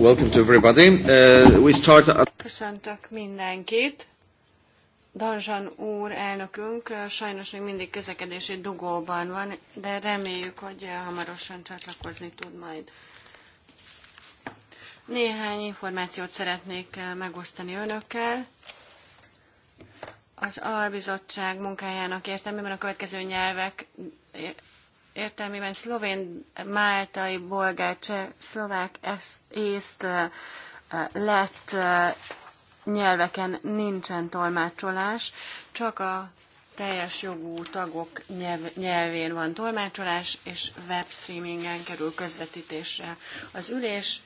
Welcome to everybody. Uh, we start Köszöntök mindenkit. Danzsan úr, elnökünk, uh, sajnos még mindig közlekedési dugóban van, de reméljük, hogy uh, hamarosan csatlakozni tud majd. Néhány információt szeretnék uh, megosztani önökkel. Az albizottság munkájának értelmében a következő nyelvek értelmében szlovén, máltai, bolgár, cseh, szlovák, észt, lett nyelveken nincsen tolmácsolás, csak a teljes jogú tagok nyelv, nyelvén van tolmácsolás, és webstreamingen kerül közvetítésre. Az ülés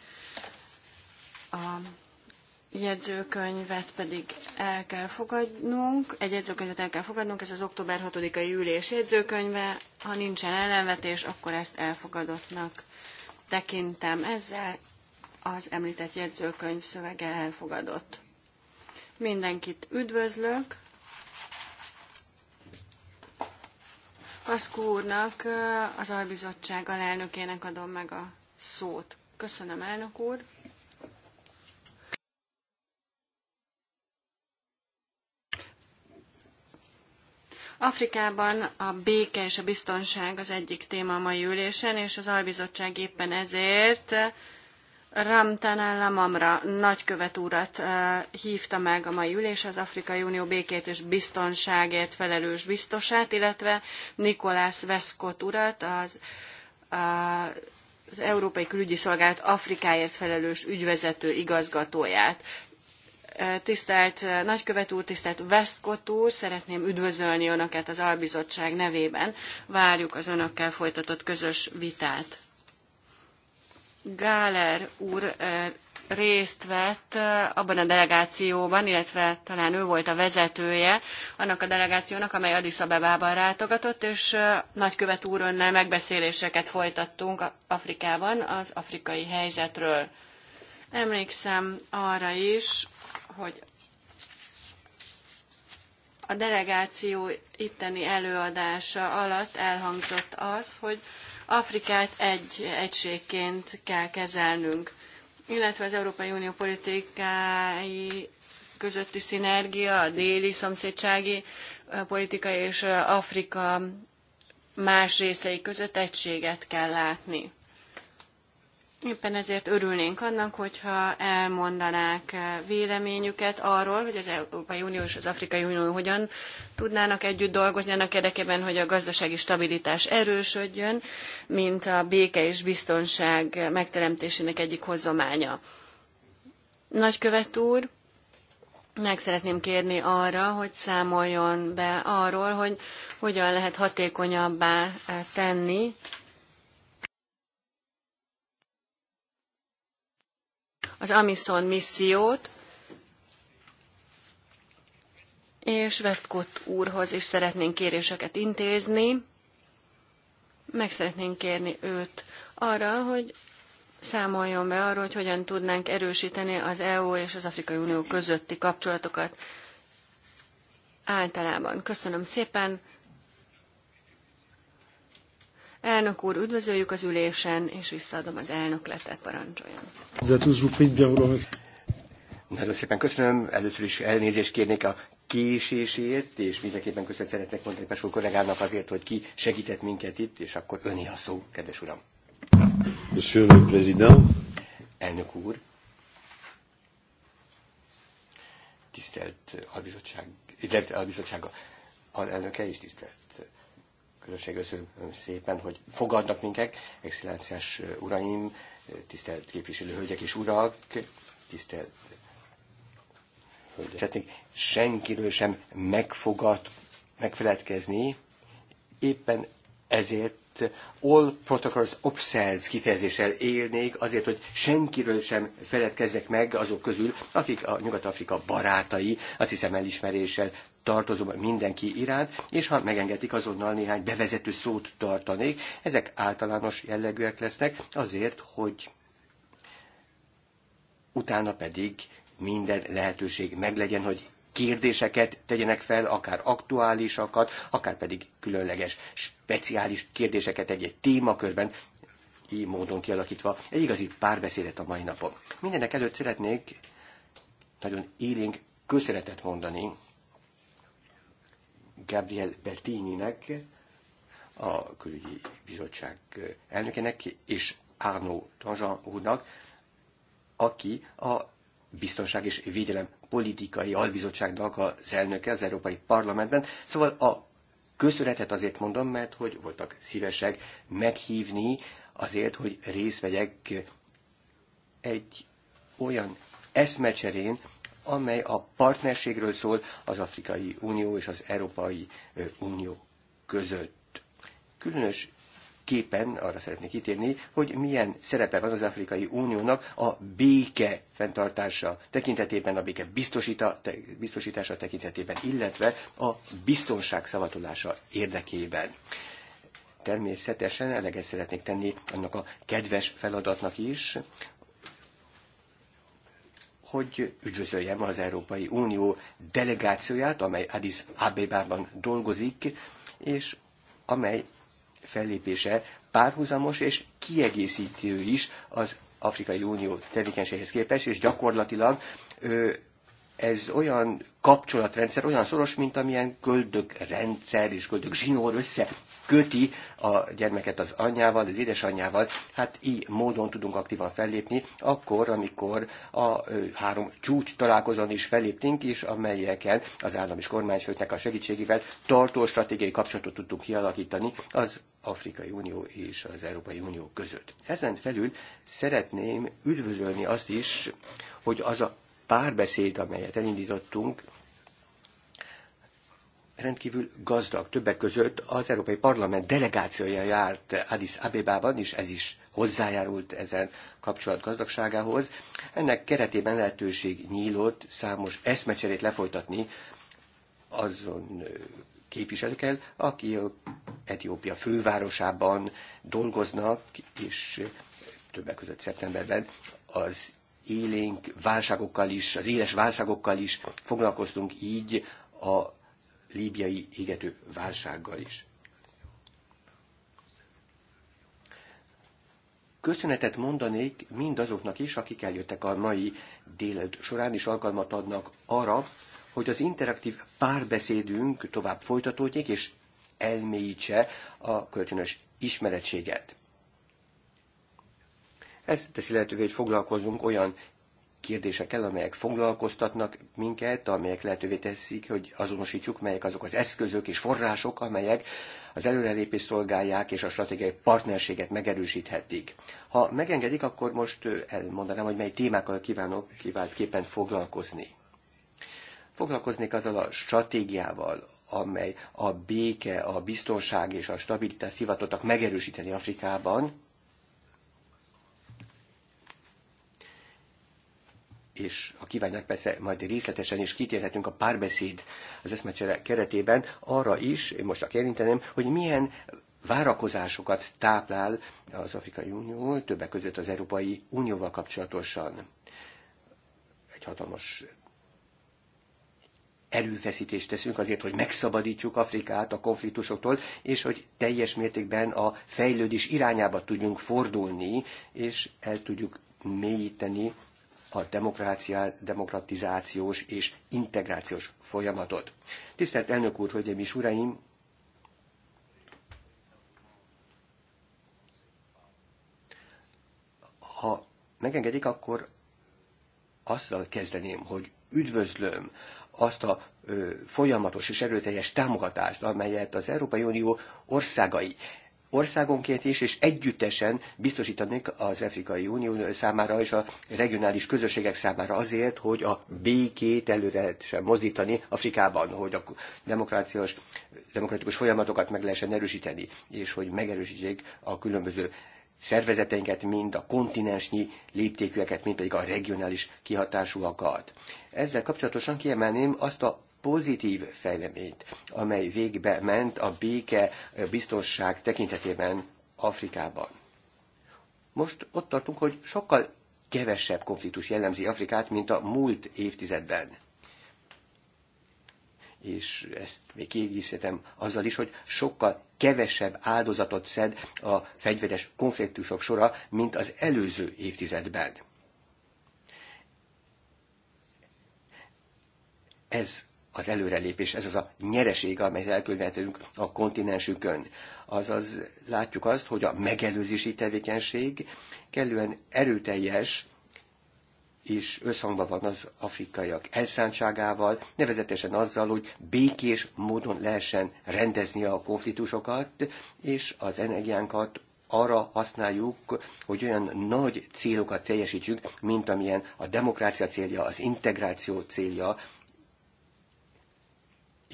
a jegyzőkönyvet pedig el kell fogadnunk, egy jegyzőkönyvet el kell fogadnunk, ez az október 6-ai ülés jegyzőkönyve, ha nincsen ellenvetés, akkor ezt elfogadottnak tekintem. Ezzel az említett jegyzőkönyv szövege elfogadott. Mindenkit üdvözlök. Paszkó úrnak, az albizottság alelnökének adom meg a szót. Köszönöm, elnök úr! Afrikában a béke és a biztonság az egyik téma a mai ülésen, és az albizottság éppen ezért Ramtanán Lamamra nagykövet úrat hívta meg a mai ülés az Afrikai Unió békét és biztonságért felelős biztosát, illetve Nikolás Veszkot urat, az, az Európai Külügyi Szolgálat Afrikáért felelős ügyvezető igazgatóját. Tisztelt eh, nagykövet úr, tisztelt Westcott úr, szeretném üdvözölni Önöket az albizottság nevében. Várjuk az Önökkel folytatott közös vitát. Gáler úr eh, részt vett eh, abban a delegációban, illetve talán ő volt a vezetője annak a delegációnak, amely Addis Abebában rátogatott, és nagykövet úr önnel megbeszéléseket folytattunk Afrikában az afrikai helyzetről. Emlékszem arra is, hogy a delegáció itteni előadása alatt elhangzott az, hogy Afrikát egy egységként kell kezelnünk, illetve az Európai Unió politikái közötti szinergia, a déli szomszédsági eh, politika és eh, Afrika más részei között egységet kell látni. Éppen ezért örülnénk annak, hogyha elmondanák eh, véleményüket arról, hogy az Európai Unió és az Afrikai Unió hogyan tudnának együtt dolgozni annak érdekében, hogy a gazdasági stabilitás erősödjön, mint a béke és biztonság megteremtésének egyik hozománya. Nagykövet úr, meg szeretném kérni arra, hogy számoljon be arról, hogy hogyan lehet hatékonyabbá tenni az Amison missziót, és Westcott úrhoz is szeretnénk kéréseket intézni. Meg szeretnénk kérni őt arra, hogy számoljon be arról, hogy hogyan tudnánk erősíteni az EU és az Afrikai Unió közötti kapcsolatokat általában. Köszönöm szépen! Elnök úr, üdvözöljük az ülésen, és visszaadom az elnökletet, parancsoljon. Nagyon szépen köszönöm. Először is elnézést kérnék a késésért, és mindenképpen köszönöm szeretnék mondani Pesó kollégának azért, hogy ki segített minket itt, és akkor öné a szó, kedves uram. Monsieur le Président. Elnök úr. Tisztelt albizottság, illetve albizottsága elnöke is tisztelt közösség köszönöm szépen, hogy fogadnak minket, excellenciás uraim, tisztelt képviselő hölgyek és urak, tisztelt hölgyek. senkiről sem megfogad, megfeledkezni, éppen ezért all protocols observed kifejezéssel élnék, azért, hogy senkiről sem feledkezzek meg azok közül, akik a Nyugat-Afrika barátai, azt hiszem elismeréssel tartozom mindenki iránt, és ha megengedik, azonnal néhány bevezető szót tartanék. Ezek általános jellegűek lesznek azért, hogy utána pedig minden lehetőség meglegyen, hogy kérdéseket tegyenek fel, akár aktuálisakat, akár pedig különleges, speciális kérdéseket egy-egy témakörben, így módon kialakítva egy igazi párbeszédet a mai napon. Mindenek előtt szeretnék nagyon élénk köszönetet mondani Gabriel Bertininek, a külügyi bizottság elnökének, és Arnaud Tanzsan úrnak, aki a biztonság és védelem politikai albizottságnak az elnöke az Európai Parlamentben. Szóval a köszönetet azért mondom, mert hogy voltak szívesek meghívni azért, hogy részt vegyek egy olyan eszmecserén, amely a partnerségről szól az Afrikai Unió és az Európai Unió között. Különös képen arra szeretnék kitérni, hogy milyen szerepe van az Afrikai Uniónak a béke fenntartása tekintetében, a béke biztosítása tekintetében, illetve a biztonság szavatolása érdekében. Természetesen eleget szeretnék tenni annak a kedves feladatnak is, hogy üdvözöljem az Európai Unió delegációját, amely Addis Abebában dolgozik, és amely fellépése párhuzamos és kiegészítő is az Afrikai Unió tevékenységhez képest, és gyakorlatilag ez olyan kapcsolatrendszer, olyan szoros, mint amilyen köldökrendszer és köldök zsinór össze köti a gyermeket az anyjával, az édesanyjával, hát így módon tudunk aktívan fellépni, akkor, amikor a három csúcs találkozón is felléptünk, és amelyeken az állam és kormányfőknek a segítségével tartó stratégiai kapcsolatot tudtunk kialakítani az Afrikai Unió és az Európai Unió között. Ezen felül szeretném üdvözölni azt is, hogy az a párbeszéd, amelyet elindítottunk, rendkívül gazdag. Többek között az Európai Parlament delegációja járt Addis Abebában, és ez is hozzájárult ezen kapcsolat gazdagságához. Ennek keretében lehetőség nyílott számos eszmecserét lefolytatni azon képviselőkkel, aki Etiópia fővárosában dolgoznak, és többek között szeptemberben az élénk válságokkal is, az éles válságokkal is foglalkoztunk így a líbiai égető válsággal is. Köszönetet mondanék mindazoknak is, akik eljöttek a mai délelőtt során, és alkalmat adnak arra, hogy az interaktív párbeszédünk tovább folytatódjék, és elmélyítse a kölcsönös ismeretséget. Ez teszi lehetővé, hogy foglalkozunk olyan el, amelyek foglalkoztatnak minket, amelyek lehetővé teszik, hogy azonosítsuk, melyek azok az eszközök és források, amelyek az előrelépést szolgálják és a stratégiai partnerséget megerősíthetik. Ha megengedik, akkor most elmondanám, hogy mely témákkal kívánok kiváltképpen foglalkozni. Foglalkoznék azzal a stratégiával, amely a béke, a biztonság és a stabilitást hivatottak megerősíteni Afrikában, és ha kívánják, persze majd részletesen is kitérhetünk a párbeszéd az eszmecsere keretében arra is, én most csak érinteném, hogy milyen várakozásokat táplál az Afrikai Unió, többek között az Európai Unióval kapcsolatosan. Egy hatalmas erőfeszítést teszünk azért, hogy megszabadítsuk Afrikát a konfliktusoktól, és hogy teljes mértékben a fejlődés irányába tudjunk fordulni, és el tudjuk mélyíteni a demokratizációs és integrációs folyamatot. Tisztelt elnök úr, hölgyeim és uraim! Ha megengedik, akkor azzal kezdeném, hogy üdvözlöm azt a ö, folyamatos és erőteljes támogatást, amelyet az Európai Unió országai országonként is, és együttesen biztosítanék az Afrikai Unió számára és a regionális közösségek számára azért, hogy a békét előre lehessen mozdítani Afrikában, hogy a demokrációs, demokratikus folyamatokat meg lehessen erősíteni, és hogy megerősítsék a különböző szervezeteinket, mind a kontinensnyi léptékűeket, mind pedig a regionális kihatásúakat. Ezzel kapcsolatosan kiemelném azt a pozitív fejleményt, amely végbe ment a béke biztonság tekintetében Afrikában. Most ott tartunk, hogy sokkal kevesebb konfliktus jellemzi Afrikát, mint a múlt évtizedben. És ezt még kiegészítem azzal is, hogy sokkal kevesebb áldozatot szed a fegyveres konfliktusok sora, mint az előző évtizedben. Ez az előrelépés, ez az a nyereség, amelyet elkövetünk a kontinensükön. Azaz látjuk azt, hogy a megelőzési tevékenység kellően erőteljes, és összhangban van az afrikaiak elszántságával, nevezetesen azzal, hogy békés módon lehessen rendezni a konfliktusokat, és az energiánkat arra használjuk, hogy olyan nagy célokat teljesítsünk, mint amilyen a demokrácia célja, az integráció célja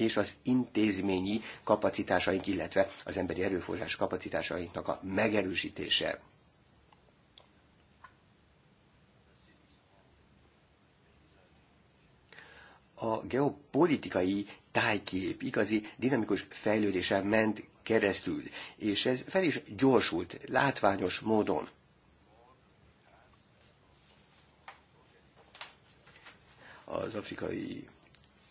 és az intézményi kapacitásaink, illetve az emberi erőforrás kapacitásainknak a megerősítése. a geopolitikai tájkép igazi dinamikus fejlődésen ment keresztül, és ez fel is gyorsult, látványos módon. Az afrikai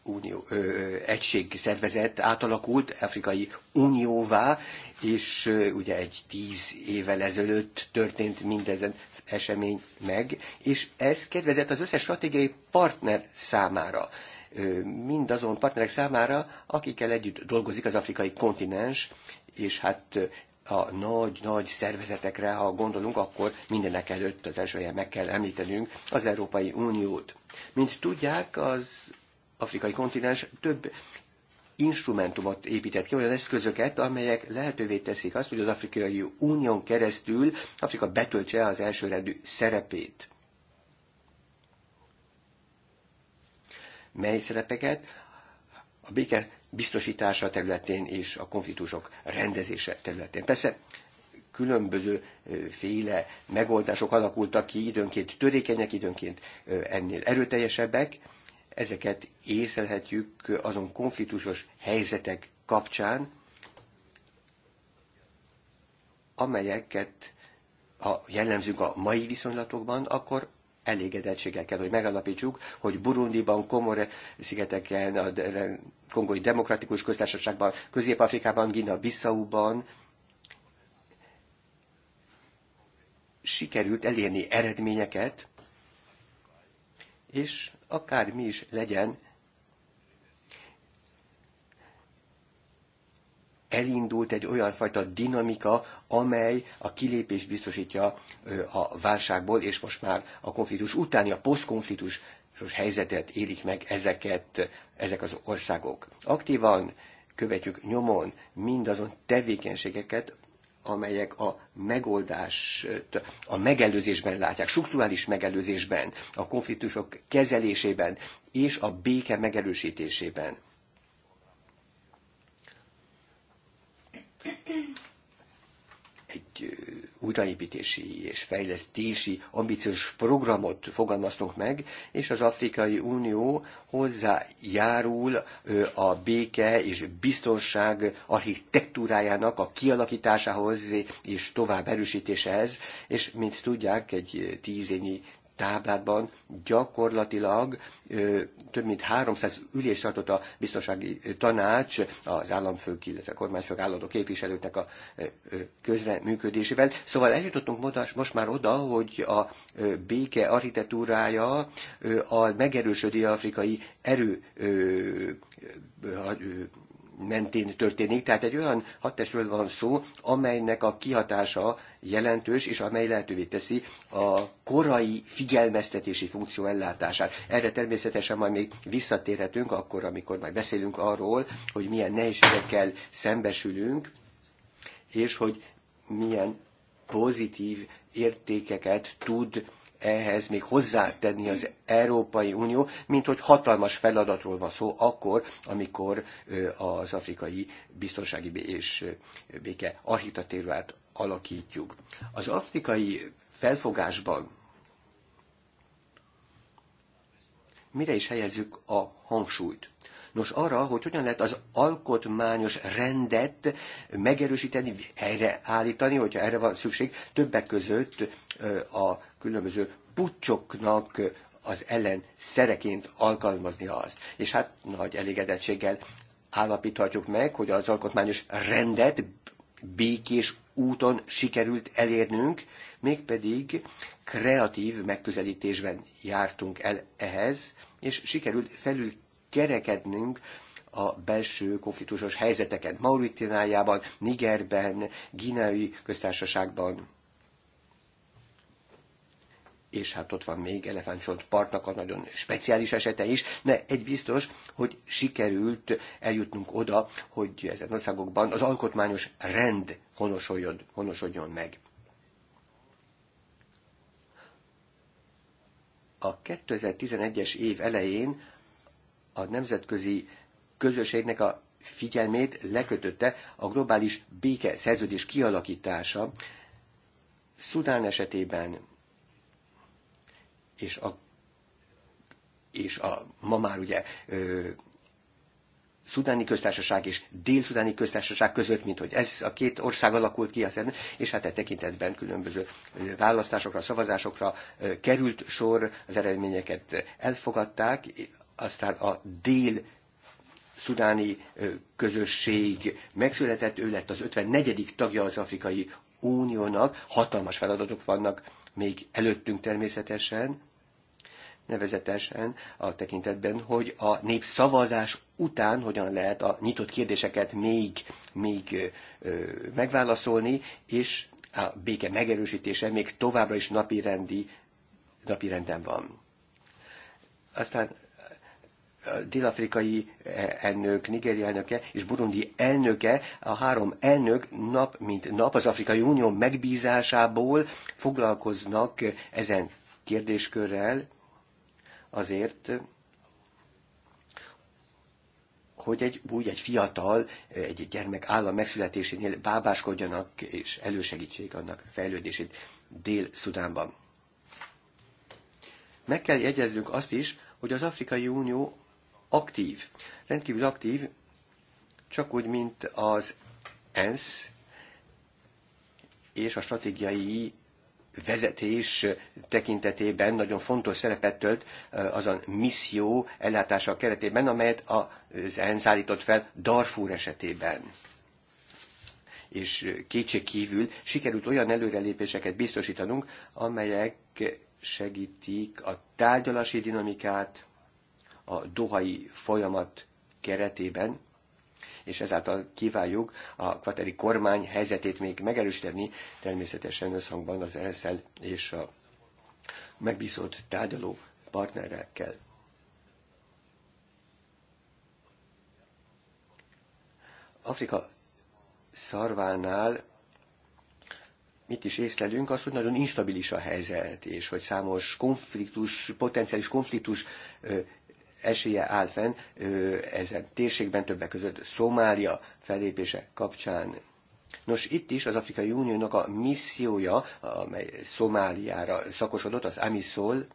unió, ö, egység szervezet átalakult Afrikai Unióvá, és ö, ugye egy tíz évvel ezelőtt történt mindezen esemény meg, és ez kedvezett az összes stratégiai partner számára mindazon partnerek számára, akikkel együtt dolgozik az afrikai kontinens, és hát a nagy-nagy szervezetekre, ha gondolunk, akkor mindenek előtt az első helyen meg kell említenünk az Európai Uniót. Mint tudják, az afrikai kontinens több instrumentumot épített ki, olyan eszközöket, amelyek lehetővé teszik azt, hogy az Afrikai Unión keresztül Afrika betöltse az elsőrendű szerepét. Mely szerepeket? A béke biztosítása területén és a konfliktusok rendezése területén. Persze különböző féle megoldások alakultak ki, időnként törékenyek, időnként ennél erőteljesebbek, ezeket észlelhetjük azon konfliktusos helyzetek kapcsán, amelyeket, ha jellemzünk a mai viszonylatokban, akkor elégedettséggel kell, hogy megalapítsuk, hogy Burundiban, Komore szigeteken, a Kongói Demokratikus Köztársaságban, Közép-Afrikában, gina ban sikerült elérni eredményeket, és akármi is legyen, elindult egy olyan fajta dinamika, amely a kilépést biztosítja a válságból, és most már a konfliktus utáni, a posztkonfliktus helyzetet élik meg ezeket, ezek az országok. Aktívan követjük nyomon mindazon tevékenységeket, amelyek a megoldást a megelőzésben látják, strukturális megelőzésben, a konfliktusok kezelésében és a béke megerősítésében újraépítési és fejlesztési ambiciós programot fogalmaztunk meg, és az Afrikai Unió hozzájárul a béke és biztonság architektúrájának a kialakításához és tovább erősítéséhez, és mint tudják, egy tíz évnyi táblában gyakorlatilag ö, több mint 300 ülést tartott a biztonsági tanács az államfők, illetve kormányfők állandó képviselőknek a közreműködésével. Szóval eljutottunk most már oda, hogy a béke architektúrája a megerősödő afrikai erő mentén történik, tehát egy olyan hadtestről van szó, amelynek a kihatása jelentős, és amely lehetővé teszi a korai figyelmeztetési funkció ellátását. Erre természetesen majd még visszatérhetünk akkor, amikor majd beszélünk arról, hogy milyen nehézségekkel szembesülünk, és hogy milyen pozitív értékeket tud ehhez még hozzátenni az Európai Unió, mint hogy hatalmas feladatról van szó akkor, amikor az afrikai biztonsági és béke architektúrát alakítjuk. Az afrikai felfogásban mire is helyezzük a hangsúlyt? Nos, arra, hogy hogyan lehet az alkotmányos rendet megerősíteni, erre hogyha erre van szükség, többek között a különböző pucsoknak az ellen szereként alkalmazni azt. És hát nagy elégedettséggel állapíthatjuk meg, hogy az alkotmányos rendet békés úton sikerült elérnünk, mégpedig kreatív megközelítésben jártunk el ehhez, és sikerült felül kerekednünk a belső konfliktusos helyzeteken, Mauritániában, Nigerben, Gineai köztársaságban. És hát ott van még Elefántsont partnak a nagyon speciális esete is, de egy biztos, hogy sikerült eljutnunk oda, hogy ezen országokban az alkotmányos rend honosodjon, honosodjon meg. A 2011-es év elején a nemzetközi közösségnek a figyelmét lekötötte a globális béke szerződés kialakítása Szudán esetében és a, és a ma már ugye ö, szudáni köztársaság és dél-szudáni köztársaság között, mint hogy ez a két ország alakult ki, azért és hát e tekintetben különböző választásokra, szavazásokra került sor, az eredményeket elfogadták, aztán a dél szudáni közösség megszületett, ő lett az 54. tagja az Afrikai Uniónak, hatalmas feladatok vannak még előttünk természetesen, nevezetesen a tekintetben, hogy a népszavazás után hogyan lehet a nyitott kérdéseket még, még ö, megválaszolni, és a béke megerősítése még továbbra is napirendi, napirenden van. Aztán dél-afrikai eh, elnök, nigeri elnöke és Burundi elnöke, a három elnök nap mint nap az Afrikai Unió megbízásából foglalkoznak eh, ezen kérdéskörrel azért, hogy egy, úgy egy fiatal, eh, egy gyermek állam megszületésénél bábáskodjanak és elősegítsék annak fejlődését Dél-Szudánban. Meg kell jegyeznünk azt is, hogy az Afrikai Unió aktív, rendkívül aktív, csak úgy, mint az ENSZ és a stratégiai vezetés tekintetében nagyon fontos szerepet tölt azon misszió ellátása keretében, amelyet az ENSZ állított fel Darfur esetében és kétség kívül sikerült olyan előrelépéseket biztosítanunk, amelyek segítik a tárgyalási dinamikát, a dohai folyamat keretében, és ezáltal kívánjuk a kvateri kormány helyzetét még megerősíteni, természetesen összhangban az ESL és a megbízott tárgyaló partnerekkel. Afrika szarvánál mit is észlelünk, az, hogy nagyon instabilis a helyzet, és hogy számos konfliktus, potenciális konfliktus esélye áll fenn ezen térségben többek között Szomália felépése kapcsán. Nos, itt is az Afrikai Uniónak a missziója, amely Szomáliára szakosodott, az AMISOL,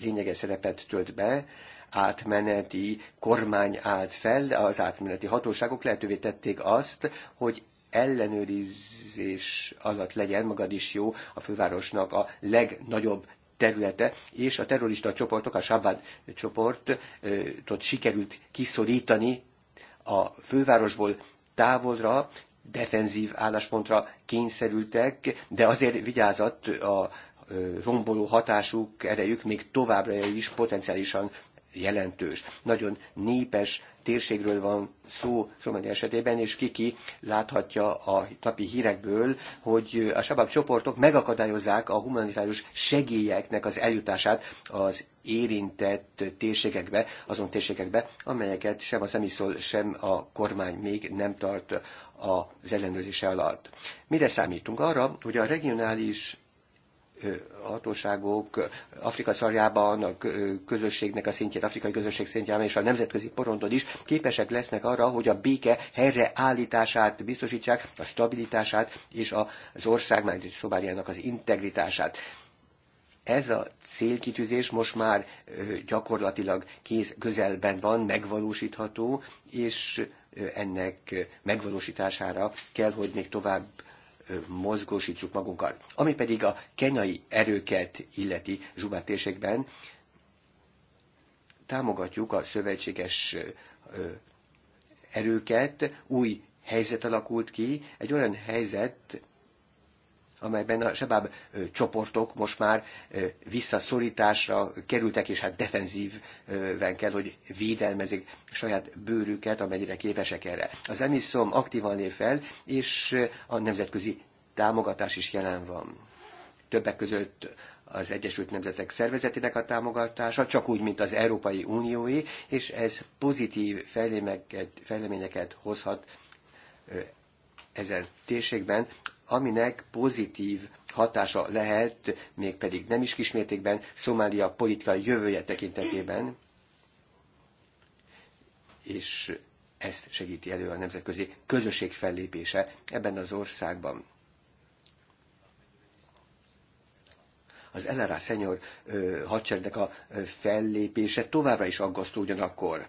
lényeges szerepet tölt be, átmeneti kormány állt fel, az átmeneti hatóságok lehetővé tették azt, hogy ellenőrizés alatt legyen magad is jó a fővárosnak a legnagyobb területe, és a terrorista csoportok, a Sabad csoportot sikerült kiszorítani a fővárosból távolra, defenzív álláspontra kényszerültek, de azért vigyázat a romboló hatásuk, erejük még továbbra is potenciálisan jelentős. Nagyon népes térségről van szó Szomália esetében, és kiki láthatja a napi hírekből, hogy a sabab csoportok megakadályozzák a humanitárius segélyeknek az eljutását az érintett térségekbe, azon térségekbe, amelyeket sem a szemiszol, sem a kormány még nem tart az ellenőrzése alatt. Mire számítunk? Arra, hogy a regionális hatóságok Afrika szarjában, a közösségnek a szintjén, afrikai közösség szintjén, és a nemzetközi porondon is képesek lesznek arra, hogy a béke helyreállítását biztosítsák, a stabilitását és az országnak, Szobáliának az integritását. Ez a célkitűzés most már gyakorlatilag kéz közelben van, megvalósítható, és ennek megvalósítására kell, hogy még tovább mozgósítsuk magunkat. Ami pedig a kenyai erőket illeti Zsubát térségben, támogatjuk a szövetséges erőket, új helyzet alakult ki, egy olyan helyzet, amelyben a sebáb csoportok most már visszaszorításra kerültek, és hát defenzívben kell, hogy védelmezik saját bőrüket, amennyire képesek erre. Az emisszom aktívan lép fel, és a nemzetközi támogatás is jelen van. Többek között az Egyesült Nemzetek Szervezetének a támogatása, csak úgy, mint az Európai Unióé, és ez pozitív fejleményeket hozhat ezen térségben aminek pozitív hatása lehet, mégpedig nem is kismértékben, Szomália politikai jövője tekintetében, és ezt segíti elő a nemzetközi közösség fellépése ebben az országban. Az LRA szenyor hadseregnek a fellépése továbbra is aggasztó ugyanakkor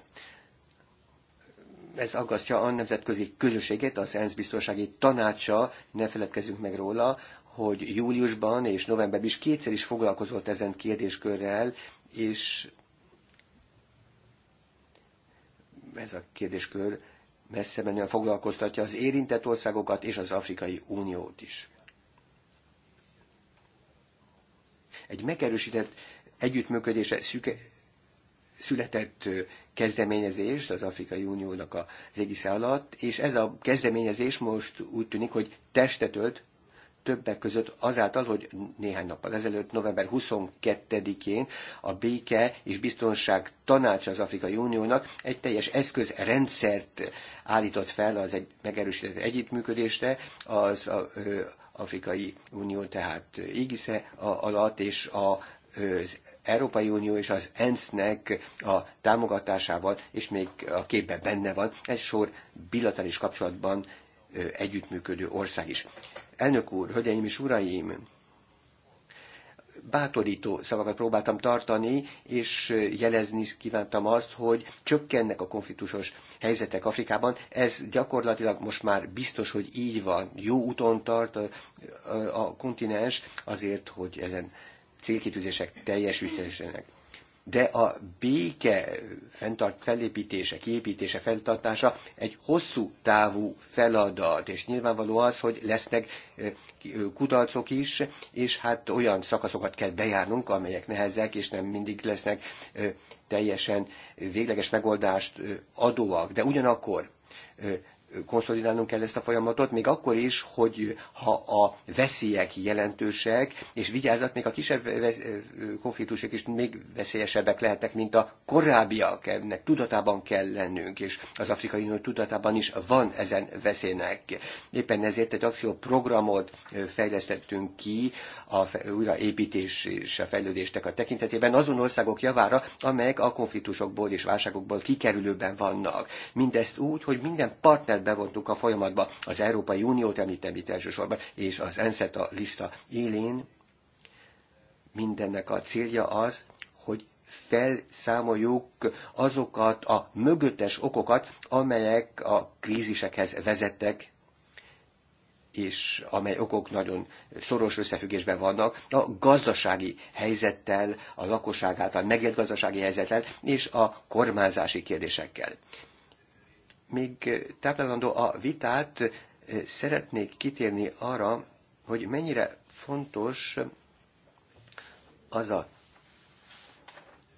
ez aggasztja a nemzetközi közösséget, az ENSZ biztonsági tanácsa, ne feledkezzünk meg róla, hogy júliusban és novemberben is kétszer is foglalkozott ezen kérdéskörrel, és ez a kérdéskör messze menően foglalkoztatja az érintett országokat és az Afrikai Uniót is. Egy megerősített együttműködése szüke, született kezdeményezést az Afrikai Uniónak az égisze alatt, és ez a kezdeményezés most úgy tűnik, hogy testet ölt többek között azáltal, hogy néhány nappal ezelőtt, november 22-én a Béke és Biztonság Tanácsa az Afrikai Uniónak egy teljes eszközrendszert állított fel az egy megerősített együttműködésre az a, Afrikai Unió, tehát égisze alatt, és a az Európai Unió és az ENSZ-nek a támogatásával, és még a képben benne van, egy sor bilaterális kapcsolatban együttműködő ország is. Elnök úr, hölgyeim és uraim, bátorító szavakat próbáltam tartani, és jelezni kívántam azt, hogy csökkennek a konfliktusos helyzetek Afrikában. Ez gyakorlatilag most már biztos, hogy így van. Jó úton tart a, a, a kontinens azért, hogy ezen célkitűzések teljesítésének. De a béke fenntart, felépítése, kiépítése, fenntartása egy hosszú távú feladat, és nyilvánvaló az, hogy lesznek kudarcok is, és hát olyan szakaszokat kell bejárnunk, amelyek nehezek, és nem mindig lesznek teljesen végleges megoldást adóak. De ugyanakkor konszolidálnunk kell ezt a folyamatot, még akkor is, hogy ha a veszélyek jelentősek, és vigyázat, még a kisebb konfliktusok is még veszélyesebbek lehetnek, mint a korábbiak, ennek tudatában kell lennünk, és az Afrikai Unió tudatában is van ezen veszélynek. Éppen ezért egy akcióprogramot fejlesztettünk ki a újraépítés és a fejlődéstek a tekintetében azon országok javára, amelyek a konfliktusokból és válságokból kikerülőben vannak. Mindezt úgy, hogy minden partner rendszert bevontunk a folyamatba. Az Európai Uniót említem itt elsősorban, és az ensz a lista élén. Mindennek a célja az, hogy felszámoljuk azokat a mögöttes okokat, amelyek a krízisekhez vezettek, és amely okok nagyon szoros összefüggésben vannak, a gazdasági helyzettel, a lakosság által megélt gazdasági helyzettel és a kormányzási kérdésekkel még eh, táplálandó a vitát, eh, szeretnék kitérni arra, hogy mennyire fontos az a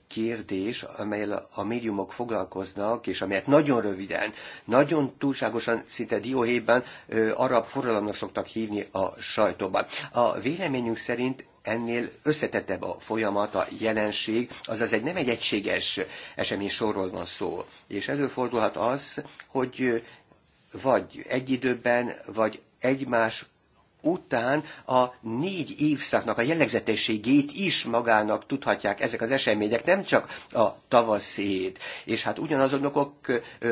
kérdés, amelyel a médiumok foglalkoznak, és amelyet nagyon röviden, nagyon túlságosan, szinte dióhéjban eh, arab forradalomnak szoktak hívni a sajtóban. A véleményünk szerint ennél összetettebb a folyamat, a jelenség, azaz egy nem egy egységes esemény sorról van szó. És előfordulhat az, hogy vagy egy időben, vagy egymás után a négy évszaknak a jellegzetességét is magának tudhatják ezek az események, nem csak a tavaszét. És hát ugyanazonok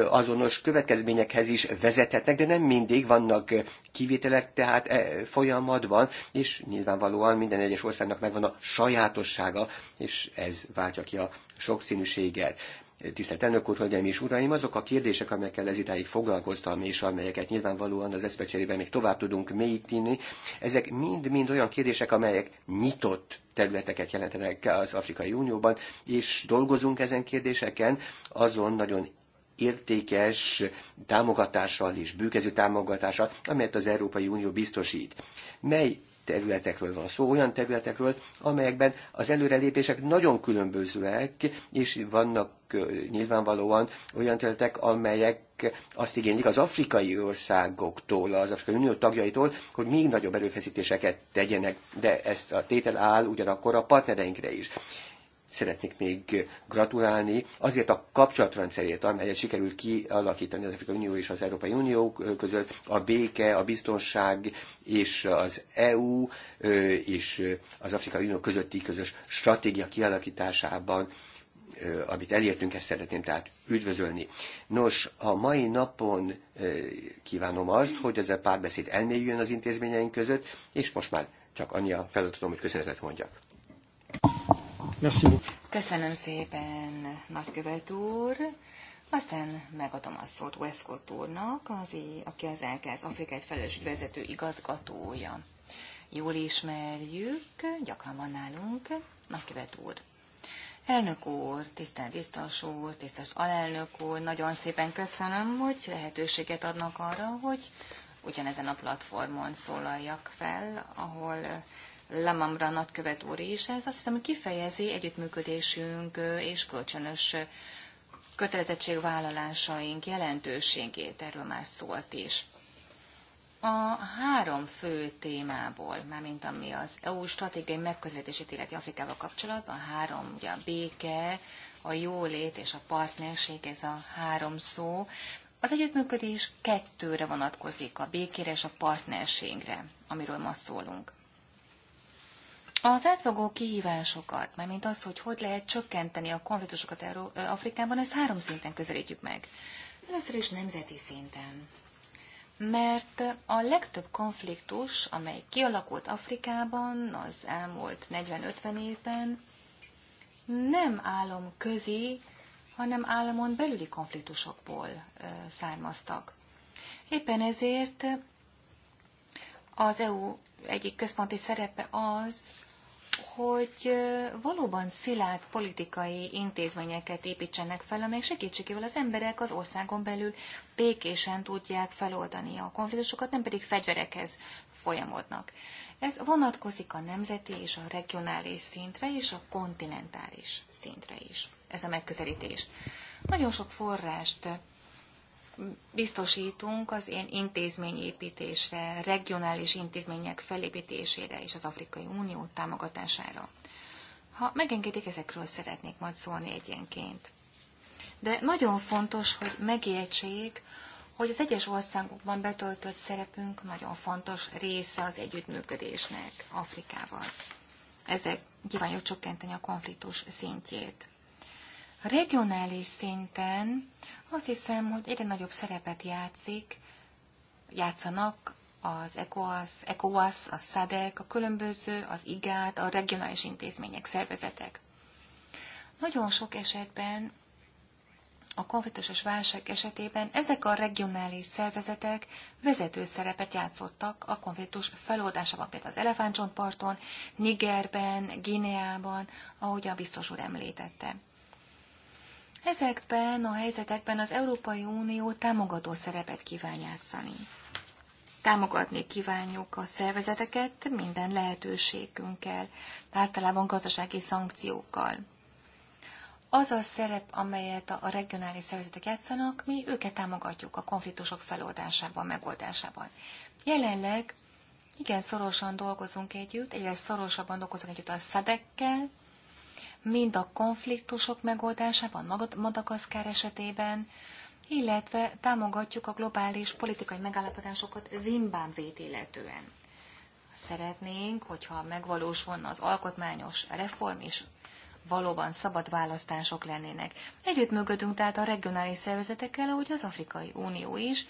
azonos következményekhez is vezethetnek, de nem mindig vannak kivételek tehát e, folyamatban, és nyilvánvalóan minden egyes országnak megvan a sajátossága, és ez váltja ki a sokszínűséget. Tisztelt elnök úr, hölgyeim és uraim, azok a kérdések, amelyekkel ez idáig foglalkoztam, és amelyeket nyilvánvalóan az eszpecserében még tovább tudunk mélyíteni, ezek mind-mind olyan kérdések, amelyek nyitott területeket jelentenek az Afrikai Unióban, és dolgozunk ezen kérdéseken, azon nagyon értékes támogatással és bűkező támogatással, amelyet az Európai Unió biztosít. Mely területekről van szó, olyan területekről, amelyekben az előrelépések nagyon különbözőek, és vannak nyilvánvalóan olyan területek, amelyek azt igénylik az afrikai országoktól, az Afrikai Unió tagjaitól, hogy még nagyobb erőfeszítéseket tegyenek, de ezt a tétel áll ugyanakkor a partnereinkre is szeretnék még gratulálni azért a kapcsolatrendszerét, amelyet sikerült kialakítani az Afrikai Unió és az Európai Unió között, a béke, a biztonság és az EU és az Afrikai Unió közötti közös stratégia kialakításában amit elértünk, ezt szeretném tehát üdvözölni. Nos, a mai napon kívánom azt, hogy ez a párbeszéd elmélyüljön az intézményeink között, és most már csak annyi a feladatom, hogy köszönetet mondjak. Merci. Köszönöm szépen, nagykövet úr. Aztán megadom a szót Westcott úrnak, az, aki az Afrika egy Felelős vezető igazgatója. Jól ismerjük, gyakran van nálunk, nagykövet úr. Elnök úr, tisztelt biztos úr, tisztelt alelnök úr, nagyon szépen köszönöm, hogy lehetőséget adnak arra, hogy ugyanezen a platformon szólaljak fel, ahol Lamamra nagykövet úr is. Ez azt hiszem, hogy kifejezi együttműködésünk és kölcsönös kötelezettségvállalásaink jelentőségét, erről már szólt is. A három fő témából, már mint ami az EU stratégiai megközelítését illeti Afrikával kapcsolatban, a három, ugye a béke, a jólét és a partnerség, ez a három szó. Az együttműködés kettőre vonatkozik, a békére és a partnerségre, amiről ma szólunk. Az átfogó kihívásokat, mint az, hogy hogy lehet csökkenteni a konfliktusokat Afrikában, ezt három szinten közelítjük meg. Először is nemzeti szinten. Mert a legtöbb konfliktus, amely kialakult Afrikában az elmúlt 40-50 évben, nem állam közi, hanem államon belüli konfliktusokból származtak. Éppen ezért az EU egyik központi szerepe az, hogy valóban szilárd politikai intézményeket építsenek fel, amelyek segítségével az emberek az országon belül békésen tudják feloldani a konfliktusokat, nem pedig fegyverekhez folyamodnak. Ez vonatkozik a nemzeti és a regionális szintre és a kontinentális szintre is. Ez a megközelítés. Nagyon sok forrást biztosítunk az ilyen intézményépítésre, regionális intézmények felépítésére és az Afrikai Unió támogatására. Ha megengedik, ezekről szeretnék majd szólni egyenként. De nagyon fontos, hogy megértsék, hogy az egyes országokban betöltött szerepünk nagyon fontos része az együttműködésnek Afrikával. Ezek kívánjuk csökkenteni a konfliktus szintjét. A regionális szinten azt hiszem, hogy egyre nagyobb szerepet játszik, játszanak az ECOAS, ECOWAS, a SADEC, a különböző, az IGÁD, a regionális intézmények, szervezetek. Nagyon sok esetben a konfliktusos válság esetében ezek a regionális szervezetek vezető szerepet játszottak a konfliktus feloldásában, például az Elefántcsontparton, Nigerben, Gineában, ahogy a biztos úr említette. Ezekben a helyzetekben az Európai Unió támogató szerepet kíván játszani. Támogatni kívánjuk a szervezeteket minden lehetőségünkkel, általában gazdasági szankciókkal. Az a szerep, amelyet a regionális szervezetek játszanak, mi őket támogatjuk a konfliktusok feloldásában, megoldásában. Jelenleg igen szorosan dolgozunk együtt, egyre szorosabban dolgozunk együtt a szedekkel mind a konfliktusok megoldásában, Madagaszkár esetében, illetve támogatjuk a globális politikai megállapodásokat Zimbábvét illetően. Szeretnénk, hogyha megvalósulna az alkotmányos reform is, valóban szabad választások lennének. Együttműködünk tehát a regionális szervezetekkel, ahogy az Afrikai Unió is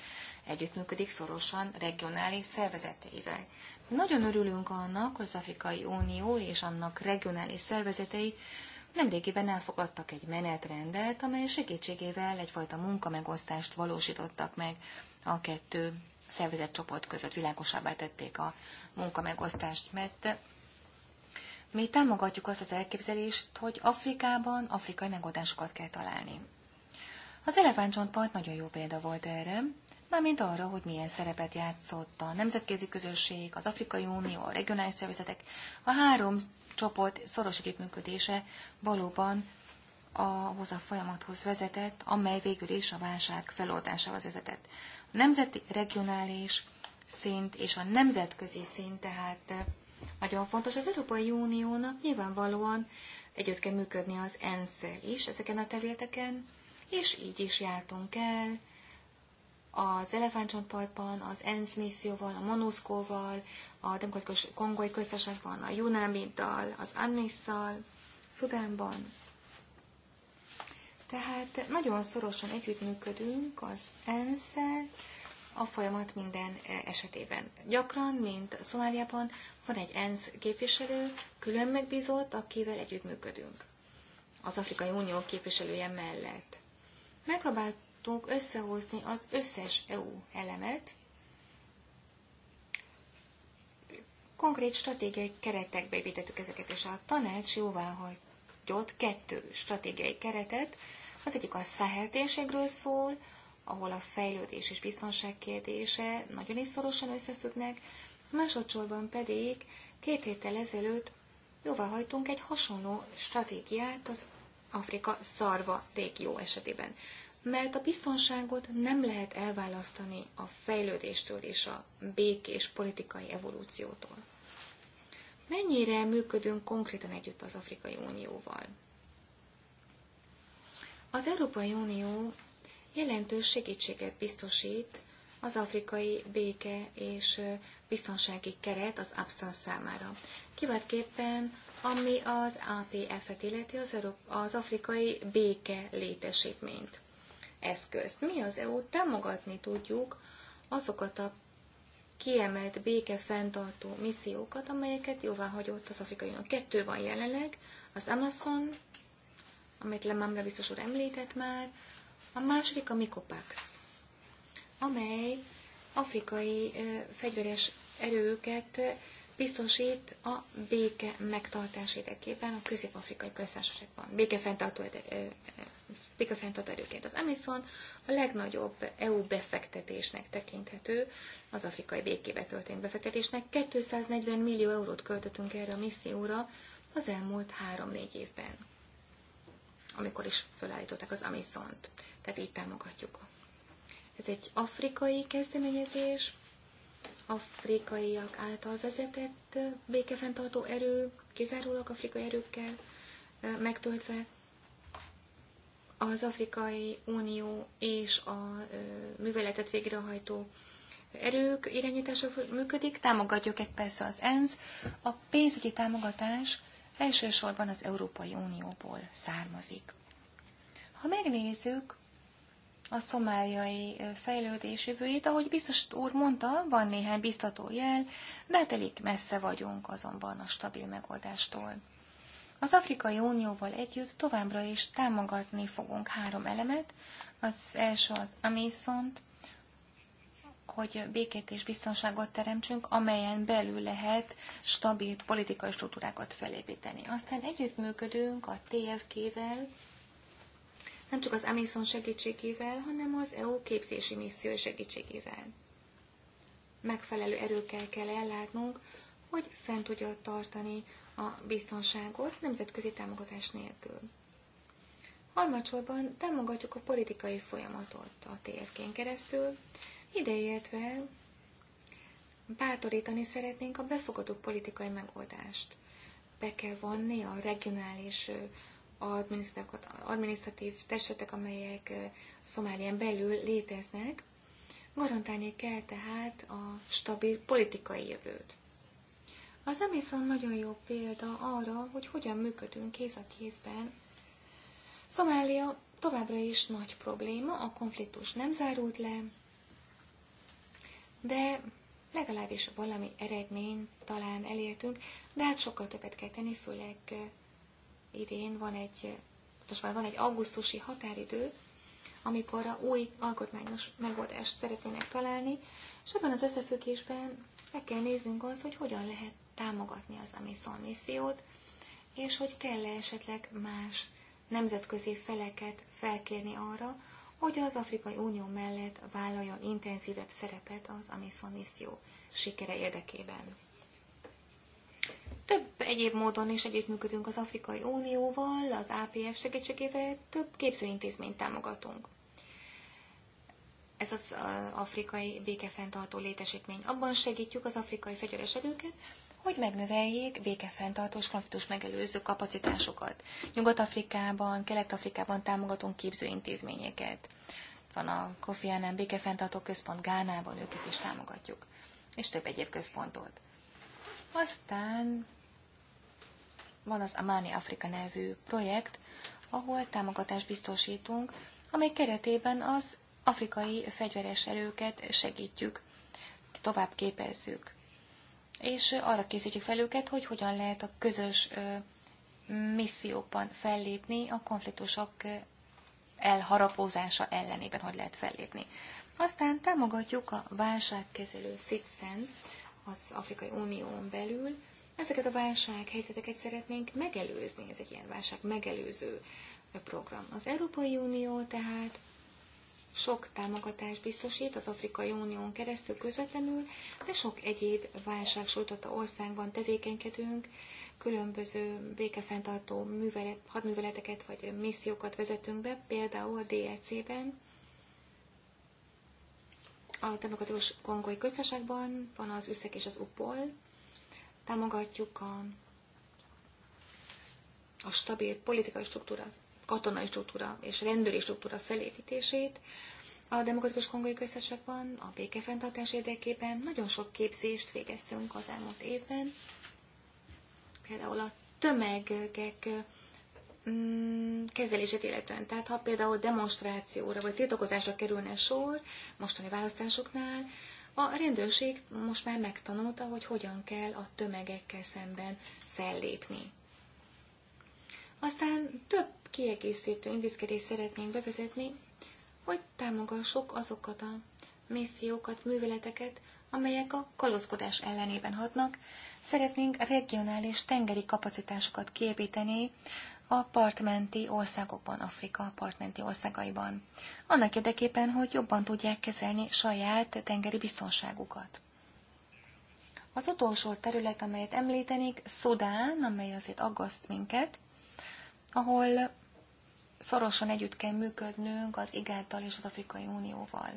együttműködik szorosan regionális szervezeteivel. Nagyon örülünk annak, hogy az Afrikai Unió és annak regionális szervezetei nemrégiben elfogadtak egy menetrendet, amely segítségével egyfajta munkamegosztást valósítottak meg a kettő szervezetcsoport között világosabbá tették a munkamegosztást, mert mi támogatjuk azt az elképzelést, hogy Afrikában afrikai megoldásokat kell találni. Az elefántcsontpart nagyon jó példa volt erre, mármint arra, hogy milyen szerepet játszott a nemzetközi közösség, az Afrikai Unió, a regionális szervezetek. A három csoport szoros együttműködése valóban ahhoz a folyamathoz vezetett, amely végül is a válság feloldásához vezetett. A nemzeti regionális szint és a nemzetközi szint tehát nagyon fontos. Az Európai Uniónak nyilvánvalóan együtt kell működni az ENSZ-el is ezeken a területeken, és így is jártunk el, az Elefántcsontpartban, az ENSZ misszióval, a Monuszkóval, a Demokratikus Kongói Köztársaságban, a Junamiddal, az Anmisszal, Szudánban. Tehát nagyon szorosan együttműködünk az ensz a folyamat minden e, esetében. Gyakran, mint Szomáliában, van egy ENSZ képviselő, külön megbízott, akivel együttműködünk. Az Afrikai Unió képviselője mellett. Megpróbált tudtunk összehozni az összes EU elemet, konkrét stratégiai keretekbe építettük ezeket, és a tanács jóvá hagyott kettő stratégiai keretet. Az egyik a Száhel térségről szól, ahol a fejlődés és biztonság kérdése nagyon is szorosan összefüggnek, másodszorban pedig két héttel ezelőtt jóvá hagytunk egy hasonló stratégiát az Afrika szarva régió esetében mert a biztonságot nem lehet elválasztani a fejlődéstől és a békés politikai evolúciótól. Mennyire működünk konkrétan együtt az Afrikai Unióval? Az Európai Unió jelentős segítséget biztosít az afrikai béke és biztonsági keret az APSZAN számára. Kiváltképpen, ami az APF-et illeti az, az afrikai béke létesítményt eszközt. Mi az EU támogatni tudjuk azokat a kiemelt béke fenntartó missziókat, amelyeket jóvá hagyott az Afrikai Unió. Kettő van jelenleg, az Amazon, amit Lemamra biztos úr említett már, a második a Mikopax, amely afrikai fegyveres erőket biztosít a béke megtartás érdekében a közép-afrikai köztársaságban, békefenntartó békafenntartó erőként. Az Amazon a legnagyobb EU befektetésnek tekinthető, az afrikai békébe történt befektetésnek. 240 millió eurót költöttünk erre a misszióra az elmúlt 3-4 évben, amikor is felállították az Amazon-t. Tehát így támogatjuk. Ez egy afrikai kezdeményezés, afrikaiak által vezetett békefenntartó erő, kizárólag afrikai erőkkel megtöltve, az Afrikai Unió és a műveletet végrehajtó erők irányítása működik, támogatjuk egy persze az ENSZ. A pénzügyi támogatás elsősorban az Európai Unióból származik. Ha megnézzük a szomáliai fejlődés jövőjét, ahogy biztos úr mondta, van néhány biztató jel, de hát elég messze vagyunk azonban a stabil megoldástól. Az Afrikai Unióval együtt továbbra is támogatni fogunk három elemet. Az első az Amisont, hogy békét és biztonságot teremtsünk, amelyen belül lehet stabil politikai struktúrákat felépíteni. Aztán együttműködünk a TFK-vel, nem csak az Amazon segítségével, hanem az EU képzési misszió segítségével. Megfelelő erőkkel kell ellátnunk, hogy fent tudja tartani a biztonságot nemzetközi támogatás nélkül. Harmadsorban támogatjuk a politikai folyamatot a TFK-n keresztül, ideértve bátorítani szeretnénk a befogadó politikai megoldást. Be kell vonni a regionális adminisztratív testetek, amelyek Szomálián belül léteznek, garantálni kell tehát a stabil politikai jövőt. Az Amazon nagyon jó példa arra, hogy hogyan működünk kéz a kézben. Szomália továbbra is nagy probléma, a konfliktus nem zárult le, de legalábbis valami eredmény talán elértünk, de hát sokkal többet kell tenni, főleg eh, idén van egy, most már van egy augusztusi határidő, amikor a új alkotmányos megoldást szeretnének találni, és ebben az összefüggésben meg kell néznünk azt, hogy hogyan lehet támogatni az Amisom missziót, és hogy kell -e esetleg más nemzetközi feleket felkérni arra, hogy az Afrikai Unió mellett vállaljon intenzívebb szerepet az Amisom misszió sikere érdekében. Több egyéb módon is együttműködünk az Afrikai Unióval, az APF segítségével több képzőintézményt támogatunk. Ez az afrikai békefenntartó létesítmény. Abban segítjük az afrikai fegyveres erőket, hogy megnöveljék békefenntartós konfliktus megelőző kapacitásokat. Nyugat-Afrikában, Kelet-Afrikában támogatunk képzőintézményeket. Van a Kofi Annan békefenntartó központ Gánában, őket is támogatjuk. És több egyéb központot. Aztán van az Amani Afrika nevű projekt, ahol támogatást biztosítunk, amely keretében az afrikai fegyveres erőket segítjük, tovább képezzük és arra készítjük fel őket, hogy hogyan lehet a közös misszióban fellépni a konfliktusok elharapózása ellenében, hogy lehet fellépni. Aztán támogatjuk a válságkezelő SITSEN az Afrikai Unión belül. Ezeket a válsághelyzeteket szeretnénk megelőzni, ez egy ilyen válság megelőző program. Az Európai Unió tehát sok támogatást biztosít az Afrikai Unión keresztül közvetlenül, de sok egyéb válság sújtotta országban tevékenykedünk, különböző békefenntartó művelet, hadműveleteket vagy missziókat vezetünk be, például a DLC-ben, a Demokratikus Kongói Köztársaságban van az ÜSZEK és az UPOL, támogatjuk a, a stabil politikai struktúra katonai struktúra és rendőri struktúra felépítését, a Demokratikus Kongói Köztársaságban a békefenntartás érdekében nagyon sok képzést végeztünk az elmúlt évben. Például a tömegek mm, kezelését illetően. Tehát ha például demonstrációra vagy tiltakozásra kerülne sor mostani választásoknál, a rendőrség most már megtanulta, hogy hogyan kell a tömegekkel szemben fellépni. Aztán több kiegészítő intézkedést szeretnénk bevezetni, hogy támogassuk azokat a missziókat, műveleteket, amelyek a kalózkodás ellenében hatnak. Szeretnénk regionális tengeri kapacitásokat kiépíteni a partmenti országokban, Afrika partmenti országaiban. Annak érdekében, hogy jobban tudják kezelni saját tengeri biztonságukat. Az utolsó terület, amelyet említenék, Szudán, amely azért aggaszt minket, ahol szorosan együtt kell működnünk az igáttal és az Afrikai Unióval,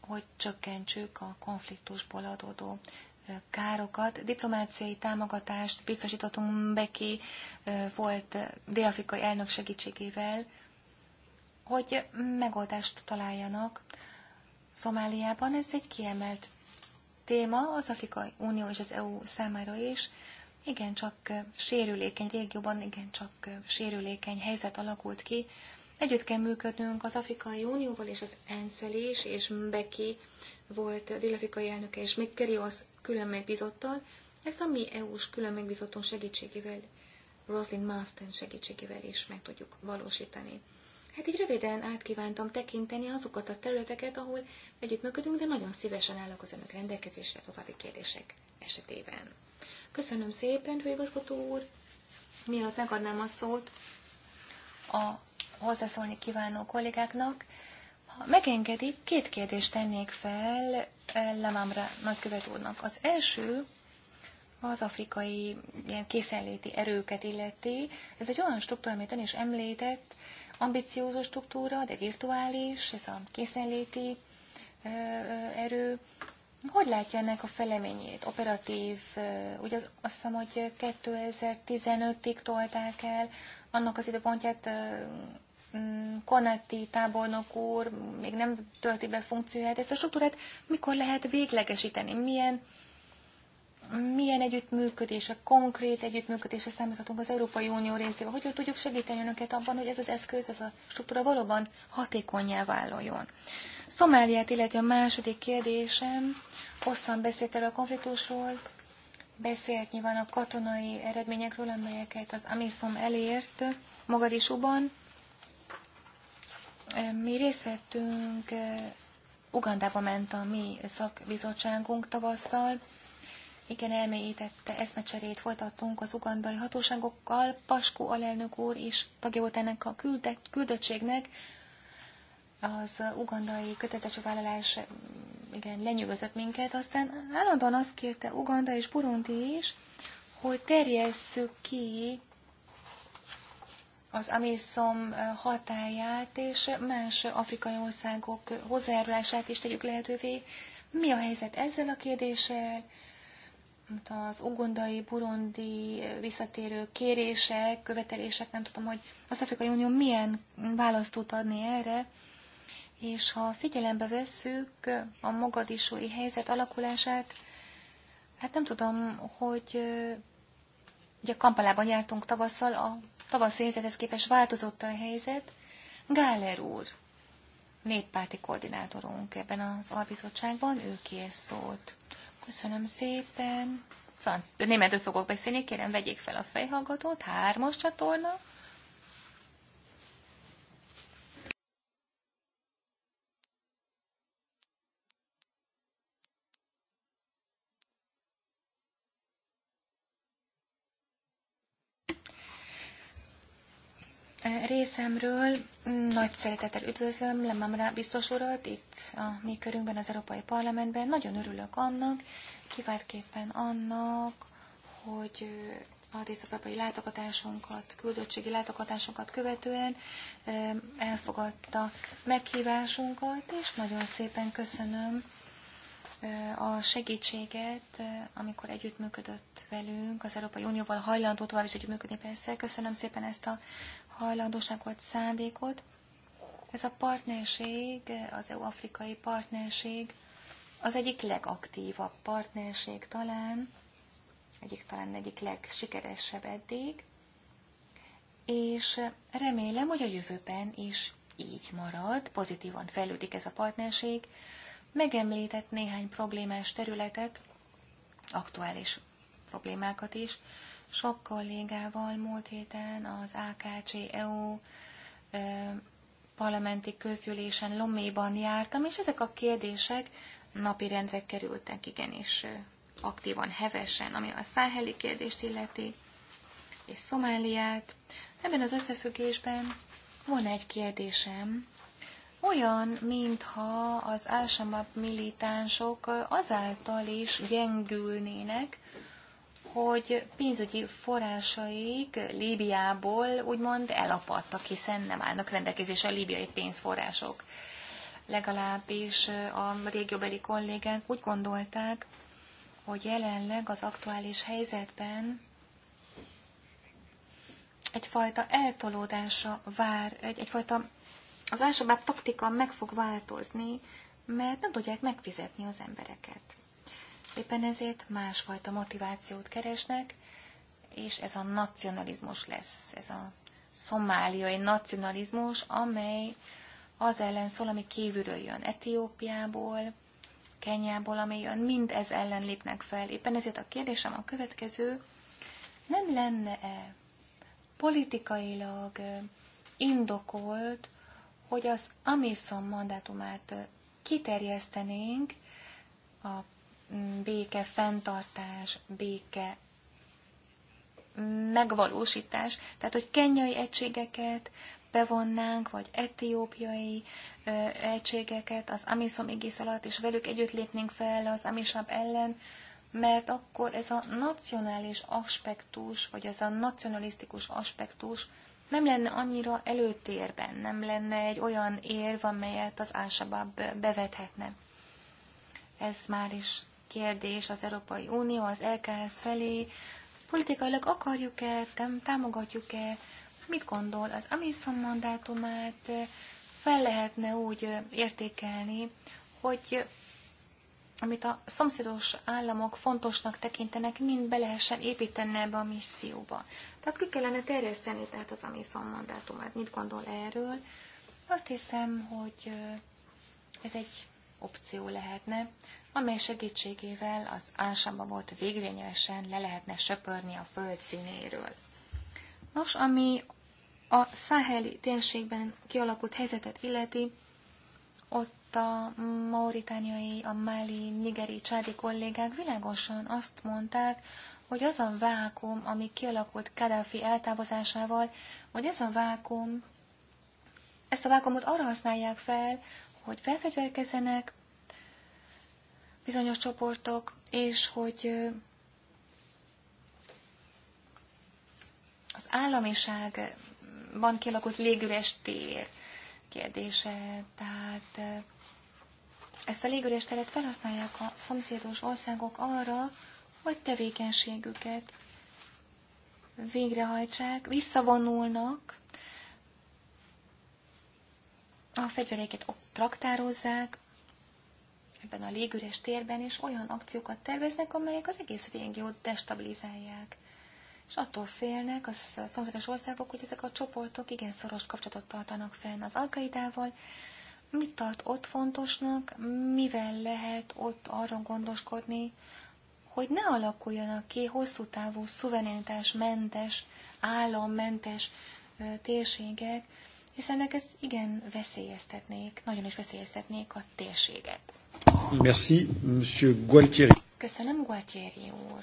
hogy csökkentsük a konfliktusból adódó károkat. Diplomáciai támogatást biztosítottunk Beki volt dél-afrikai elnök segítségével, hogy megoldást találjanak Szomáliában. Ez egy kiemelt téma az Afrikai Unió és az EU számára is igen csak sérülékeny régióban, csak sérülékeny helyzet alakult ki. Együtt kell működnünk az Afrikai Unióval és az ensz is, és beki volt dél-afrikai elnöke, és még Kerios külön megbizottal. Ezt a mi EU-s külön megbizottunk segítségével, Roslyn Marston segítségével is meg tudjuk valósítani. Hát így röviden át kívántam tekinteni azokat a területeket, ahol együttműködünk, de nagyon szívesen állok az önök rendelkezésre további kérdések esetében. Köszönöm szépen, főigazgató úr. Mielőtt megadnám a szót a hozzászólni kívánó kollégáknak, ha megengedik, két kérdést tennék fel eh, Lemámra nagykövet úrnak. Az első az afrikai ilyen készenléti erőket illeti. Ez egy olyan struktúra, amit ön is említett, ambiciózus struktúra, de virtuális, ez a készenléti eh, eh, erő. Hogy látja ennek a feleményét? Operatív, ugye az, azt hiszem, hogy 2015-ig tolták el, annak az időpontját mm, Konetti tábornok úr még nem tölti be funkcióját. Ezt a struktúrát mikor lehet véglegesíteni? Milyen, milyen együttműködése, konkrét együttműködése számíthatunk az Európai Unió részével? Hogyan tudjuk segíteni önöket abban, hogy ez az eszköz, ez a struktúra valóban hatékonyá váljon? Szomáliát illetve a második kérdésem, hosszan beszélt el a konfliktusról, beszélt nyilván a katonai eredményekről, amelyeket az Amisom elért Mogadisúban. Mi részt vettünk, Ugandába ment a mi szakbizottságunk tavasszal, igen, elmélyítette eszmecserét folytattunk az ugandai hatóságokkal. Paskó alelnök úr is tagja volt ennek a küldet, küldöttségnek az ugandai kötelezettségvállalás igen, lenyűgözött minket, aztán állandóan azt kérte Uganda és Burundi is, hogy terjesszük ki az Amészom hatáját és más afrikai országok hozzájárulását is tegyük lehetővé. Mi a helyzet ezzel a kérdéssel? Az ugondai, burundi visszatérő kérések, követelések, nem tudom, hogy az Afrikai Unió milyen választ tud adni erre és ha figyelembe vesszük a magadisói helyzet alakulását, hát nem tudom, hogy ugye Kampalában jártunk tavasszal, a tavaszi helyzethez képest változott a helyzet. Gáler úr, néppárti koordinátorunk ebben az albizottságban, ő kér szót. Köszönöm szépen. Franc, németül fogok beszélni, kérem vegyék fel a fejhallgatót, hármas csatorna. Részemről nagy szeretettel üdvözlöm Lemamra biztos urat itt a mi körünkben, az Európai Parlamentben. Nagyon örülök annak, kiváltképpen annak, hogy a Abebai látogatásunkat, küldöttségi látogatásunkat követően elfogadta meghívásunkat, és nagyon szépen köszönöm a segítséget, amikor együttműködött velünk, az Európai Unióval hajlandó tovább is együttműködni persze. Köszönöm szépen ezt a vagy szándékot. Ez a partnerség, az EU-afrikai partnerség az egyik legaktívabb partnerség talán, egyik talán egyik legsikeresebb eddig, és remélem, hogy a jövőben is így marad, pozitívan fejlődik ez a partnerség. Megemlített néhány problémás területet, aktuális problémákat is, sok kollégával múlt héten az AKC-EU parlamenti közgyűlésen Loméban jártam, és ezek a kérdések napirendre kerültek igenis aktívan, hevesen, ami a száheli kérdést illeti, és Szomáliát. Ebben az összefüggésben van egy kérdésem, olyan, mintha az álsamab militánsok azáltal is gyengülnének, hogy pénzügyi forrásaik Líbiából úgymond elapadtak, hiszen nem állnak rendelkezésre a líbiai pénzforrások. Legalábbis a régióbeli kollégák úgy gondolták, hogy jelenleg az aktuális helyzetben egyfajta eltolódása vár, egy, egyfajta az al taktika meg fog változni, mert nem tudják megfizetni az embereket. Éppen ezért másfajta motivációt keresnek, és ez a nacionalizmus lesz, ez a szomáliai nacionalizmus, amely az ellen szól, ami kívülről jön, Etiópiából, Kenyából, ami jön, mind ez ellen lépnek fel. Éppen ezért a kérdésem a következő, nem lenne-e politikailag indokolt, hogy az Amisom mandátumát kiterjesztenénk a béke fenntartás, béke megvalósítás, tehát hogy kenyai egységeket bevonnánk, vagy etiópiai ö, egységeket az Amisom igész alatt, és velük együtt lépnénk fel az Amisab ellen, mert akkor ez a nacionális aspektus, vagy ez a nacionalisztikus aspektus nem lenne annyira előtérben, nem lenne egy olyan érv, amelyet az Ásabab bevethetne. Ez már is kérdés az Európai Unió, az LKS felé. Politikailag akarjuk-e, támogatjuk-e, mit gondol az Amisom mandátumát, fel lehetne úgy értékelni, hogy amit a szomszédos államok fontosnak tekintenek, mind be lehessen építeni ebbe a misszióba. Tehát ki kellene terjeszteni tehát az Amisom mandátumát. Mit gondol erről? Azt hiszem, hogy ez egy opció lehetne amely segítségével az ásambabot végvényesen le lehetne söpörni a föld színéről. Nos, ami a száheli térségben kialakult helyzetet illeti, ott a mauritániai, a máli, nigeri, csádi kollégák világosan azt mondták, hogy az a vákum, ami kialakult Kadhafi eltávozásával, hogy ez a vákum, ezt a vákumot arra használják fel, hogy felfegyverkezzenek, bizonyos csoportok, és hogy az államiságban kialakult légüres tér kérdése, tehát ezt a légüres teret felhasználják a szomszédos országok arra, hogy tevékenységüket végrehajtsák, visszavonulnak, a fegyvereiket ott traktározzák, ebben a légüres térben is olyan akciókat terveznek, amelyek az egész régiót destabilizálják. És attól félnek az szomszédos országok, hogy ezek a csoportok igen szoros kapcsolatot tartanak fenn az alkaidával. Mit tart ott fontosnak, mivel lehet ott arra gondoskodni, hogy ne alakuljanak ki hosszú távú mentes, állammentes térségek, hiszen ez igen veszélyeztetnék, nagyon is veszélyeztetnék a térséget. Merci, Monsieur Gualtieri. Köszönöm, Gualtieri úr,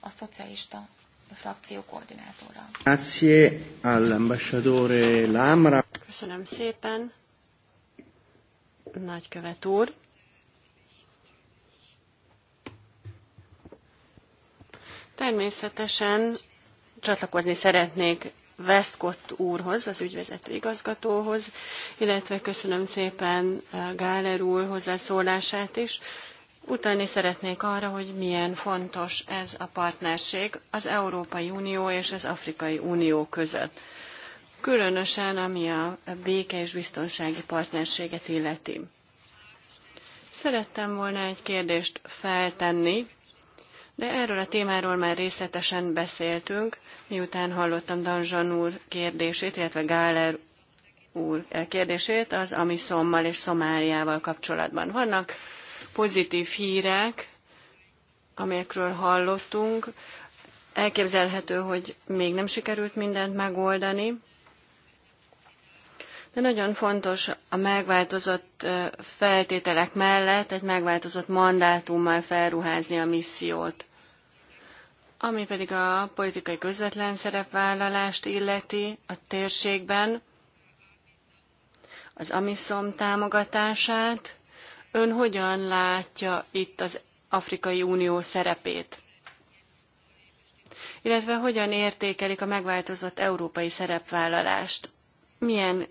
a szocialista frakció koordinátora. Grazie all'ambasciatore Lamra. Köszönöm szépen, nagykövet úr. Természetesen csatlakozni szeretnék Westcott úrhoz, az ügyvezető igazgatóhoz, illetve köszönöm szépen eh, Gáler úr hozzászólását is. Utáni szeretnék arra, hogy milyen fontos ez a partnerség az Európai Unió és az Afrikai Unió között. Különösen, ami a béke és biztonsági partnerséget illeti. Szerettem volna egy kérdést feltenni, de erről a témáról már részletesen beszéltünk, Miután hallottam Danzsan úr kérdését, illetve Gáler úr kérdését, az ami szommal és szomáriával kapcsolatban. Vannak pozitív hírek, amelyekről hallottunk. Elképzelhető, hogy még nem sikerült mindent megoldani, de nagyon fontos a megváltozott feltételek mellett egy megváltozott mandátummal felruházni a missziót. Ami pedig a politikai közvetlen szerepvállalást illeti a térségben, az AMISZOM támogatását, ön hogyan látja itt az Afrikai Unió szerepét? Illetve hogyan értékelik a megváltozott európai szerepvállalást? Milyen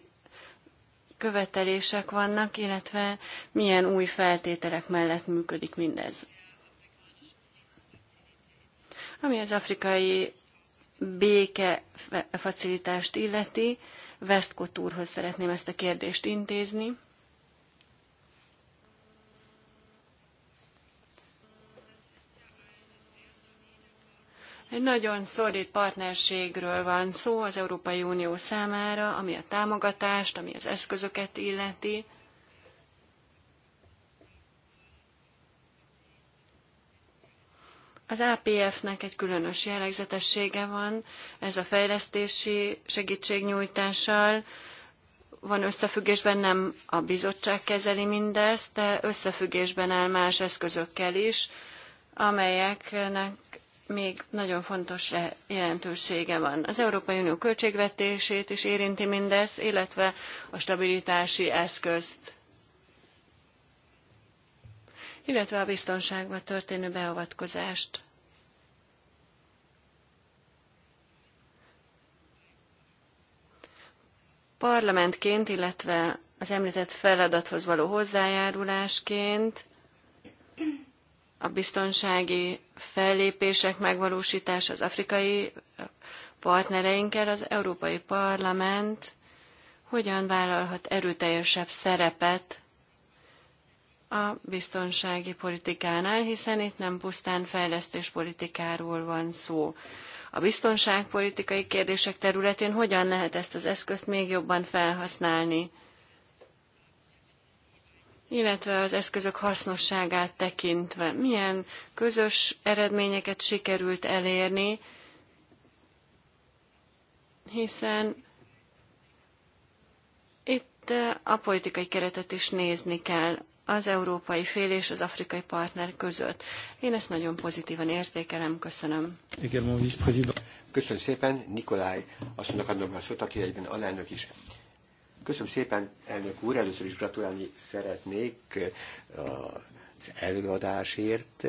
követelések vannak, illetve milyen új feltételek mellett működik mindez? Ami az afrikai béke facilitást illeti, Westcott úrhoz szeretném ezt a kérdést intézni. Egy nagyon szolid partnerségről van szó az Európai Unió számára, ami a támogatást, ami az eszközöket illeti. Az APF-nek egy különös jellegzetessége van, ez a fejlesztési segítségnyújtással van összefüggésben, nem a bizottság kezeli mindezt, de összefüggésben áll más eszközökkel is, amelyeknek még nagyon fontos jelentősége van. Az Európai Unió költségvetését is érinti mindez, illetve a stabilitási eszközt illetve a biztonságba történő beavatkozást. Parlamentként, illetve az említett feladathoz való hozzájárulásként a biztonsági fellépések megvalósítása az afrikai partnereinkkel az Európai Parlament hogyan vállalhat erőteljesebb szerepet a biztonsági politikánál, hiszen itt nem pusztán fejlesztéspolitikáról van szó. A biztonságpolitikai kérdések területén hogyan lehet ezt az eszközt még jobban felhasználni, illetve az eszközök hasznosságát tekintve, milyen közös eredményeket sikerült elérni, hiszen itt eh, a politikai keretet is nézni kell az európai fél és az afrikai partner között. Én ezt nagyon pozitívan értékelem, köszönöm. Köszönöm szépen, Nikolaj, azt mondok adnom a szót, aki egyben alelnök is. Köszönöm szépen, elnök úr, először is gratulálni szeretnék eh, az előadásért.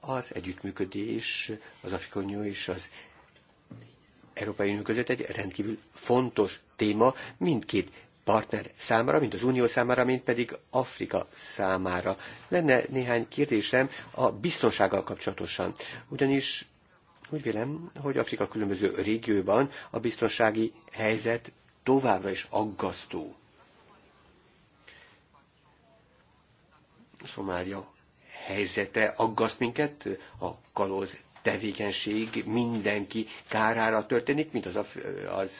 Az együttműködés az Afrikai Unió és az Európai Unió között egy rendkívül fontos téma mindkét partner számára, mint az Unió számára, mint pedig Afrika számára. Lenne néhány kérdésem a biztonsággal kapcsolatosan. Ugyanis úgy vélem, hogy Afrika különböző régióban a biztonsági helyzet továbbra is aggasztó. Szomália helyzete aggaszt minket, a kalóz tevékenység mindenki kárára történik, mint az, az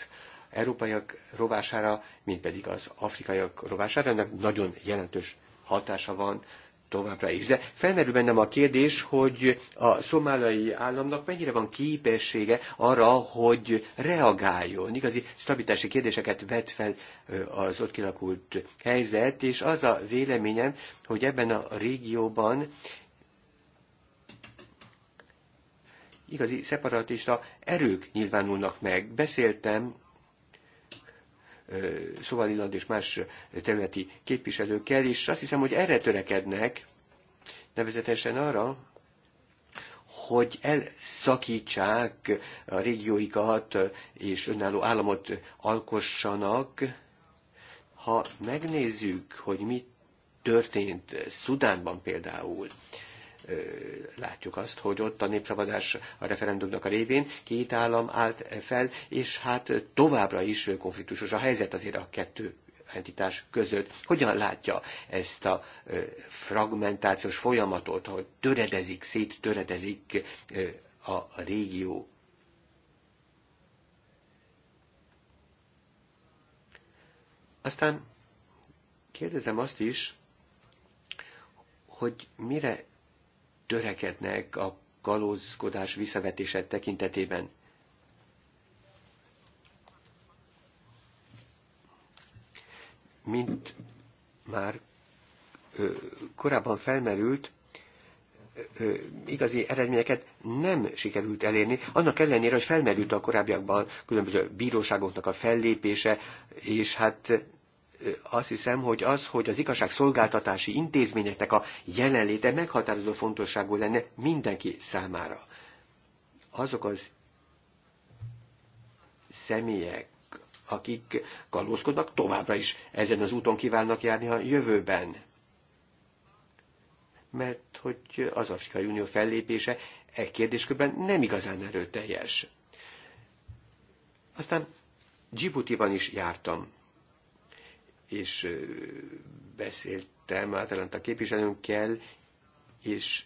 európaiak rovására, mint pedig az afrikaiak rovására, ennek nagyon jelentős hatása van továbbra is. De felmerül bennem a kérdés, hogy a szomálai államnak mennyire van képessége arra, hogy reagáljon. Igazi stabilitási kérdéseket vet fel az ott kilakult helyzet, és az a véleményem, hogy ebben a régióban igazi szeparatista erők nyilvánulnak meg. Beszéltem Szovaliland és más területi képviselőkkel, és azt hiszem, hogy erre törekednek, nevezetesen arra, hogy elszakítsák a régióikat és önálló államot alkossanak. Ha megnézzük, hogy mi történt Szudánban például, látjuk azt, hogy ott a népszavazás a referendumnak a révén két állam állt fel, és hát továbbra is konfliktusos a helyzet azért a kettő entitás között. Hogyan látja ezt a fragmentációs folyamatot, hogy töredezik, széttöredezik a régió? Aztán kérdezem azt is, hogy mire törekednek a kalózkodás visszavetése tekintetében. Mint már ö, korábban felmerült, ö, igazi eredményeket nem sikerült elérni, annak ellenére, hogy felmerült a korábbiakban különböző bíróságoknak a fellépése, és hát azt hiszem, hogy az, hogy az igazságszolgáltatási intézményeknek a jelenléte meghatározó fontosságú lenne mindenki számára. Azok az személyek, akik kalózkodnak, továbbra is ezen az úton kívánnak járni a jövőben. Mert hogy az Afrikai Unió fellépése e kérdéskörben nem igazán erőteljes. Aztán Djibouti-ban is jártam és beszéltem a képviselőnkkel, és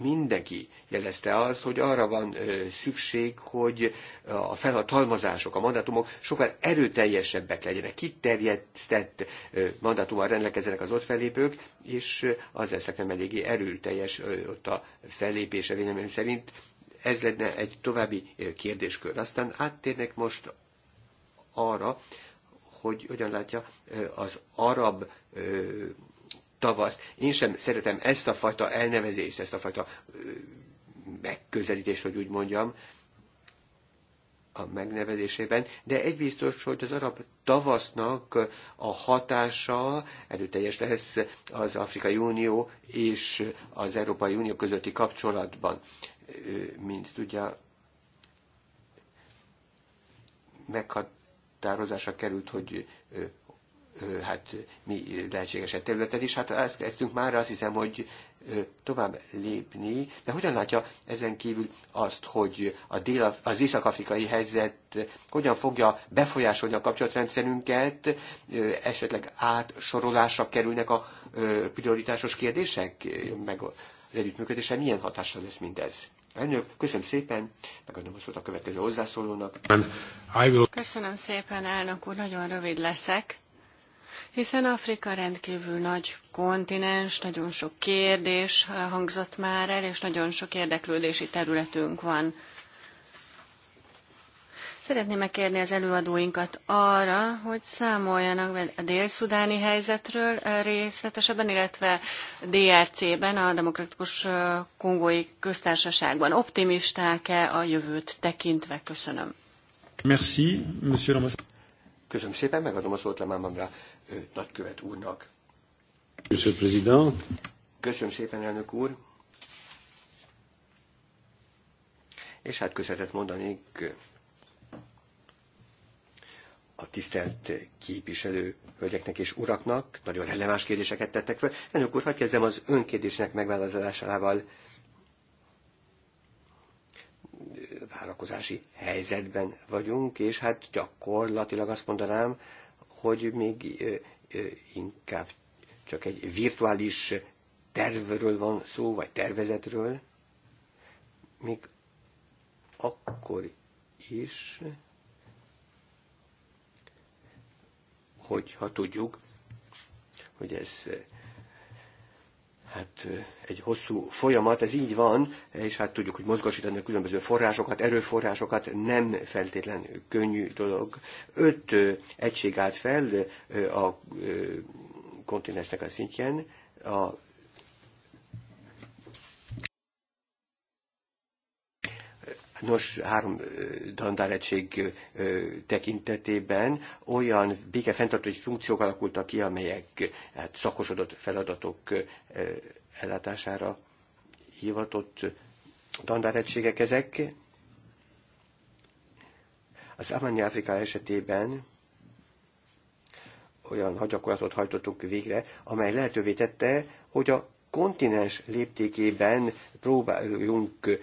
mindenki jelezte az, hogy arra van szükség, hogy a felhatalmazások, a mandátumok sokkal erőteljesebbek legyenek, kiterjesztett mandátummal rendelkezzenek az ott fellépők, és az lesznek nem eléggé erőteljes ott a fellépése véleményem szerint. Ez lenne egy további kérdéskör. Aztán áttérnek most arra, hogy hogyan látja az arab tavasz. Én sem szeretem ezt a fajta elnevezést, ezt a fajta megközelítést, hogy úgy mondjam, a megnevezésében, de egy biztos, hogy az arab tavasznak a hatása erőteljes lesz az Afrikai Unió és az Európai Unió közötti kapcsolatban. Mint tudja, meghat meghatározásra került, hogy hát mi lehetséges egy területet is. Hát ezt kezdtünk már, azt hiszem, hogy tovább lépni, de hogyan látja ezen kívül azt, hogy a dél, az észak-afrikai helyzet hogyan fogja befolyásolni a kapcsolatrendszerünket, esetleg átsorolásra kerülnek a prioritásos kérdések, meg az együttműködése milyen hatással lesz mindez? Elnök, köszönöm szépen, megadom a szót a következő hozzászólónak. Köszönöm szépen, elnök úr, nagyon rövid leszek, hiszen Afrika rendkívül nagy kontinens, nagyon sok kérdés hangzott már el, és nagyon sok érdeklődési területünk van. Szeretném megkérni az előadóinkat arra, hogy számoljanak a dél-szudáni helyzetről részletesebben, illetve DRC-ben, a Demokratikus Kongói Köztársaságban. Optimisták-e a jövőt tekintve? Köszönöm. Merci, monsieur Lamas. Köszönöm szépen, megadom a szót Lemámamra nagykövet úrnak. Monsieur le Président. Köszönöm szépen, elnök úr. És hát köszönetet mondanék a tisztelt képviselő hölgyeknek és uraknak. Nagyon releváns kérdéseket tettek föl. Elnök úr, hagyj kezdem az önkérdésnek megválaszolásával. Várakozási helyzetben vagyunk, és hát gyakorlatilag azt mondanám, hogy még inkább csak egy virtuális tervről van szó, vagy tervezetről, még akkor is, hogy ha tudjuk, hogy ez hát egy hosszú folyamat, ez így van, és hát tudjuk, hogy mozgosítani a különböző forrásokat, erőforrásokat nem feltétlen könnyű dolog. Öt egység állt fel a kontinensnek a szintjén, a Nos, három tantáregység tekintetében olyan béke fenntartói funkciók alakultak ki, amelyek hát szakosodott feladatok ellátására hivatott tantáregysségek ezek. Az Amani Afrika esetében olyan hagyakorlatot hajtottunk végre, amely lehetővé tette, hogy a kontinens léptékében próbáljunk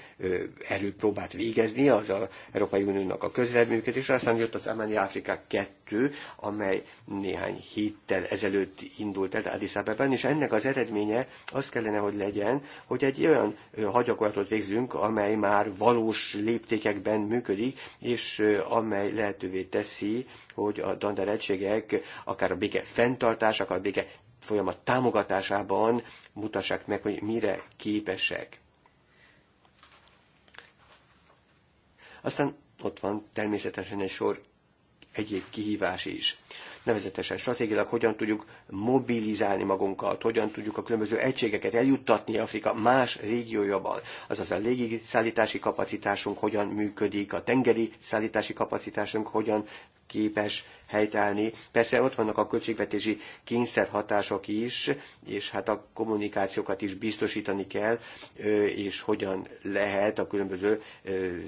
erőpróbát végezni az a Európai Uniónak a és Aztán jött az Amani Afrika 2, amely néhány héttel ezelőtt indult el Addis Abebán, és ennek az eredménye az kellene, hogy legyen, hogy egy olyan hagyakorlatot végzünk, amely már valós léptékekben működik, és amely lehetővé teszi, hogy a dandár egységek akár a béke fenntartás, akár a béke folyamat támogatásában mutassák meg, hogy mire képesek. Aztán ott van természetesen egy sor egyéb kihívás is. Nevezetesen stratégilag hogyan tudjuk mobilizálni magunkat, hogyan tudjuk a különböző egységeket eljuttatni Afrika más régiójában. Azaz a légi szállítási kapacitásunk hogyan működik, a tengeri szállítási kapacitásunk hogyan képes helytállni. Persze ott vannak a költségvetési hatások is, és hát a kommunikációkat is biztosítani kell, és hogyan lehet a különböző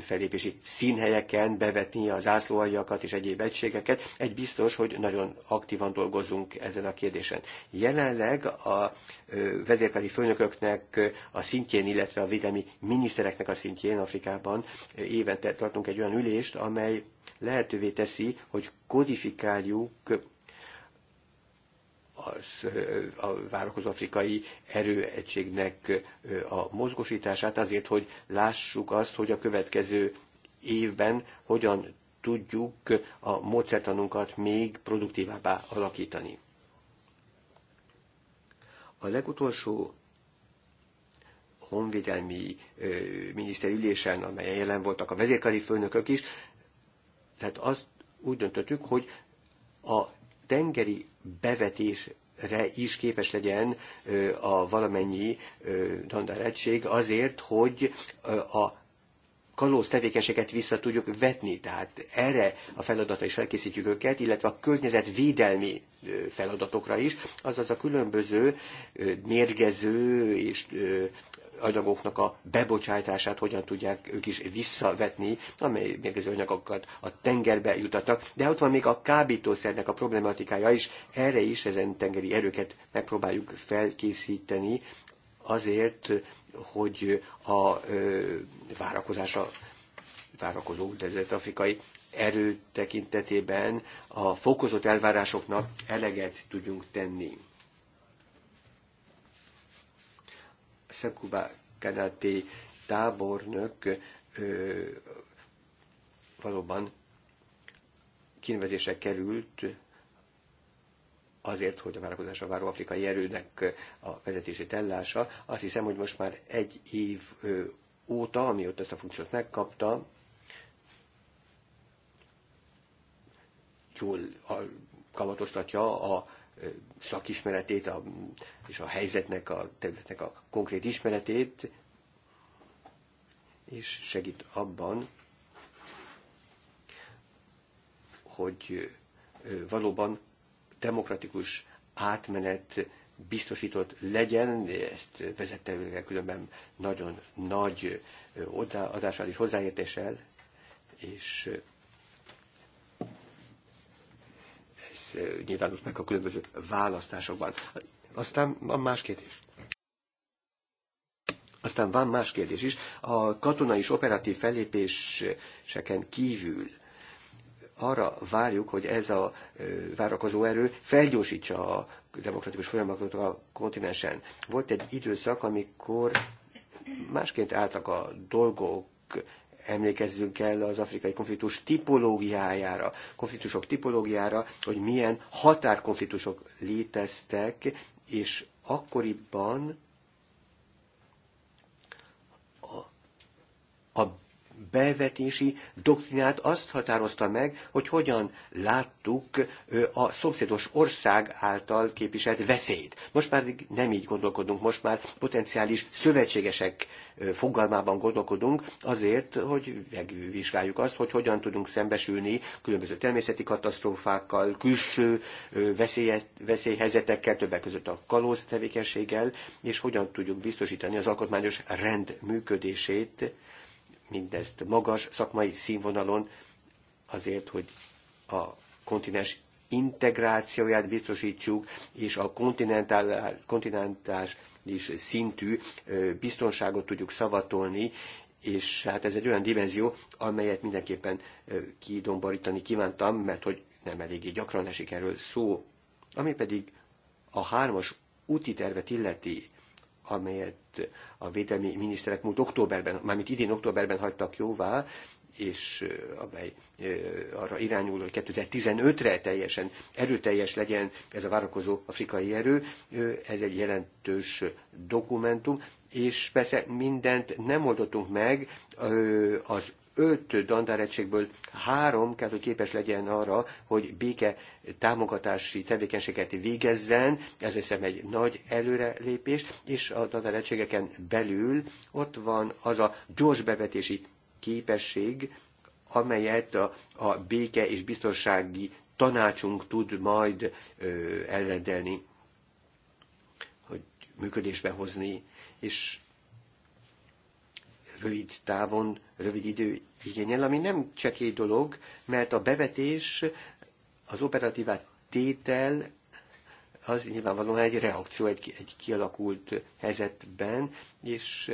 felépési színhelyeken bevetni az ászlóaljakat és egyéb egységeket. Egy biztos, hogy nagyon aktívan dolgozunk ezen a kérdésen. Jelenleg a vezérkari főnököknek a szintjén, illetve a védelmi minisztereknek a szintjén Afrikában évente tartunk egy olyan ülést, amely lehetővé teszi, hogy kodifikáljuk az, a várakozó afrikai erőegységnek a mozgosítását azért, hogy lássuk azt, hogy a következő évben hogyan tudjuk a módszertanunkat még produktívábbá alakítani. A legutolsó honvédelmi miniszterülésen, amelyen jelen voltak a vezérkari főnökök is, tehát azt úgy döntöttük, hogy a tengeri bevetés is képes legyen a valamennyi egység azért, hogy a kalóz tevékenységet vissza tudjuk vetni. Tehát erre a feladatra is felkészítjük őket, illetve a környezetvédelmi feladatokra is, azaz a különböző mérgező és anyagoknak a bebocsátását hogyan tudják ők is visszavetni, amely az anyagokat a tengerbe jutatnak. De ott van még a kábítószernek a problematikája is, erre is ezen tengeri erőket megpróbáljuk felkészíteni azért, hogy a ö, várakozása várakozó, de afrikai erő tekintetében a fokozott elvárásoknak eleget tudjunk tenni. Szekuba Kanaté tábornök ö, valóban kinevezése került azért, hogy a várakozásra váró afrikai erőnek a vezetését ellása. Azt hiszem, hogy most már egy év óta, ott ezt a funkciót megkapta, jól a kamatoztatja a szakismeretét a, és a helyzetnek, a területnek a konkrét ismeretét, és segít abban, hogy valóban demokratikus átmenet biztosított legyen, ezt vezette különben nagyon nagy adással és hozzáértéssel, és nyilvánult meg a különböző választásokban. Aztán van más kérdés. Aztán van más kérdés is. A katonai és operatív fellépéseken kívül arra várjuk, hogy ez a várakozó erő felgyorsítsa a demokratikus folyamatot a kontinensen. Volt egy időszak, amikor másként álltak a dolgok, emlékezzünk el az afrikai konfliktus tipológiájára, konfliktusok tipológiára, hogy milyen határkonfliktusok léteztek, és akkoriban a, a bevetési doktrinát azt határozta meg, hogy hogyan láttuk a szomszédos ország által képviselt veszélyt. Most már nem így gondolkodunk, most már potenciális szövetségesek fogalmában gondolkodunk azért, hogy megvizsgáljuk azt, hogy hogyan tudunk szembesülni különböző természeti katasztrófákkal, külső veszélye, veszélyhelyzetekkel, többek között a kalóz tevékenységgel, és hogyan tudjuk biztosítani az alkotmányos rend működését, mindezt magas szakmai színvonalon azért, hogy a kontinens integrációját biztosítsuk, és a kontinentális szintű biztonságot tudjuk szavatolni, és hát ez egy olyan dimenzió, amelyet mindenképpen kidombarítani kívántam, mert hogy nem eléggé gyakran esik erről szó. Ami pedig a hármas úti tervet illeti, amelyet a védelmi miniszterek múlt októberben, mármint idén októberben hagytak jóvá, és amely arra irányul, hogy 2015-re teljesen erőteljes legyen ez a várakozó afrikai erő, ez egy jelentős dokumentum, és persze mindent nem oldottunk meg az öt dandáregységből három kell, hogy képes legyen arra, hogy béke támogatási tevékenységet végezzen, ez hiszem egy nagy előrelépés, és a dandáregységeken belül ott van az a gyors bevetési képesség, amelyet a, a béke és biztonsági tanácsunk tud majd ö, elrendelni, hogy működésbe hozni, és rövid távon, rövid idő igényel, ami nem csekély dolog, mert a bevetés, az operatívá tétel az nyilvánvalóan egy reakció egy, egy kialakult helyzetben, és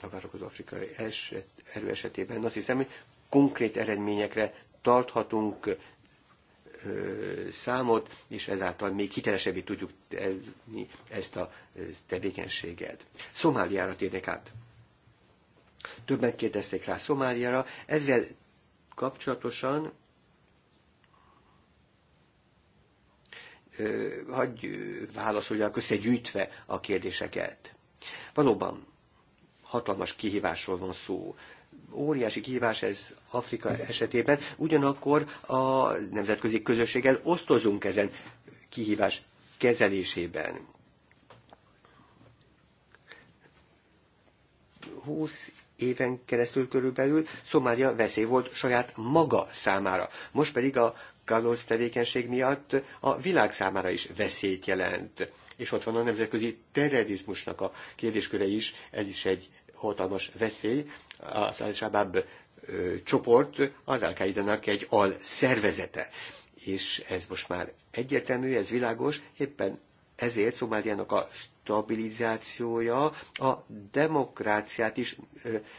a várok az afrikai eset, erő esetében azt hiszem, hogy konkrét eredményekre tarthatunk számot, és ezáltal még hitelesebbé tudjuk tenni ezt a tevékenységet. Szomáliára térnek át. Többen kérdezték rá Szomáliára, ezzel kapcsolatosan hagyj válaszoljak összegyűjtve a kérdéseket. Valóban hatalmas kihívásról van szó óriási kihívás ez Afrika esetében, ugyanakkor a nemzetközi közösséggel osztozunk ezen kihívás kezelésében. húsz éven keresztül körülbelül Szomália veszély volt saját maga számára. Most pedig a kalóz tevékenység miatt a világ számára is veszélyt jelent. És ott van a nemzetközi terrorizmusnak a kérdésköre is, ez is egy hatalmas veszély, az al csoport az al egy al szervezete. És ez most már egyértelmű, ez világos, éppen ezért Szomáliának a stabilizációja a demokráciát is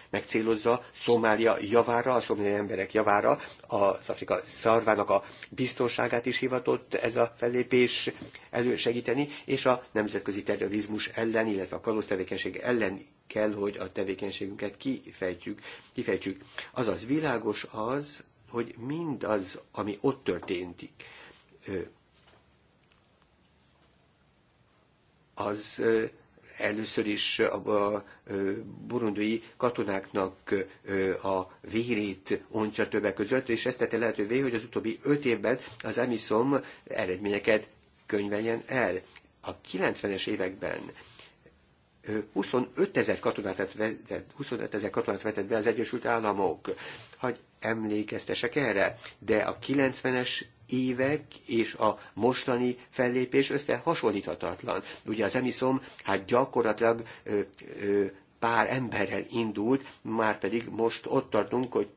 megcélozza Szomália javára, a szomáliai emberek javára, az Afrika szarvának a biztonságát is hivatott ez a fellépés elősegíteni, és a nemzetközi terrorizmus ellen, illetve a tevékenység ellen kell, hogy a tevékenységünket kifejtjük. kifejtjük. Azaz világos az, hogy mindaz, ami ott történtik, az először is a burundai katonáknak a vérét ontja többek között, és ezt tette lehetővé, hogy az utóbbi öt évben az emiszom eredményeket könyveljen el. A 90-es években 25 ezer katonát, vetett, 25 katonát vetett be az Egyesült Államok. Hogy emlékeztesek erre, de a 90-es évek és a mostani fellépés összehasonlíthatatlan. Ugye az emiszom hát gyakorlatilag ö, ö, pár emberrel indult, már pedig most ott tartunk, hogy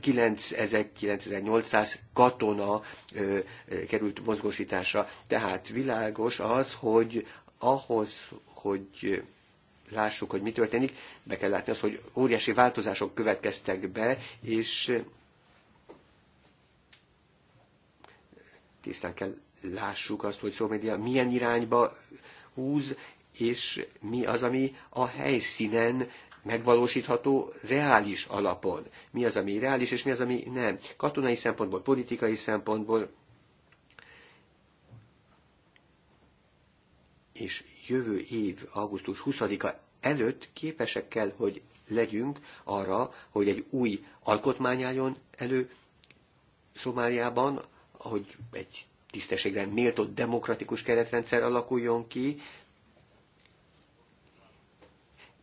9800 katona ö, ö, került mozgósításra. Tehát világos az, hogy ahhoz, hogy lássuk, hogy mi történik, be kell látni azt, hogy óriási változások következtek be, és tisztán kell lássuk azt, hogy szómédia milyen irányba húz, és mi az, ami a helyszínen megvalósítható reális alapon. Mi az, ami reális, és mi az, ami nem. Katonai szempontból, politikai szempontból, és jövő év, augusztus 20-a előtt képesek kell, hogy legyünk arra, hogy egy új alkotmány álljon elő Szomáliában, hogy egy tisztességre méltó demokratikus keretrendszer alakuljon ki,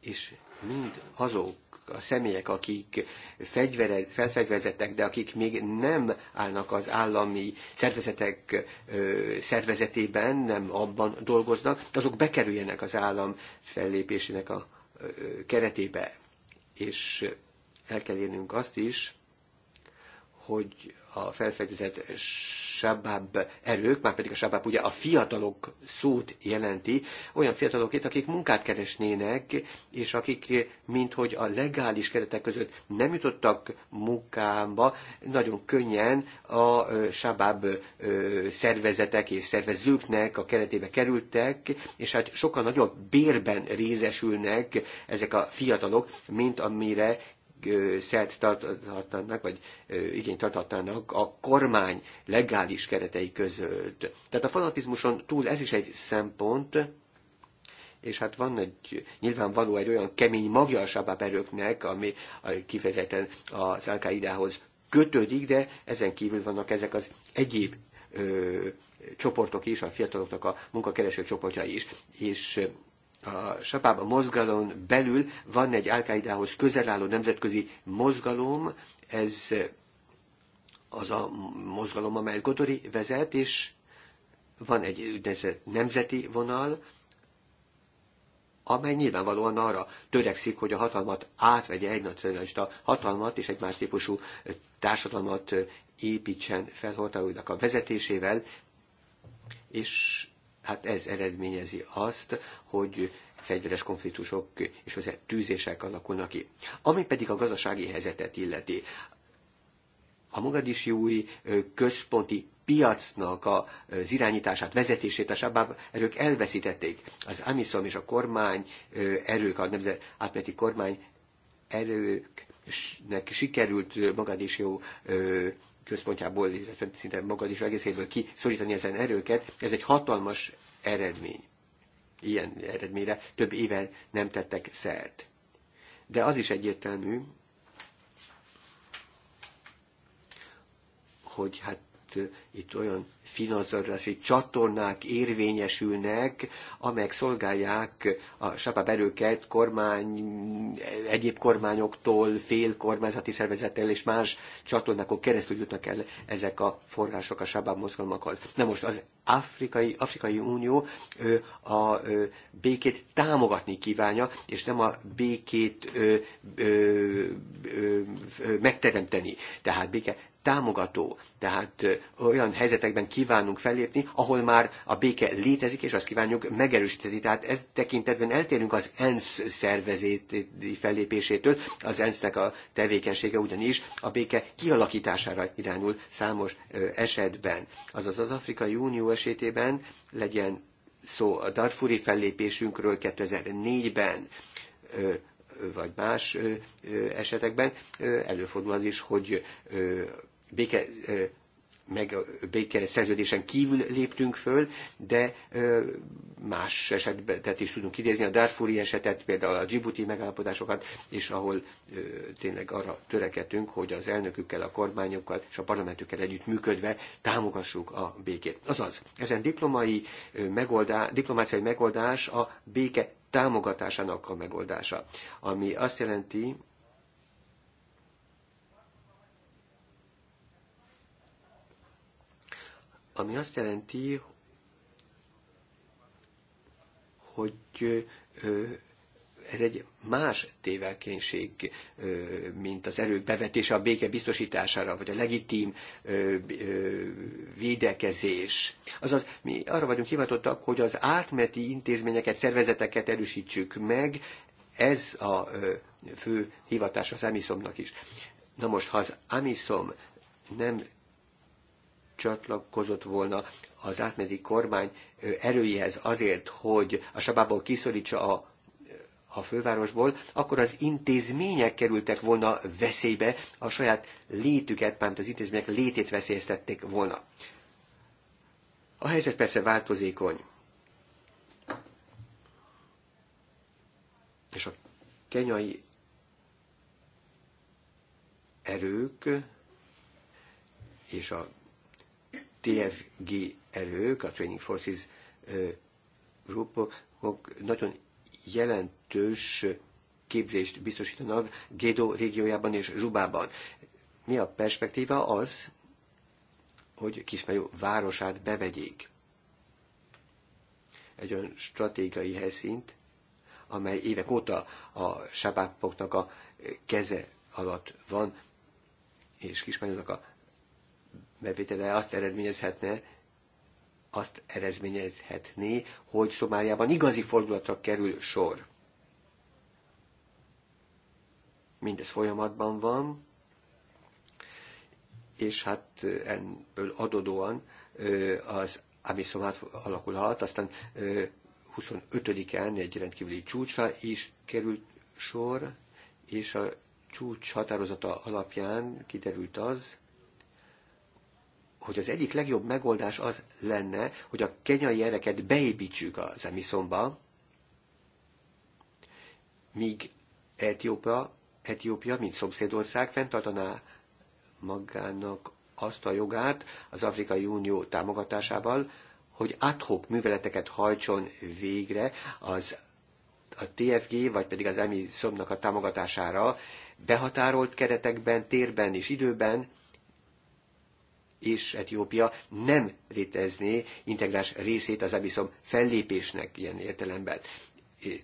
és mind azok a személyek, akik felfegyverzettek, de akik még nem állnak az állami szervezetek ö, szervezetében, nem abban dolgoznak, azok bekerüljenek az állam fellépésének a ö, keretébe. És el kell érnünk azt is, hogy a felfedezett sabáb erők, már pedig a sabáb ugye a fiatalok szót jelenti, olyan fiatalokét, akik munkát keresnének, és akik, mint hogy a legális keretek között nem jutottak munkába, nagyon könnyen a sabáb szervezetek és szervezőknek a keretébe kerültek, és hát sokkal nagyobb bérben részesülnek ezek a fiatalok, mint amire szert tarthatnának, vagy igényt tarthatnának a kormány legális keretei között. Tehát a fanatizmuson túl ez is egy szempont, és hát van egy, nyilvánvaló egy olyan kemény magja a erőknek, ami kifejezetten az al kötődik, de ezen kívül vannak ezek az egyéb ö, csoportok is, a fiataloknak a munkakereső csoportja is. És a Sapába mozgalon belül van egy Al-Qaidához közel álló nemzetközi mozgalom, ez az a mozgalom, amely Gotori vezet, és van egy nemzeti vonal, amely nyilvánvalóan arra törekszik, hogy a hatalmat átvegye egy nacionalista hatalmat, és egy más típusú társadalmat építsen fel a vezetésével, és hát ez eredményezi azt, hogy fegyveres konfliktusok és az tűzések alakulnak ki. Ami pedig a gazdasági helyzetet illeti, a új központi piacnak az irányítását, vezetését a sabáb erők elveszítették. Az Amiszom és a kormány erők, a nemzet átmeneti kormány erőknek sikerült Mogadisjó központjából, illetve szinte magad is egészéből kiszorítani ezen erőket, ez egy hatalmas eredmény. Ilyen eredményre több éve nem tettek szert. De az is egyértelmű, hogy hát itt olyan finanszírozási csatornák érvényesülnek, amelyek szolgálják a sapab erőket kormány, egyéb kormányoktól, fél kormányzati szervezettel és más csatornákon keresztül jutnak el ezek a források a sapab mozgalmakhoz. Na most az Afrikai, Afrikai Unió ö, a ö, békét támogatni kívánja, és nem a békét ö, ö, ö, ö, megteremteni. Tehát béke támogató. Tehát olyan helyzetekben kívánunk fellépni, ahol már a béke létezik, és azt kívánjuk megerősíteni. Tehát ez tekintetben eltérünk az ENSZ szervezéti fellépésétől. Az ENSZ-nek a tevékenysége ugyanis a béke kialakítására irányul számos esetben. Azaz az Afrikai Unió esetében legyen szó a Darfuri fellépésünkről 2004-ben, vagy más esetekben előfordul az is, hogy béke meg béke szerződésen kívül léptünk föl, de más esetet is tudunk idézni, a Darfuri esetet, például a Djibouti megállapodásokat, és ahol tényleg arra törekedtünk, hogy az elnökükkel, a kormányokkal és a parlamentükkel együtt működve támogassuk a békét. Azaz, ezen diplomai megoldás, diplomáciai megoldás a béke támogatásának a megoldása, ami azt jelenti, Ami azt jelenti, hogy ez egy más tévelkénység, mint az erők bevetése a béke biztosítására, vagy a legitim védekezés. Azaz, mi arra vagyunk hivatottak, hogy az átmeti intézményeket, szervezeteket erősítsük meg, ez a fő hivatás az Amiszomnak is. Na most, ha az Amiszom nem csatlakozott volna az átmeneti kormány erőihez azért, hogy a sabából kiszorítsa a a fővárosból, akkor az intézmények kerültek volna veszélybe, a saját létüket, mert az intézmények létét veszélyeztették volna. A helyzet persze változékony. És a kenyai erők és a TFG erők, a Training Forces grupok nagyon jelentős képzést biztosítanak Gédó régiójában és Zsubában. Mi a perspektíva az, hogy Kismajó városát bevegyék? Egy olyan stratégiai helyszínt, amely évek óta a sabápoknak a keze alatt van, és Kismajónak a bevétele azt eredményezhetne, azt eredményezhetné, hogy Szomáliában igazi fordulatra kerül sor. Mindez folyamatban van, és hát ebből adódóan az Amiszomát alakulhat, aztán 25 en egy rendkívüli csúcsra is került sor, és a csúcs határozata alapján kiderült az, hogy az egyik legjobb megoldás az lenne, hogy a kenyai ereket beépítsük az emiszomba, míg Etiópia, Etiópia, mint szomszédország fenntartaná magának azt a jogát az Afrikai Unió támogatásával, hogy adhok műveleteket hajtson végre az a TFG, vagy pedig az EMI szomnak a támogatására behatárolt keretekben, térben és időben, és Etiópia nem létezné integrás részét az Abiszom fellépésnek ilyen értelemben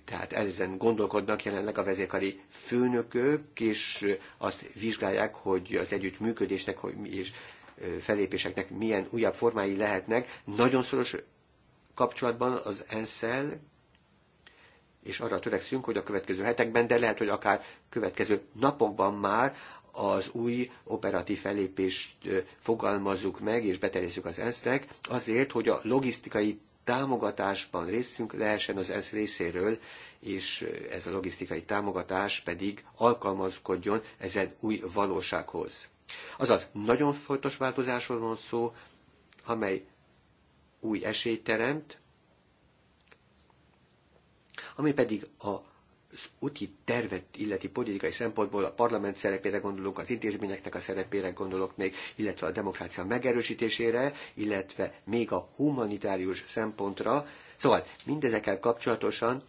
tehát ezen gondolkodnak jelenleg a vezérkari főnökök, és azt vizsgálják, hogy az együttműködésnek hogy mi és fellépéseknek milyen újabb formái lehetnek. Nagyon szoros kapcsolatban az ensz és arra törekszünk, hogy a következő hetekben, de lehet, hogy akár következő napokban már az új operatív felépést fogalmazzuk meg és beterjesszük az ensz azért, hogy a logisztikai támogatásban részünk lehessen az ENSZ részéről, és ez a logisztikai támogatás pedig alkalmazkodjon ezen új valósághoz. Azaz, nagyon fontos változásról van szó, amely új esélyt teremt, ami pedig a úti tervet illeti politikai szempontból a parlament szerepére gondolok, az intézményeknek a szerepére gondolok még, illetve a demokrácia megerősítésére, illetve még a humanitárius szempontra. Szóval mindezekkel kapcsolatosan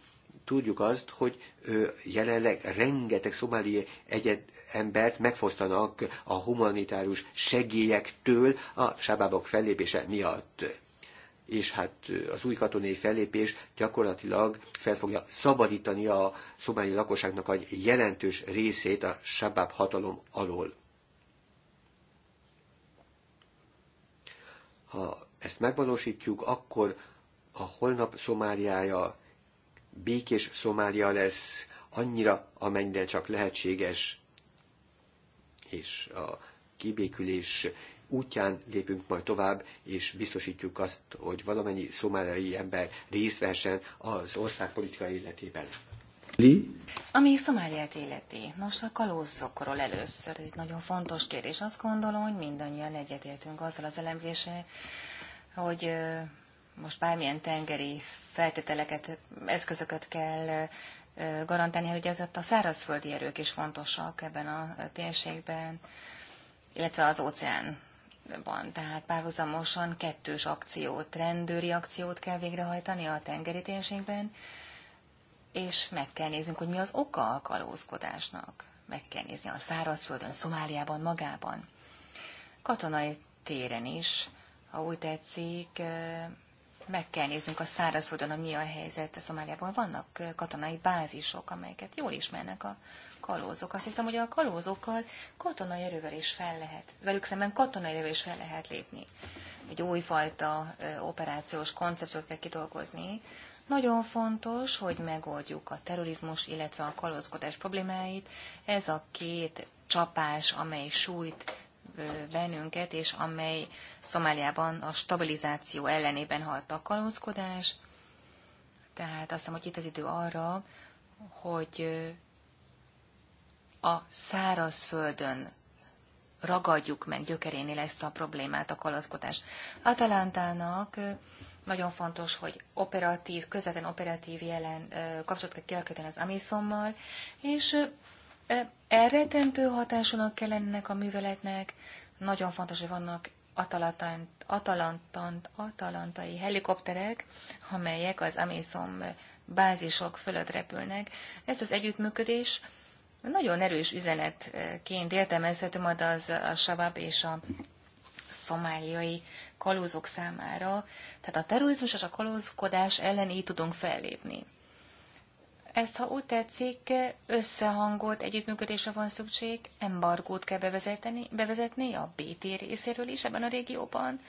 tudjuk azt, hogy jelenleg rengeteg szomáli egyet embert megfosztanak a humanitárius segélyektől a sábábok fellépése miatt és hát az új katonai fellépés gyakorlatilag fel fogja szabadítani a szobányi lakosságnak a jelentős részét a Sabab hatalom alól. Ha ezt megvalósítjuk, akkor a holnap Szomáliája békés Szomália lesz, annyira, amennyire csak lehetséges, és a kibékülés útján lépünk majd tovább, és biztosítjuk azt, hogy valamennyi szomáliai ember részt vehessen az ország politikai életében. Li? Ami Szomáliát életi. Nos, a kalózokról először. Ez egy nagyon fontos kérdés. Azt gondolom, hogy mindannyian egyetértünk azzal az elemzése, hogy most bármilyen tengeri feltételeket, eszközöket kell garantálni, hogy ez a szárazföldi erők is fontosak ebben a térségben, illetve az óceán van, tehát párhuzamosan kettős akciót, rendőri akciót kell végrehajtani a tengeri térségben, és meg kell néznünk, hogy mi az oka a kalózkodásnak. Meg kell nézni a szárazföldön, Szomáliában, magában. Katonai téren is, ha úgy tetszik, meg kell néznünk a szárazföldön, hogy mi a helyzet. Szomáliában vannak katonai bázisok, amelyeket jól ismernek a kalózok. Azt hiszem, hogy a kalózokkal katonai erővel is fel lehet, velük szemben katonai erővel is fel lehet lépni. Egy újfajta operációs koncepciót kell kidolgozni. Nagyon fontos, hogy megoldjuk a terrorizmus, illetve a kalózkodás problémáit. Ez a két csapás, amely sújt bennünket, és amely Szomáliában a stabilizáció ellenében halt a kalózkodás. Tehát azt hiszem, hogy itt az idő arra, hogy a szárazföldön ragadjuk meg gyökerénél ezt a problémát, a kalaszkodást. Atalantának nagyon fontos, hogy operatív, közvetlen operatív jelen kapcsolatot kell kialakítani az Amisommal, és elretentő hatásúnak kell ennek a műveletnek. Nagyon fontos, hogy vannak atalantant, atalantant, atalantai helikopterek, amelyek az Amisom bázisok fölött repülnek. Ez az együttműködés nagyon erős üzenetként értelmezhető majd az a Shabab és a szomáliai kalózok számára. Tehát a terrorizmus és a kalózkodás ellen így tudunk fellépni. Ezt, ha úgy tetszik, összehangolt együttműködésre van szükség, embargót kell bevezetni, bevezetni a BT részéről is ebben a régióban,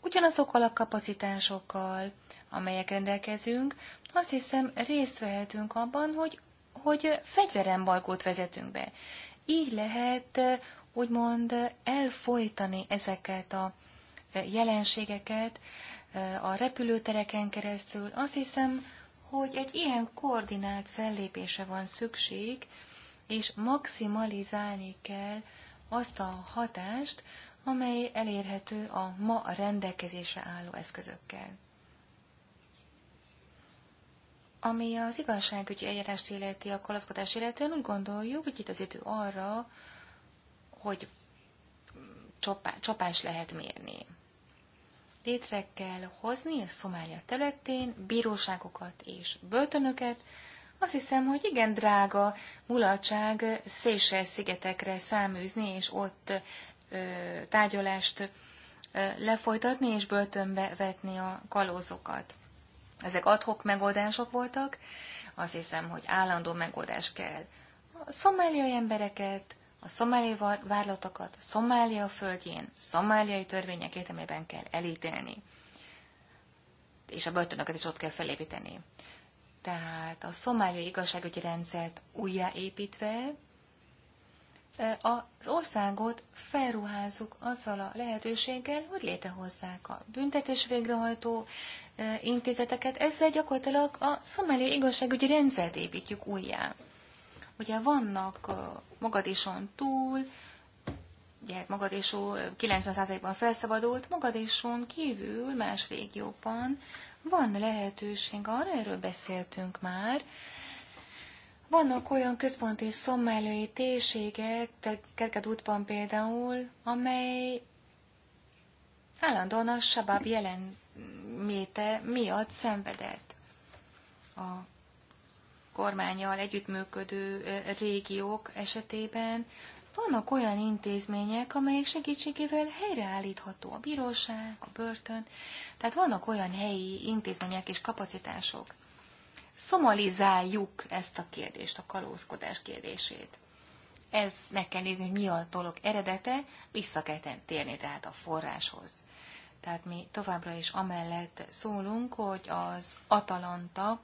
ugyanazokkal a kapacitásokkal, amelyek rendelkezünk, azt hiszem részt vehetünk abban, hogy hogy fegyverembargót vezetünk be. Így lehet úgymond elfolytani ezeket a jelenségeket a repülőtereken keresztül. Azt hiszem, hogy egy ilyen koordinált fellépése van szükség, és maximalizálni kell azt a hatást, amely elérhető a ma rendelkezésre álló eszközökkel. Ami az igazságügyi eljárást illeti, a kalaszkodás illetően úgy gondoljuk, hogy itt az idő arra, hogy csapás lehet mérni. Létre kell hozni a Szomália területén bíróságokat és börtönöket. Azt hiszem, hogy igen drága mulatság szése szigetekre száműzni, és ott ö, tárgyalást ö, lefolytatni, és börtönbe vetni a kalózokat. Ezek adhok megoldások voltak, azt hiszem, hogy állandó megoldás kell. A szomáliai embereket, a szomáliai várlatokat, a Szomália földjén, szomáliai törvények értelmében kell elítélni. És a börtönöket is ott kell felépíteni. Tehát a szomáliai igazságügyi rendszert újjáépítve, az országot felruházuk azzal a lehetőséggel, hogy létrehozzák a büntetés végrehajtó intézeteket, ezzel gyakorlatilag a szomáliai igazságügyi rendszert építjük újjá. Ugye vannak Magadison túl, ugye Magadésó 90%-ban felszabadult, Magadison kívül más régióban van lehetőség, arra erről beszéltünk már, vannak olyan központi szomáliai térségek, Kerked útban például, amely állandóan a sabab jelent, méte miatt szenvedett. A kormányjal együttműködő régiók esetében vannak olyan intézmények, amelyek segítségével helyreállítható a bíróság, a börtön, tehát vannak olyan helyi intézmények és kapacitások. Szomalizáljuk ezt a kérdést, a kalózkodás kérdését. Ez meg kell nézni, hogy mi a dolog eredete, vissza kell térni tehát a forráshoz. Tehát mi továbbra is amellett szólunk, hogy az Atalanta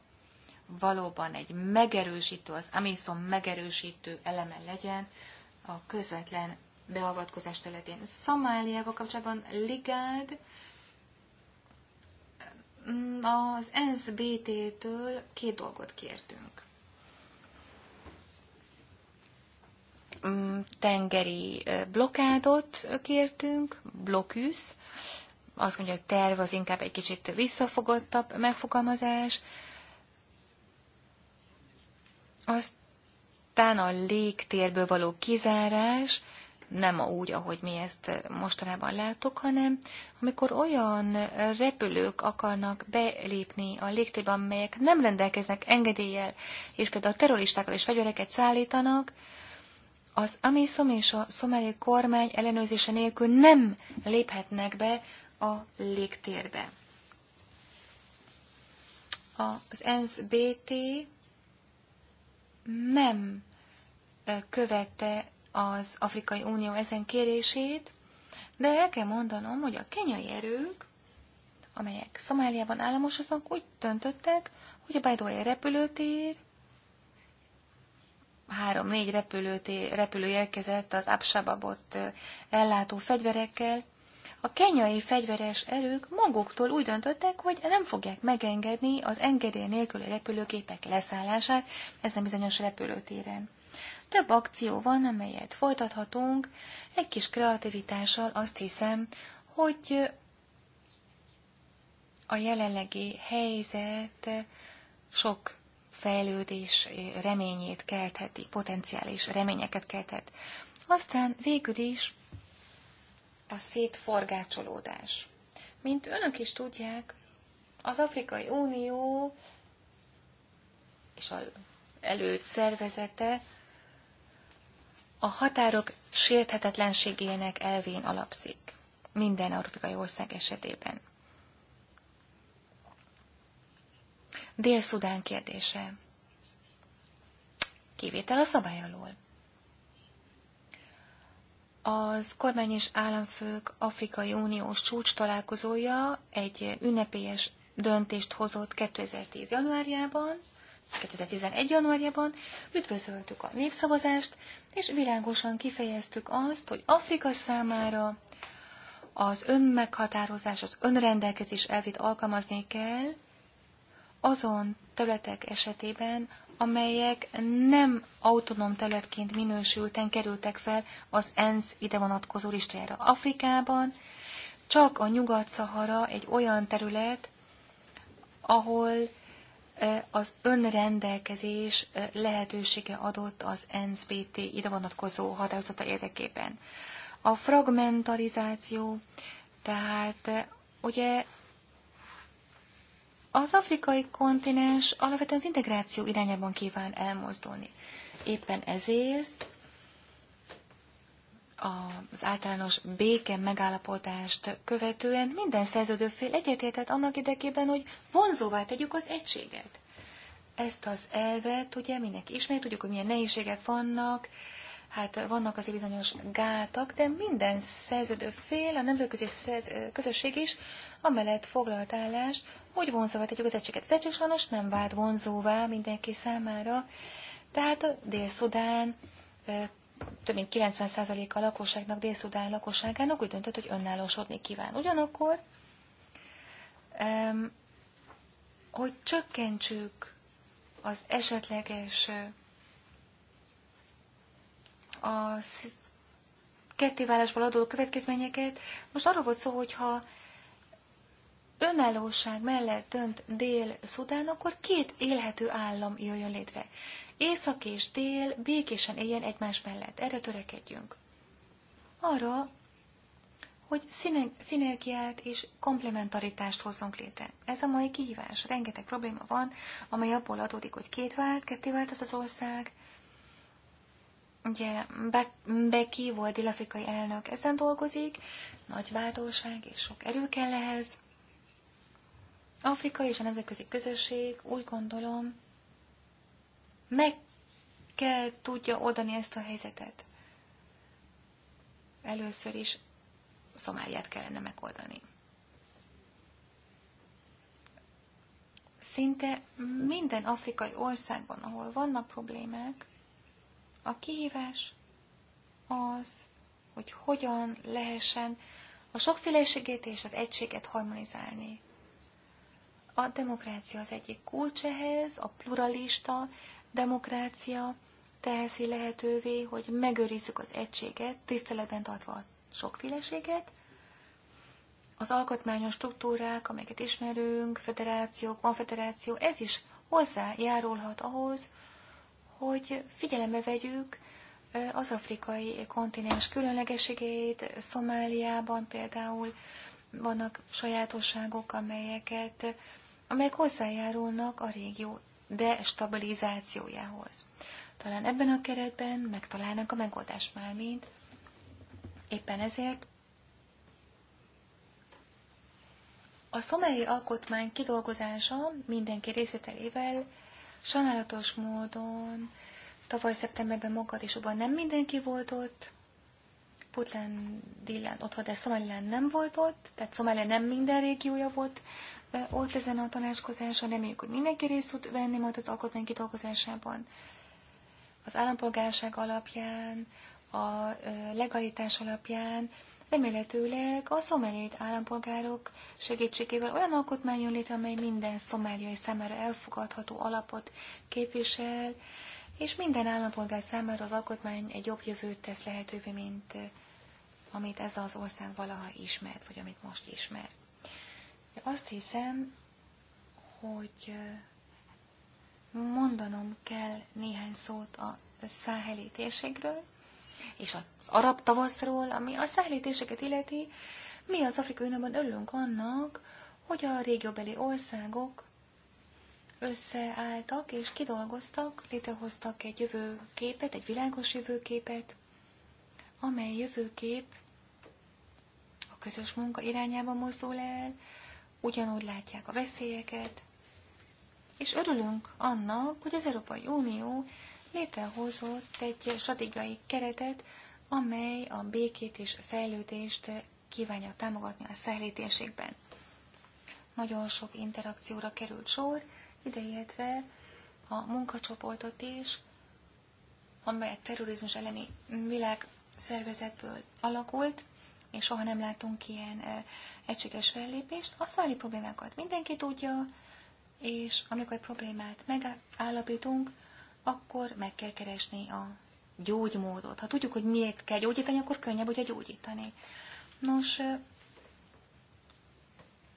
valóban egy megerősítő, az Amisom megerősítő eleme legyen a közvetlen beavatkozás területén. Szomáliával kapcsolatban Ligád mm, az SBT-től két dolgot kértünk. Mm, tengeri blokádot kértünk, blokűsz, azt mondja, hogy terv az inkább egy kicsit visszafogottabb megfogalmazás. Aztán a légtérből való kizárás, nem úgy, ahogy mi ezt mostanában látok, hanem amikor olyan repülők akarnak belépni a légtérbe, amelyek nem rendelkeznek engedéllyel, és például a terroristákkal és fegyvereket szállítanak, az Amisom és a szomáli kormány ellenőrzése nélkül nem léphetnek be a légtérbe. Az ENSZ-BT nem követte az Afrikai Unió ezen kérését, de el kell mondanom, hogy a kenyai erők, amelyek Szomáliában államosoznak, úgy döntöttek, hogy a Bajdói repülőtér, három-négy repülőtér, repülő érkezett az Absababot ellátó fegyverekkel, a kenyai fegyveres erők maguktól úgy döntöttek, hogy nem fogják megengedni az engedély nélküli repülőgépek leszállását ezen bizonyos repülőtéren. Több akció van, amelyet folytathatunk. Egy kis kreativitással azt hiszem, hogy a jelenlegi helyzet sok fejlődés reményét keltheti, potenciális reményeket kelthet. Aztán végül is a szétforgácsolódás. Mint önök is tudják, az Afrikai Unió és az előtt szervezete a határok sérthetetlenségének elvén alapszik minden afrikai ország esetében. Dél-Szudán kérdése. Kivétel a szabály alól. Az kormány és államfők Afrikai Uniós csúcs találkozója egy ünnepélyes döntést hozott 2010. januárjában, 2011. januárjában, üdvözöltük a népszavazást, és világosan kifejeztük azt, hogy Afrika számára az önmeghatározás, az önrendelkezés elvét alkalmazni kell azon területek esetében, amelyek nem autonóm területként minősülten kerültek fel az ENSZ ide vonatkozó listájára. Afrikában csak a Nyugat-Szahara egy olyan terület, ahol e, az önrendelkezés e, lehetősége adott az NSBT ide vonatkozó határozata érdekében. A fragmentarizáció, tehát e, ugye az afrikai kontinens alapvetően az integráció irányában kíván elmozdulni. Éppen ezért az általános béke megállapodást követően minden szerződő fél egyetértett annak érdekében, hogy vonzóvá tegyük az egységet. Ezt az elvet ugye mindenki ismeri, tudjuk, hogy milyen nehézségek vannak, hát vannak azért bizonyos gátak, de minden szerződő fél, a nemzetközi szerz, közösség is amellett foglalt állást, hogy vonzóvá tegyük az egységet. Az egység sajnos nem vált vonzóvá mindenki számára, tehát a Dél-Szudán több mint 90% a lakosságnak, Dél-Szudán lakosságának úgy döntött, hogy önállósodni kíván. Ugyanakkor, hogy csökkentsük az esetleges a kettéválásból adó következményeket. Most arról volt szó, hogyha önállóság mellett dönt Dél-Szudán, akkor két élhető állam jöjjön létre. Észak és dél békésen éljen egymás mellett. Erre törekedjünk. Arra, hogy szinergiát és komplementaritást hozzunk létre. Ez a mai kihívás. Rengeteg probléma van, amely abból adódik, hogy két vált, ketté vált ez az ország, Ugye Beki volt dél-afrikai elnök, ezen dolgozik, nagy bátorság és sok erő kell ehhez. Afrika és a nemzetközi közösség úgy gondolom meg kell tudja oldani ezt a helyzetet. Először is Szomáliát kellene megoldani. Szinte minden afrikai országban, ahol vannak problémák, a kihívás az, hogy hogyan lehessen a sokféleségét és az egységet harmonizálni. A demokrácia az egyik kulcsehez, a pluralista demokrácia teheszi lehetővé, hogy megőrizzük az egységet, tiszteletben tartva a sokféleséget. Az alkotmányos struktúrák, amelyeket ismerünk, federáció, konfederáció, ez is hozzájárulhat ahhoz, hogy figyelembe vegyük az afrikai kontinens különlegességeit, Szomáliában például vannak sajátosságok, amelyeket, amelyek hozzájárulnak a régió destabilizációjához. Talán ebben a keretben megtalálnak a megoldást már mind. Éppen ezért a szomáli alkotmány kidolgozása mindenki részvételével Sajnálatos módon tavaly szeptemberben magad abban nem mindenki volt ott, Putlen Dillán volt, de Szomálián nem volt ott, tehát Szomália nem minden régiója volt ott ezen a tanácskozáson, éljük, hogy mindenki részt tud venni majd az alkotmány kidolgozásában. Az állampolgárság alapján, a legalitás alapján Remélhetőleg a szomáliai állampolgárok segítségével olyan alkotmány jön létre, amely minden szomáliai számára elfogadható alapot képvisel, és minden állampolgár számára az alkotmány egy jobb jövőt tesz lehetővé, mint amit ez az ország valaha ismert, vagy amit most ismer. De azt hiszem, hogy mondanom kell néhány szót a száheli térségről és az arab tavaszról, ami a szállítéseket illeti, mi az Afrikai Unióban örülünk annak, hogy a régióbeli országok összeálltak és kidolgoztak, létrehoztak egy jövőképet, egy világos jövőképet, amely jövőkép a közös munka irányába mozdul el, ugyanúgy látják a veszélyeket, és örülünk annak, hogy az Európai Unió létrehozott egy stratégiai keretet, amely a békét és fejlődést kívánja támogatni a száhli térségben. Nagyon sok interakcióra került sor, ideértve a munkacsoportot is, amely a terrorizmus elleni világszervezetből alakult, és soha nem látunk ilyen e, egységes fellépést. A száli problémákat mindenki tudja, és amikor egy problémát megállapítunk, akkor meg kell keresni a gyógymódot. Ha tudjuk, hogy miért kell gyógyítani, akkor könnyebb ugye gyógyítani. Nos,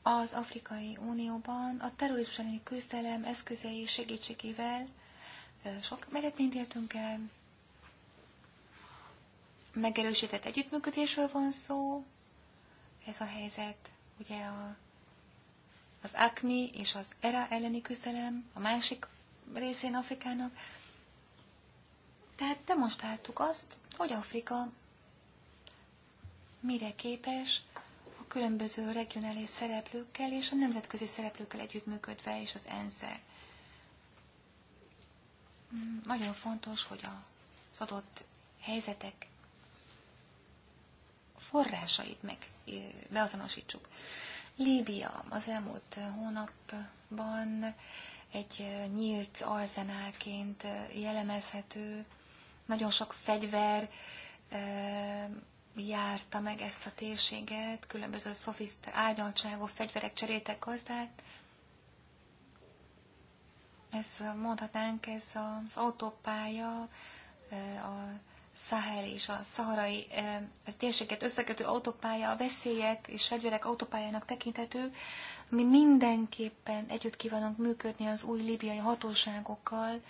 az Afrikai Unióban a terrorizmus elleni küzdelem eszközei segítségével sok meretményt éltünk el. Megerősített együttműködésről van szó. Ez a helyzet, ugye a, az ACMI és az ERA elleni küzdelem, a másik részén Afrikának. Tehát demonstráltuk azt, hogy Afrika mire képes a különböző regionális szereplőkkel és a nemzetközi szereplőkkel együttműködve és az ensz -el. Hmm, nagyon fontos, hogy az adott helyzetek forrásait meg beazonosítsuk. Líbia az elmúlt hónapban egy nyílt arzenálként jellemezhető. Nagyon sok fegyver járta meg ezt a térséget, különböző szofiszt ágyaltságú fegyverek cseréltek gazdát. Ez mondhatnánk, ez az autópálya, a Szahel és a szaharai a térséget összekötő autópálya, a veszélyek és fegyverek autópályának tekinthető, mi mindenképpen együtt kívánunk működni az új libiai hatóságokkal,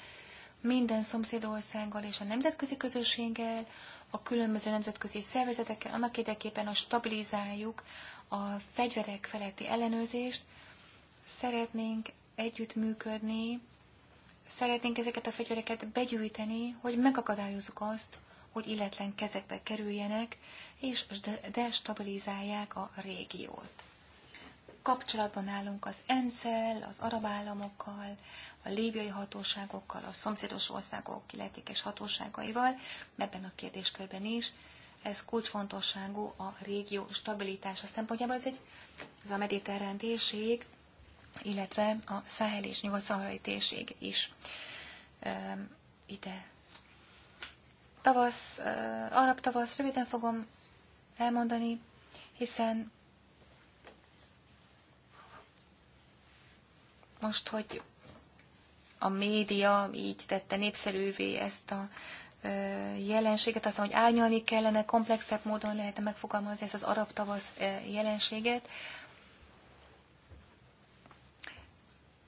minden szomszédországgal és a nemzetközi közösséggel, a különböző nemzetközi szervezetekkel, annak érdekében, hogy stabilizáljuk a fegyverek feletti ellenőrzést. Szeretnénk együtt működni, szeretnénk ezeket a fegyvereket begyűjteni, hogy megakadályozzuk azt, hogy illetlen kezekbe kerüljenek, és destabilizálják a régiót kapcsolatban állunk az ensz az arab államokkal, a líbiai hatóságokkal, a szomszédos országok illetékes hatóságaival, ebben a kérdéskörben is. Ez kulcsfontosságú a régió stabilitása szempontjából. Ez egy ez a mediterrán térség, illetve a Száhel és nyugat térség is e, ide. Tavasz, e, arab tavasz, röviden fogom elmondani, hiszen most, hogy a média így tette népszerűvé ezt a jelenséget, azt hogy árnyalni kellene, komplexebb módon lehetne megfogalmazni ezt az arab tavasz jelenséget.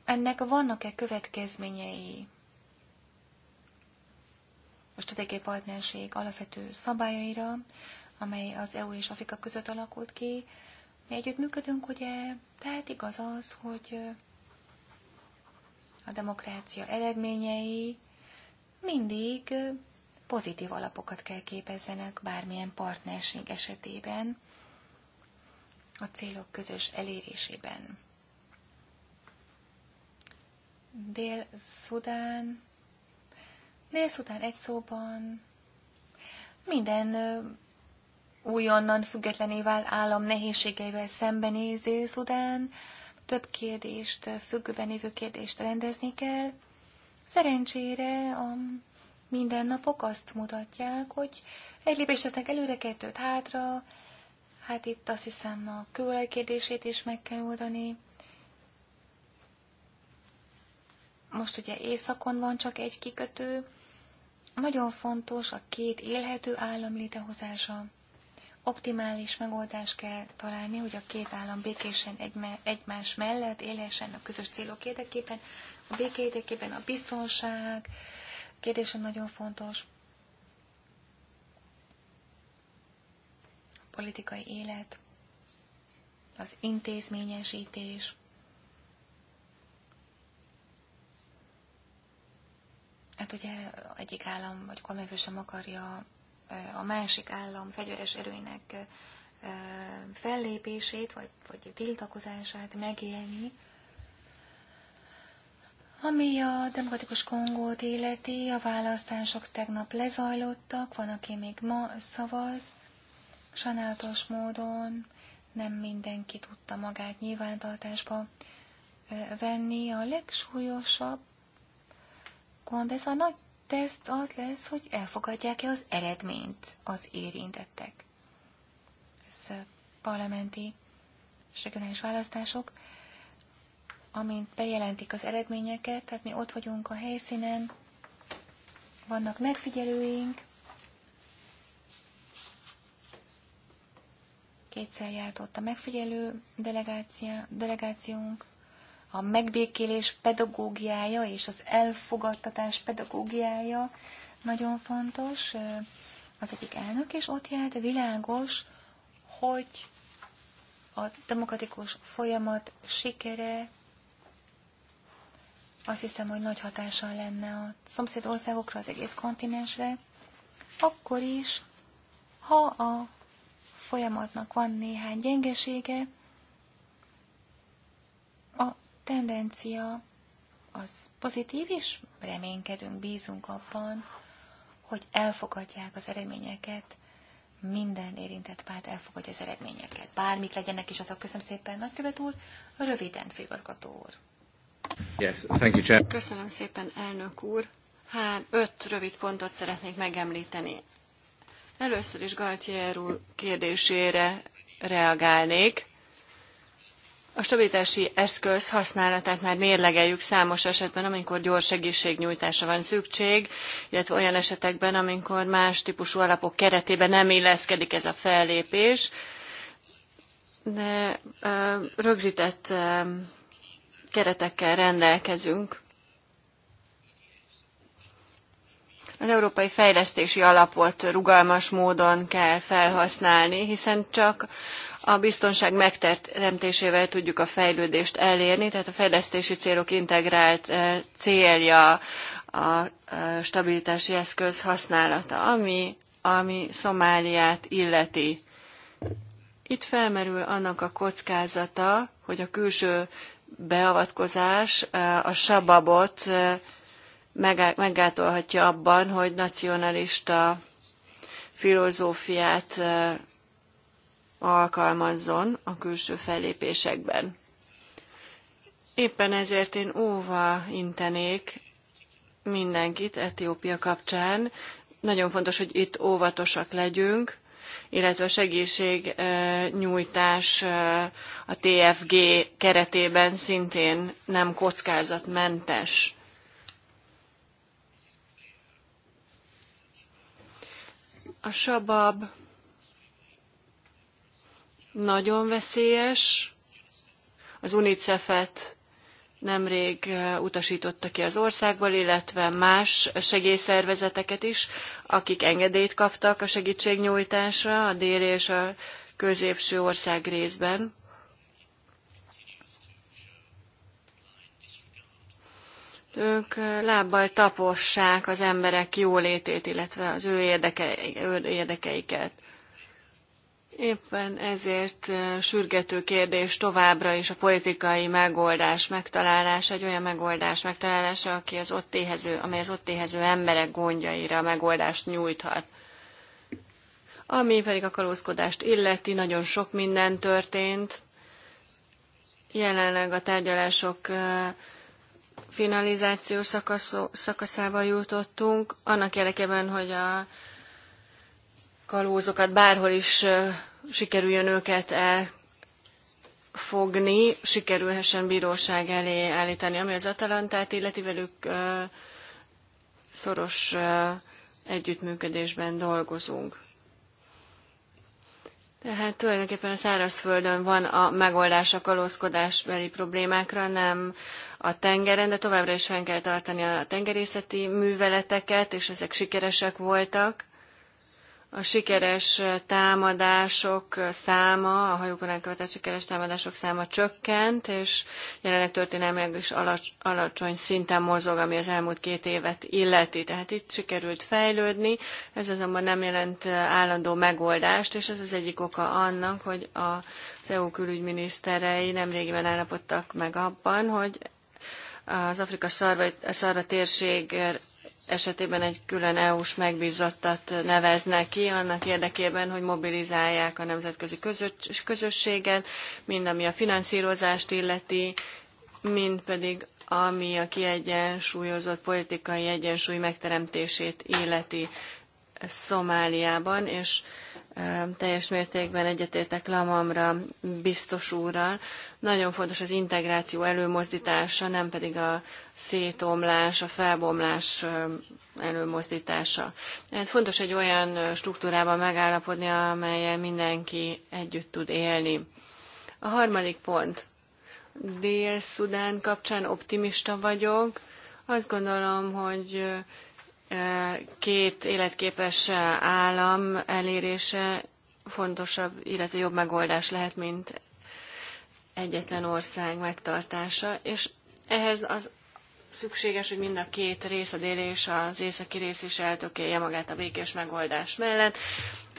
Ennek vannak-e következményei? A stratégiai partnerség alapvető szabályaira, amely az EU és Afrika között alakult ki. Mi együtt működünk, ugye? Tehát igaz az, hogy a demokrácia eredményei mindig pozitív alapokat kell képezzenek bármilyen partnerség esetében, a célok közös elérésében. Dél-Szudán. Dél-Szudán egy szóban minden újonnan függetlené vált állam nehézségeivel szembenéz Dél-Szudán, több kérdést, függőben évő kérdést rendezni kell. Szerencsére a mindennapok azt mutatják, hogy egy lépést tesznek előre, kettőt hátra, hát itt azt hiszem a kőolaj kérdését is meg kell oldani. Most ugye északon van csak egy kikötő, nagyon fontos a két élhető állam létehozása. Optimális megoldást kell találni, hogy a két állam békésen egymás mellett élhessen a közös célok érdekében. A béke érdekében a biztonság kérdése nagyon fontos. A politikai élet, az intézményesítés, Hát ugye egyik állam vagy kormányfő sem akarja a másik állam fegyveres erőinek fellépését, vagy, vagy tiltakozását megélni. Ami a demokratikus Kongót életi, a választások tegnap lezajlottak, van, aki még ma szavaz. Sajnálatos módon nem mindenki tudta magát nyilvántartásba venni. A legsúlyosabb gond, ez a nagy teszt az lesz, hogy elfogadják-e az eredményt az érintettek. Ez parlamenti és regionális választások, amint bejelentik az eredményeket, tehát mi ott vagyunk a helyszínen, vannak megfigyelőink, kétszer járt ott a megfigyelő delegáció, delegációnk, a megbékélés pedagógiája és az elfogadtatás pedagógiája nagyon fontos. Az egyik elnök és ott járt, világos, hogy a demokratikus folyamat sikere azt hiszem, hogy nagy hatással lenne a szomszéd országokra, az egész kontinensre, akkor is, ha a folyamatnak van néhány gyengesége, tendencia az pozitív, és reménykedünk, bízunk abban, hogy elfogadják az eredményeket, minden érintett párt elfogadja az eredményeket. Bármik legyenek is azok. Köszönöm szépen, nagykövet úr, röviden, főigazgató úr. Yes, thank you, Chair. Köszönöm szépen, elnök úr. Hát, öt rövid pontot szeretnék megemlíteni. Először is Galtier úr kérdésére reagálnék. A stabilitási eszköz használatát már mérlegeljük számos esetben, amikor gyors segítségnyújtásra van szükség, illetve olyan esetekben, amikor más típusú alapok keretében nem illeszkedik ez a fellépés. De rögzített keretekkel rendelkezünk. Az európai fejlesztési alapot rugalmas módon kell felhasználni, hiszen csak a biztonság megteremtésével tudjuk a fejlődést elérni, tehát a fejlesztési célok integrált eh, célja a stabilitási eszköz használata, ami, ami Szomáliát illeti. Itt felmerül annak a kockázata, hogy a külső beavatkozás eh, a sababot eh, meggátolhatja abban, hogy nacionalista filozófiát alkalmazzon a külső fellépésekben. Éppen ezért én óva intenék mindenkit Etiópia kapcsán. Nagyon fontos, hogy itt óvatosak legyünk, illetve a segítségnyújtás eh, eh, a TFG keretében szintén nem kockázatmentes. A sabab nagyon veszélyes. Az UNICEF-et nemrég utasította ki az országból, illetve más segélyszervezeteket is, akik engedélyt kaptak a segítségnyújtásra a dél és a középső ország részben. Ők lábbal tapossák az emberek jólétét, illetve az ő, érdeke, ő érdekeiket. Éppen ezért sürgető kérdés továbbra is a politikai megoldás megtalálása, egy olyan megoldás megtalálása, aki az ott éhező, amely az ott éhező emberek gondjaira a megoldást nyújthat. Ami pedig a kalózkodást illeti, nagyon sok minden történt. Jelenleg a tárgyalások finalizációs szakaszába jutottunk, annak érdekében, hogy a kalózokat bárhol is sikerüljön őket elfogni, sikerülhessen bíróság elé állítani. Ami az Atalantát illeti velük szoros együttműködésben dolgozunk. Tehát tulajdonképpen a szárazföldön van a megoldás a kalózkodásbeli problémákra, nem a tengeren, de továbbra is fenn kell tartani a tengerészeti műveleteket, és ezek sikeresek voltak a sikeres támadások száma, a hajókon elkövetett sikeres támadások száma csökkent, és jelenleg történelmileg is alacs, alacsony szinten mozog, ami az elmúlt két évet illeti. Tehát itt sikerült fejlődni, ez azonban nem jelent állandó megoldást, és ez az egyik oka annak, hogy az EU külügyminiszterei nemrégiben állapodtak meg abban, hogy az Afrika szarva, szarva térség esetében egy külön EU-s megbízottat neveznek ki, annak érdekében, hogy mobilizálják a nemzetközi közösséget, mind ami a finanszírozást illeti, mind pedig ami a kiegyensúlyozott politikai egyensúly megteremtését illeti Szomáliában, és teljes mértékben egyetértek Lamamra, biztos úrral. Nagyon fontos az integráció előmozdítása, nem pedig a szétomlás, a felbomlás előmozdítása. Hát fontos egy olyan struktúrában megállapodni, amelyen mindenki együtt tud élni. A harmadik pont. Dél-Szudán kapcsán optimista vagyok. Azt gondolom, hogy két életképes állam elérése fontosabb, illetve jobb megoldás lehet, mint egyetlen ország megtartása, és ehhez az szükséges, hogy mind a két rész, a déli és az északi rész is eltökélje magát a békés megoldás mellett.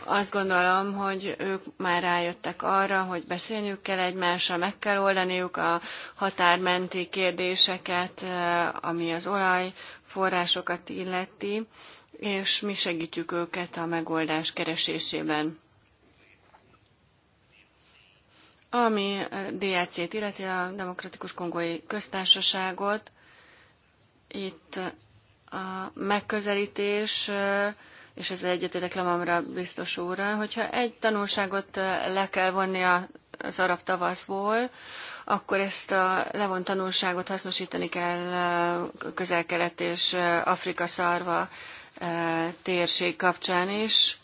Azt gondolom, hogy ők már rájöttek arra, hogy beszélniük kell egymással, meg kell oldaniuk a határmenti kérdéseket, eh, ami az olajforrásokat illeti, és mi segítjük őket a megoldás keresésében. Ami DRC-t illeti a Demokratikus Kongói Köztársaságot, itt a megközelítés eh, és ez egyetértek Lamamra biztos úrra, hogyha egy tanulságot le kell vonni az arab tavaszból, akkor ezt a levont tanulságot hasznosítani kell közel-kelet és Afrika szarva térség kapcsán is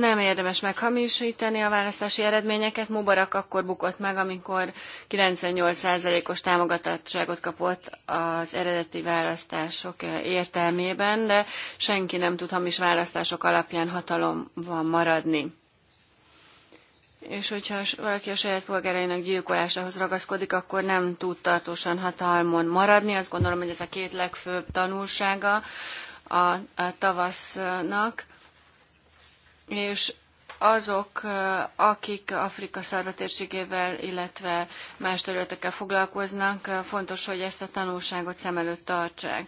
nem érdemes meghamisítani a választási eredményeket. Mubarak akkor bukott meg, amikor 98%-os támogatottságot kapott az eredeti választások értelmében, de senki nem tud hamis választások alapján hatalomban maradni. És hogyha valaki a saját polgárainak gyilkolásához ragaszkodik, akkor nem tud tartósan hatalmon maradni. Azt gondolom, hogy ez a két legfőbb tanulsága a, a tavasznak és azok, akik Afrika szarva térségével, illetve más területekkel foglalkoznak, fontos, hogy ezt a tanulságot szem előtt tartsák.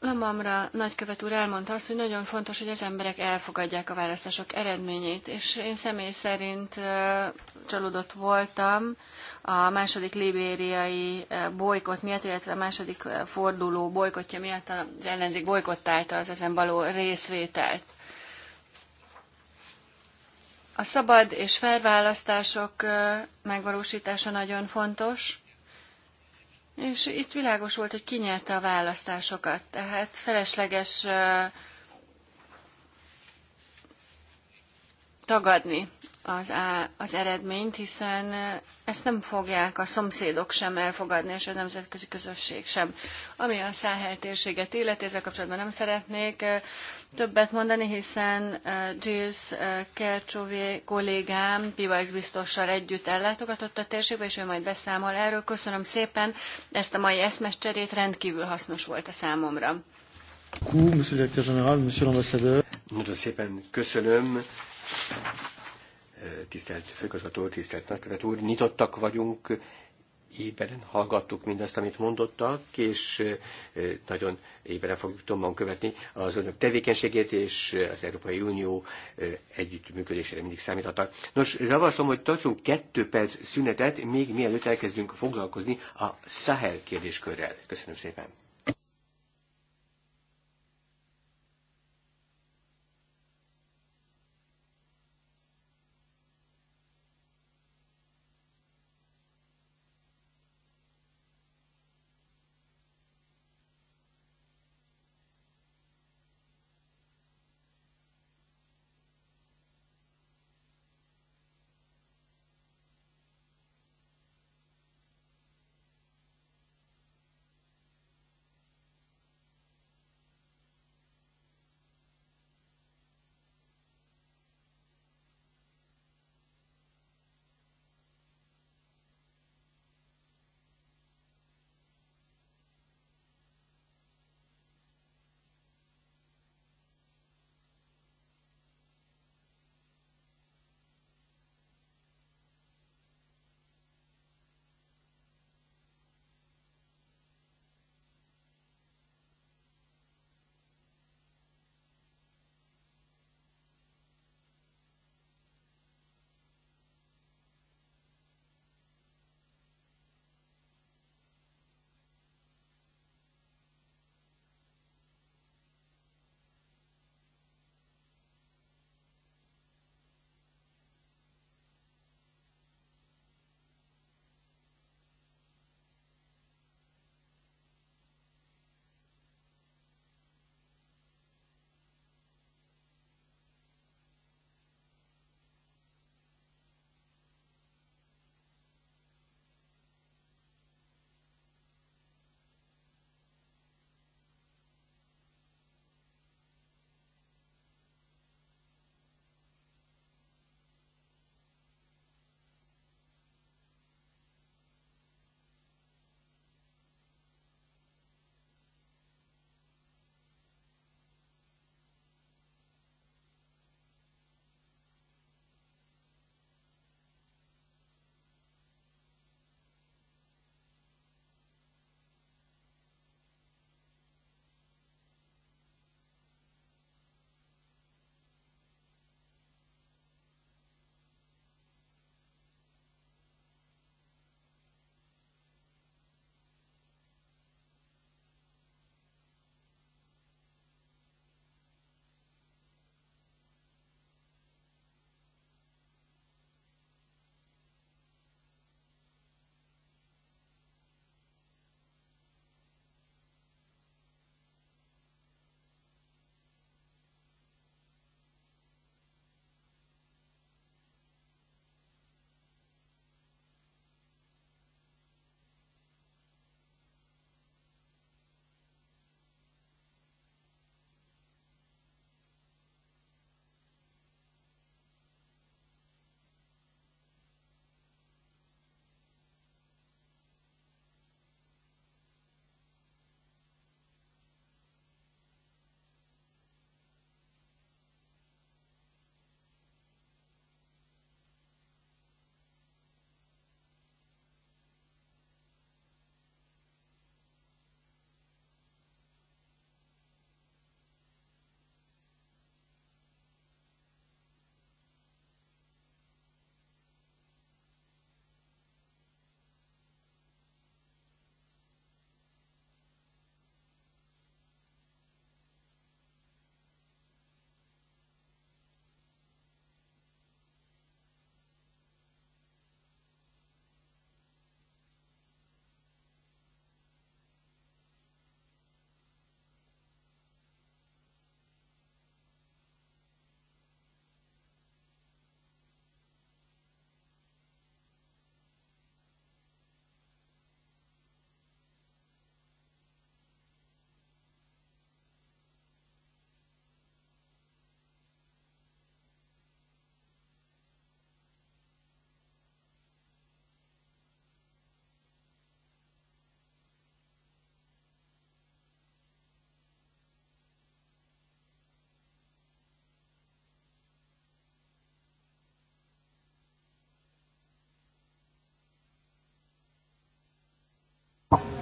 Lamamra nagykövet úr elmondta azt, hogy nagyon fontos, hogy az emberek elfogadják a választások eredményét, és én személy szerint csalódott voltam a második libériai bolykot miatt, illetve a második forduló bolykotja miatt az ellenzék bolykottálta az ezen való részvételt. A szabad és felválasztások megvalósítása nagyon fontos, és itt világos volt, hogy kinyerte a választásokat, tehát felesleges tagadni az, az eredményt, hiszen ezt nem fogják a szomszédok sem elfogadni, és a nemzetközi közösség sem. Ami a Száhely térséget illeti, ezzel kapcsolatban nem szeretnék többet mondani, hiszen Gilles Kercsóvé kollégám Pivax biztossal együtt ellátogatott a térségbe, és ő majd beszámol erről. Köszönöm szépen, ezt a mai eszmes cserét rendkívül hasznos volt a számomra. Köszönöm l'Ambassadeur. szépen köszönöm tisztelt főközgató, tisztelt nagykövet úr, nyitottak vagyunk, éberen hallgattuk mindazt, amit mondottak, és nagyon éberen fogjuk tomban követni az önök tevékenységét, és az Európai Unió együttműködésére mindig számíthatnak. Nos, javaslom, hogy tartsunk kettő perc szünetet, még mielőtt elkezdünk foglalkozni a Sahel kérdéskörrel. Köszönöm szépen!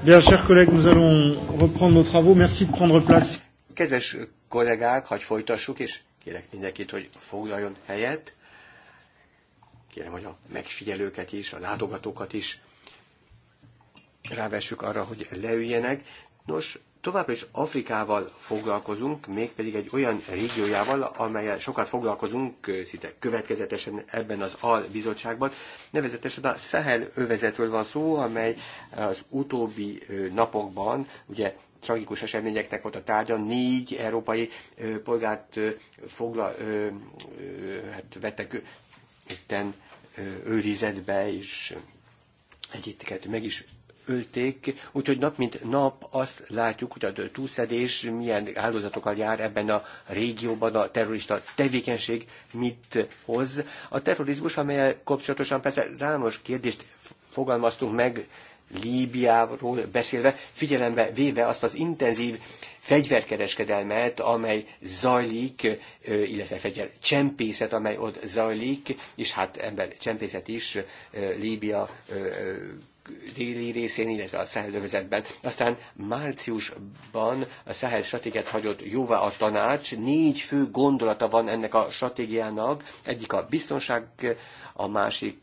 Bien, chers collègues, nous allons reprendre nos travaux. Merci de prendre place. Kedves kollégák, hagyj folytassuk, és kérek mindenkit, hogy foglaljon helyet. Kérem, hogy a megfigyelőket is, a látogatókat is rávessük arra, hogy leüljenek. Nos, Továbbra is Afrikával foglalkozunk, mégpedig egy olyan régiójával, amelyel sokat foglalkozunk szinte következetesen ebben az albizottságban. Nevezetesen a Sahel övezetről van szó, amely az utóbbi napokban, ugye tragikus eseményeknek volt a tárgya, négy európai polgárt fogla, hát vettek itten őrizetbe, és egyiket meg is ölték, úgyhogy nap mint nap azt látjuk, hogy a túlszedés milyen áldozatokkal jár ebben a régióban a terrorista tevékenység mit hoz. A terrorizmus, amelyel kapcsolatosan persze rámos kérdést fogalmaztunk meg, Líbiáról beszélve, figyelembe véve azt az intenzív fegyverkereskedelmet, amely zajlik, illetve csempészet, amely ott zajlik, és hát ember csempészet is Líbia déli részén, illetve a Száhel övezetben. Aztán márciusban a Száhel stratégiát hagyott jóvá a tanács. Négy fő gondolata van ennek a stratégiának. Egyik a biztonság, a másik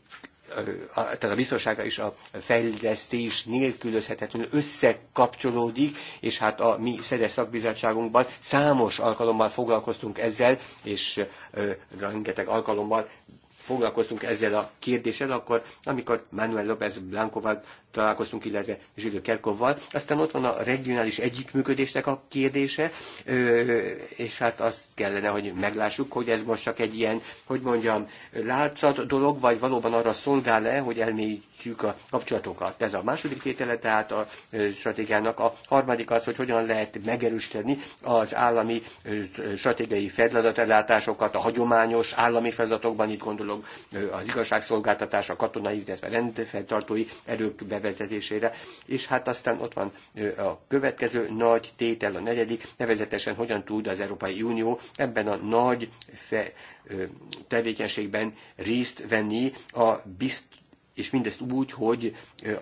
tehát a biztonsága és a fejlesztés nélkülözhetetlenül összekapcsolódik, és hát a mi szedes szakbizottságunkban számos alkalommal foglalkoztunk ezzel, és rengeteg alkalommal foglalkoztunk ezzel a kérdéssel, akkor amikor Manuel López Blancoval találkoztunk, illetve Zsidő Kerkovval. Aztán ott van a regionális együttműködésnek a kérdése, és hát azt kellene, hogy meglássuk, hogy ez most csak egy ilyen, hogy mondjam, látszat dolog, vagy valóban arra szolgál-e, hogy elmélyítsük a kapcsolatokat. Ez a második tétele, tehát a stratégiának a harmadik az, hogy hogyan lehet megerősíteni az állami stratégiai feladatellátásokat, a hagyományos állami feladatokban, itt gondolok az igazságszolgáltatás, a katonai, illetve rendfenntartói erőkben bevezetésére, és hát aztán ott van a következő nagy tétel, a negyedik, nevezetesen hogyan tud az Európai Unió ebben a nagy fe, tevékenységben részt venni a bizt és mindezt úgy, hogy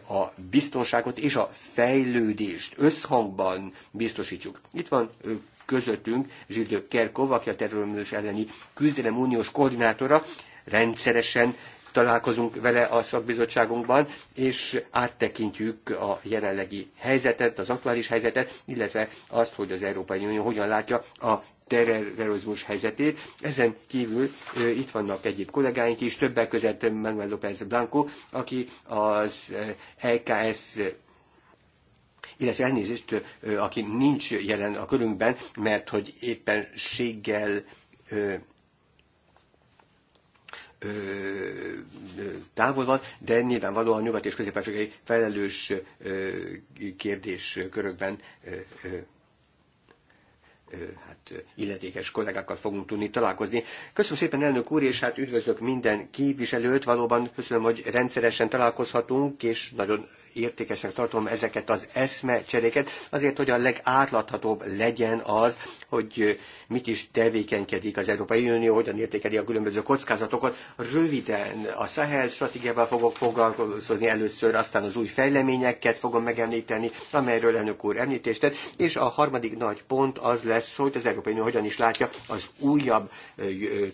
a biztonságot és a fejlődést összhangban biztosítsuk. Itt van közöttünk Zsildő Kerkov, aki a terrorizmus elleni küzdelem uniós koordinátora, rendszeresen találkozunk vele a szakbizottságunkban, és áttekintjük a jelenlegi helyzetet, az aktuális helyzetet, illetve azt, hogy az Európai Unió hogyan látja a terrorizmus helyzetét. Ezen kívül itt vannak egyéb kollégáink is, többek között Manuel López Blanco, aki az EKS illetve elnézést, aki nincs jelen a körünkben, mert hogy éppenséggel ö, távol van, de nyilvánvalóan nyugat és közép egy felelős kérdéskörökben hát illetékes kollégákkal fogunk tudni találkozni. Köszönöm szépen, elnök úr, és hát üdvözlök minden képviselőt. Valóban köszönöm, hogy rendszeresen találkozhatunk, és nagyon értékesnek tartom ezeket az eszmecseréket, azért, hogy a legátlathatóbb legyen az, hogy mit is tevékenykedik az Európai Unió, hogyan értékeli a különböző kockázatokat. Röviden a Sahel stratégiával fogok foglalkozni először, aztán az új fejleményeket fogom megemlíteni, amelyről elnök úr említést tett, és a harmadik nagy pont az lesz, hogy az Európai Unió hogyan is látja az újabb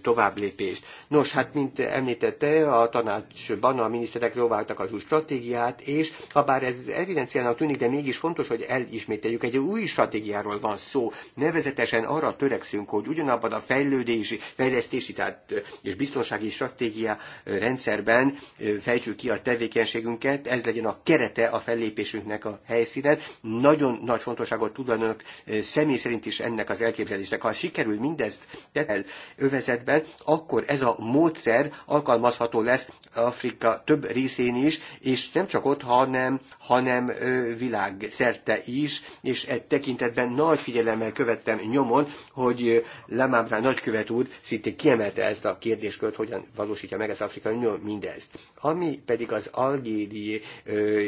továbblépést. Nos, hát mint említette, a tanácsban a miniszterek próbáltak az új stratégiát, és ha bár ez evidenciának tűnik, de mégis fontos, hogy elismételjük, egy új stratégiáról van szó, nevezetesen természetesen arra törekszünk, hogy ugyanabban a fejlődési, fejlesztési tehát, és biztonsági stratégia rendszerben fejtsük ki a tevékenységünket, ez legyen a kerete a fellépésünknek a helyszínen. Nagyon nagy fontosságot tudnak személy szerint is ennek az elképzelésnek. Ha sikerül mindezt el övezetben, akkor ez a módszer alkalmazható lesz Afrika több részén is, és nem csak ott, hanem, hanem világszerte is, és e tekintetben nagy figyelemmel követtem nyomon, hogy lemábrán nagykövet úr szintén kiemelte ezt a kérdéskört, hogyan valósítja meg az Afrikai Unió mindezt. Ami pedig az algéri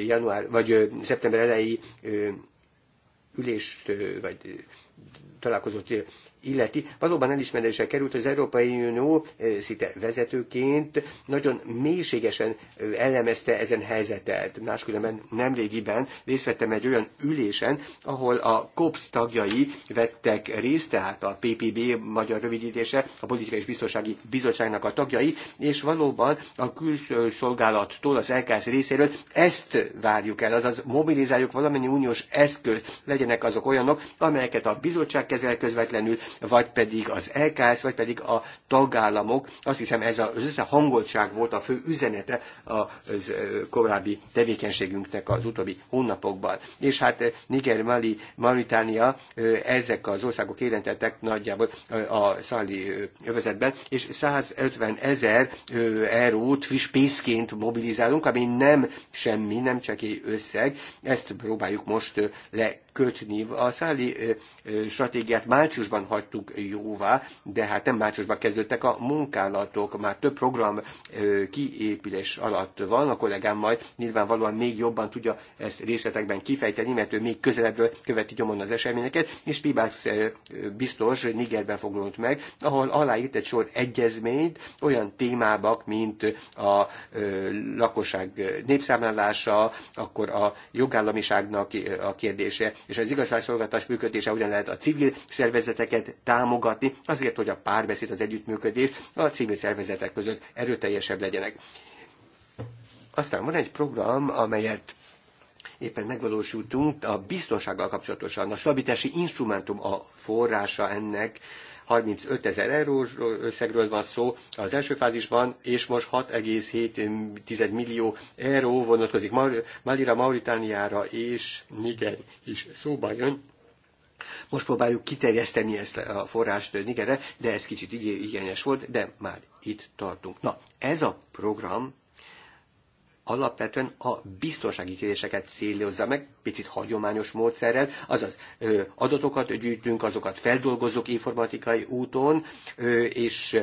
január, vagy szeptember elejé ülést, vagy találkozót illeti, valóban elismerésre került, hogy az Európai Unió eh, szinte vezetőként nagyon mélységesen eh, elemezte ezen helyzetet. Máskülönben nemrégiben részt vettem egy olyan ülésen, ahol a COPS tagjai vettek részt, tehát a PPB magyar rövidítése, a Politikai és Biztonsági Bizottságnak a tagjai, és valóban a külső szolgálattól, az LKS részéről ezt várjuk el, azaz mobilizáljuk valamennyi uniós eszközt, legyenek azok olyanok, amelyeket a bizottság kezel közvetlenül, vagy pedig az LKS, vagy pedig a tagállamok. Azt hiszem ez az összehangoltság volt a fő üzenete a korábbi tevékenységünknek az utóbbi hónapokban. És hát Niger, Mali, Mauritánia, ezek az országok érintettek nagyjából a száli övezetben, és 150 ezer eurót friss pénzként mobilizálunk, ami nem semmi, nem csak egy összeg, ezt próbáljuk most le kötni. A száli stratégiát márciusban hagytuk jóvá, de hát nem márciusban kezdődtek a munkálatok, már több program kiépülés alatt van, a kollégám majd nyilvánvalóan még jobban tudja ezt részletekben kifejteni, mert ő még közelebbről követi gyomon az eseményeket, és Pibax biztos Nigerben foglalt meg, ahol aláírt egy sor egyezményt olyan témában, mint a lakosság népszámlálása, akkor a jogállamiságnak a kérdése, és az igazságszolgáltatás működése ugyan lehet a civil szervezeteket támogatni, azért, hogy a párbeszéd, az együttműködés a civil szervezetek között erőteljesebb legyenek. Aztán van egy program, amelyet éppen megvalósultunk, a biztonsággal kapcsolatosan, a szabítási instrumentum a forrása ennek, 35 ezer eurós összegről van szó az első fázisban, és most 6,7 millió euró vonatkozik Malira, Mauritániára és Niger is szóba jön. Most próbáljuk kiterjeszteni ezt a forrást Nigerre, de ez kicsit igényes volt, de már itt tartunk. Na, ez a program alapvetően a biztonsági kérdéseket célozza meg, picit hagyományos módszerrel, azaz adatokat gyűjtünk, azokat feldolgozunk informatikai úton, és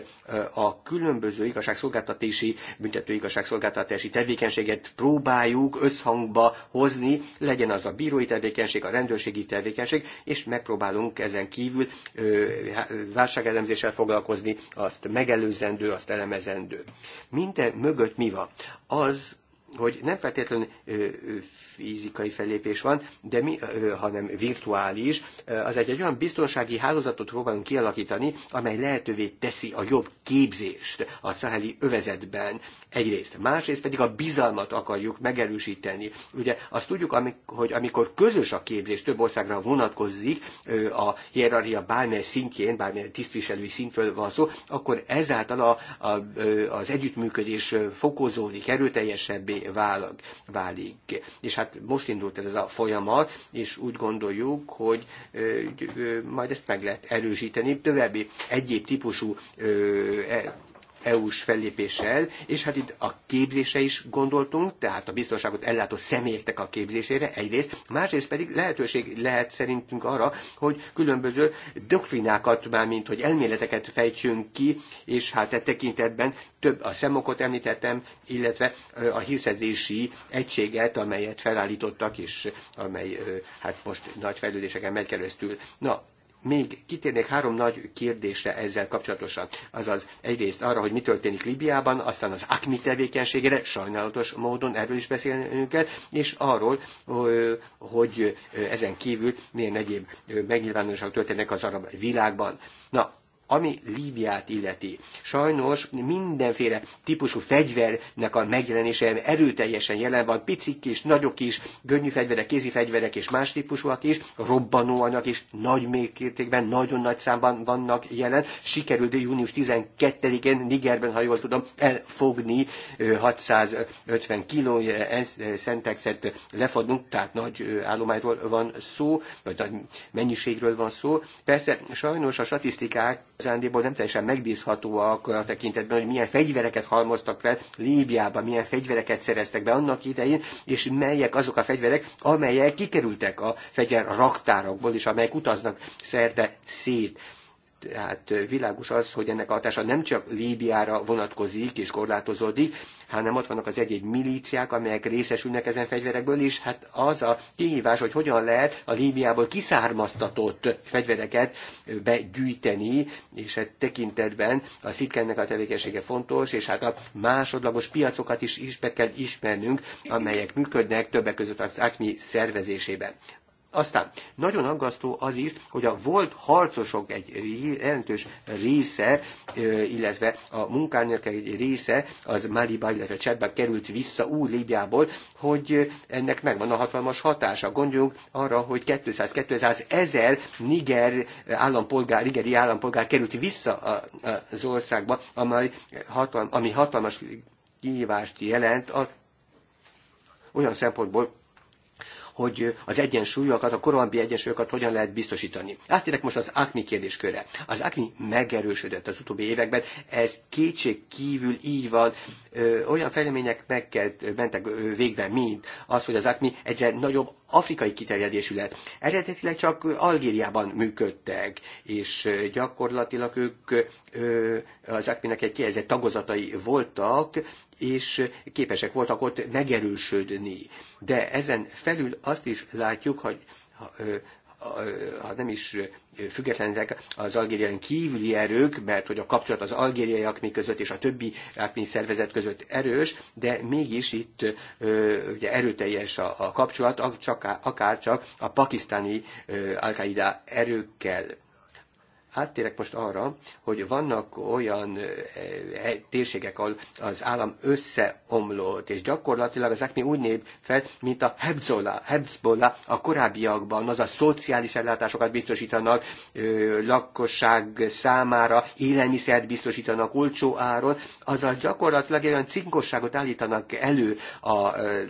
a különböző igazságszolgáltatási, büntető igazságszolgáltatási tevékenységet próbáljuk összhangba hozni, legyen az a bírói tevékenység, a rendőrségi tevékenység, és megpróbálunk ezen kívül válságelemzéssel foglalkozni, azt megelőzendő, azt elemezendő. Minden mögött mi van? Az, hogy nem feltétlenül fizikai fellépés van, de mi, hanem virtuális, az egy, egy olyan biztonsági hálózatot próbálunk kialakítani, amely lehetővé teszi a jobb képzést a szaheli övezetben egyrészt. Másrészt pedig a bizalmat akarjuk megerősíteni. Ugye azt tudjuk, hogy amikor közös a képzés, több országra vonatkozik, a hierarchia bármely szintjén, bármely tisztviselői szintről van szó, akkor ezáltal a, a, az együttműködés fokozódik, erőteljesebbé válik. És hát most indult el ez a folyamat, és úgy gondoljuk, hogy majd ezt meg lehet erősíteni további egyéb típusú e, EU-s fellépéssel, és hát itt a képzése is gondoltunk, tehát a biztonságot ellátó személyeknek a képzésére egyrészt, másrészt pedig lehetőség lehet szerintünk arra, hogy különböző doktrinákat, mint hogy elméleteket fejtsünk ki, és hát e tekintetben több a szemokot említettem, illetve a hírszerzési egységet, amelyet felállítottak, és amely hát most nagy fejlődéseken megy keresztül. Na, még kitérnék három nagy kérdésre ezzel kapcsolatosan. Azaz egyrészt arra, hogy mi történik Libiában, aztán az AKMI tevékenységére, sajnálatos módon erről is beszélnünk kell, és arról, hogy ezen kívül milyen egyéb megnyilvánulások történnek az arab világban. Na, ami Líbiát illeti, sajnos mindenféle típusú fegyvernek a megjelenése erőteljesen jelen van, picik is, nagyok is, gönnyű fegyverek, kézi fegyverek és más típusúak is, robbanóanyag is nagy mértékben, nagyon nagy számban vannak jelen. Sikerült június 12-én Nigerben, ha jól tudom, elfogni 650 kiló szentexet lefadnunk, tehát nagy állományról van szó, vagy nagy mennyiségről van szó. Persze sajnos a statisztikák Zsándéból nem teljesen megbízhatóak a tekintetben, hogy milyen fegyvereket halmoztak fel Líbiában, milyen fegyvereket szereztek be annak idején, és melyek azok a fegyverek, amelyek kikerültek a fegyver raktárokból, és amelyek utaznak szerte szét tehát világos az, hogy ennek a hatása nem csak Líbiára vonatkozik és korlátozódik, hanem ott vannak az egyéb milíciák, amelyek részesülnek ezen fegyverekből, is. hát az a kihívás, hogy hogyan lehet a Líbiából kiszármaztatott fegyvereket begyűjteni, és egy tekintetben a szitkennek a tevékenysége fontos, és hát a másodlagos piacokat is, is be kell ismernünk, amelyek működnek többek között az ACMI szervezésében. Aztán nagyon aggasztó az is, hogy a volt harcosok egy jelentős része, illetve a munkának egy része, az Maliba, illetve Csetbe került vissza új Líbiából, hogy ennek megvan a hatalmas hatása. Gondoljunk arra, hogy 200-200 ezer niger állampolgár, nigeri állampolgár került vissza az országba, amely hatalmas, ami hatalmas kihívást jelent a, olyan szempontból, hogy az egyensúlyokat, a korábbi egyensúlyokat hogyan lehet biztosítani. Átérek most az ACMI kérdéskörre. Az ACMI megerősödött az utóbbi években, ez kétség kívül így van. Ö, olyan fejlemények meg kell, mentek végben, mint az, hogy az ACMI egyre nagyobb afrikai kiterjedésű lett. Eredetileg csak Algériában működtek, és gyakorlatilag ők ö, az ACMI-nek egy kihelyezett tagozatai voltak, és képesek voltak ott megerősödni. De ezen felül azt is látjuk, hogy ha nem is függetlenek az algérián kívüli erők, mert hogy a kapcsolat az algériaiak mi között és a többi átmény szervezet között erős, de mégis itt ugye erőteljes a, a kapcsolat, csak, akár csak a pakisztáni al erőkkel. Áttérek most arra, hogy vannak olyan e, e, térségek, ahol az állam összeomlott, és gyakorlatilag ezek mi úgy nép fel, mint a Hebzola, Hebzbola a korábbiakban, az a szociális ellátásokat biztosítanak lakosság számára, élelmiszert biztosítanak olcsó áron, azaz gyakorlatilag olyan cinkosságot állítanak elő a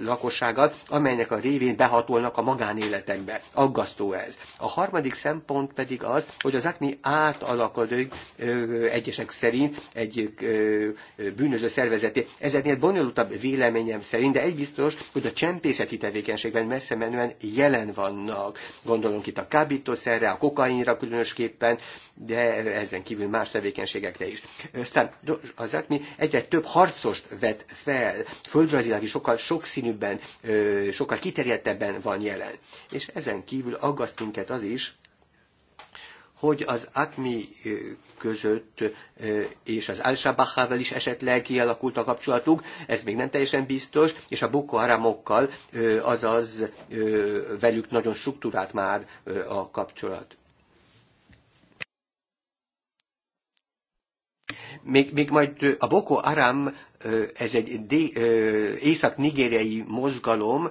lakossággal, amelynek a révén behatolnak a magánéletekbe. Aggasztó ez. A harmadik szempont pedig az, hogy az ACMI átalakodik egyesek szerint egy bűnöző szervezeté. ezért miatt bonyolultabb véleményem szerint, de egy biztos, hogy a csempészeti tevékenységben messze menően jelen vannak. Gondolunk itt a kábítószerre, a kokainra különösképpen, de ezen kívül más tevékenységekre is. Aztán az mi egyre több harcost vet fel, földrajzilag is sokkal sokszínűbben, sokkal kiterjedtebben van jelen. És ezen kívül aggaszt minket az is, hogy az akmi között és az al is esetleg kialakult a kapcsolatuk, ez még nem teljesen biztos, és a Boko Haramokkal, azaz velük nagyon struktúrált már a kapcsolat. Még, még majd a Boko Haram, ez egy észak-nigériai mozgalom,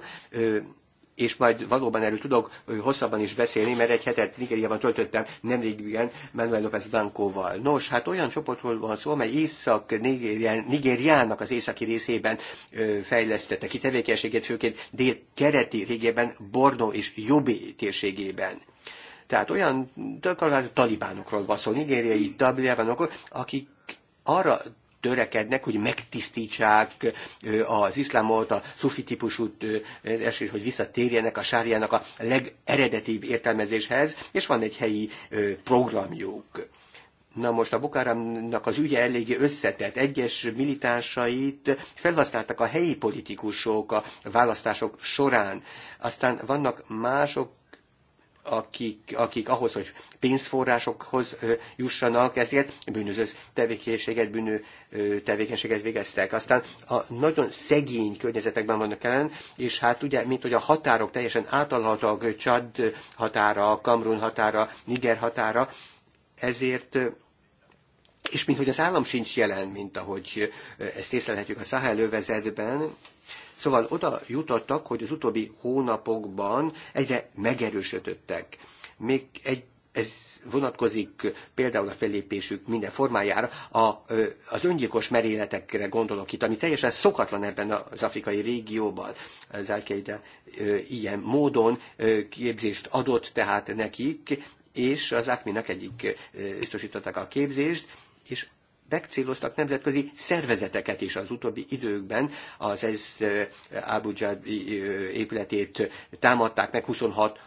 és majd valóban erről tudok hosszabban is beszélni, mert egy hetet Nigériában töltöttem nemrégiben Manuel López Blancoval. Nos, hát olyan csoportról van szó, amely észak Nigériának az északi részében fejlesztette ki tevékenységét, főként dél-kereti régében, Borno és Jobé térségében. Tehát olyan talibánokról van szó, nigériai talibánokról, akik arra törekednek, hogy megtisztítsák az iszlámot, a szufi típusú és hogy visszatérjenek a sárjának a legeredetibb értelmezéshez, és van egy helyi programjuk. Na most a Bukáramnak az ügye eléggé összetett. Egyes militánsait felhasználtak a helyi politikusok a választások során. Aztán vannak mások akik, akik ahhoz, hogy pénzforrásokhoz jussanak, ezért bűnöző tevékenységet, bűnő tevékenységet végeztek. Aztán a nagyon szegény környezetekben vannak ellen, és hát ugye, mint hogy a határok teljesen átalhatóak, Csad határa, Kamrun határa, Niger határa, ezért és mint hogy az állam sincs jelen, mint ahogy ezt észlelhetjük a Száhel övezetben, Szóval oda jutottak, hogy az utóbbi hónapokban egyre megerősödöttek. Még egy ez vonatkozik például a fellépésük minden formájára, a, az öngyilkos merényletekre gondolok itt, ami teljesen szokatlan ebben az afrikai régióban. Az al ilyen módon képzést adott tehát nekik, és az átminak egyik biztosították a képzést, és megcéloztak nemzetközi szervezeteket is az utóbbi időkben. Az ez Abu Dhabi épületét támadták meg 26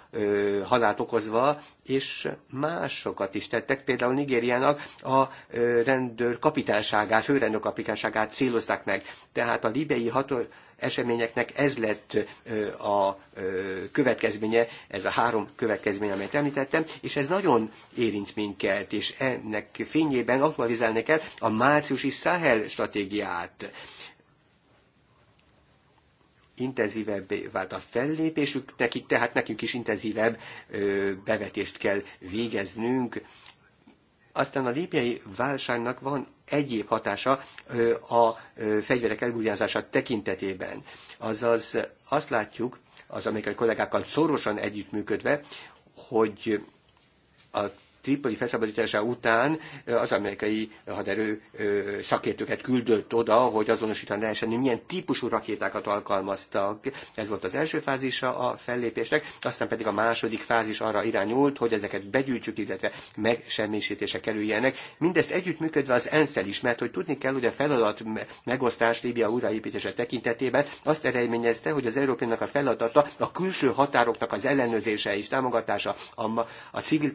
halált okozva, és másokat is tettek, például Nigériának a rendőr kapitánságát, főrendőr kapitánságát célozták meg. Tehát a libei ható eseményeknek ez lett a következménye, ez a három következmény, amelyet említettem, és ez nagyon érint minket, és ennek fényében aktualizálni kell a márciusi Sahel stratégiát intenzívebb vált a fellépésük, nekik, tehát nekünk is intenzívebb bevetést kell végeznünk aztán a lépjei válságnak van egyéb hatása a fegyverek elgúrjázása tekintetében. Azaz azt látjuk, az amerikai kollégákkal szorosan együttműködve, hogy a tripoli felszabadítása után az amerikai haderő szakértőket küldött oda, hogy azonosítani lehessen, hogy milyen típusú rakétákat alkalmaztak. Ez volt az első fázisa a fellépésnek, aztán pedig a második fázis arra irányult, hogy ezeket begyűjtsük, illetve megsemmisítése kerüljenek. Mindezt együttműködve az ensz is, mert hogy tudni kell, hogy a feladat megosztás Líbia újraépítése tekintetében azt eredményezte, hogy az Európának a feladata a külső határoknak az ellenőrzése és támogatása, a, a civil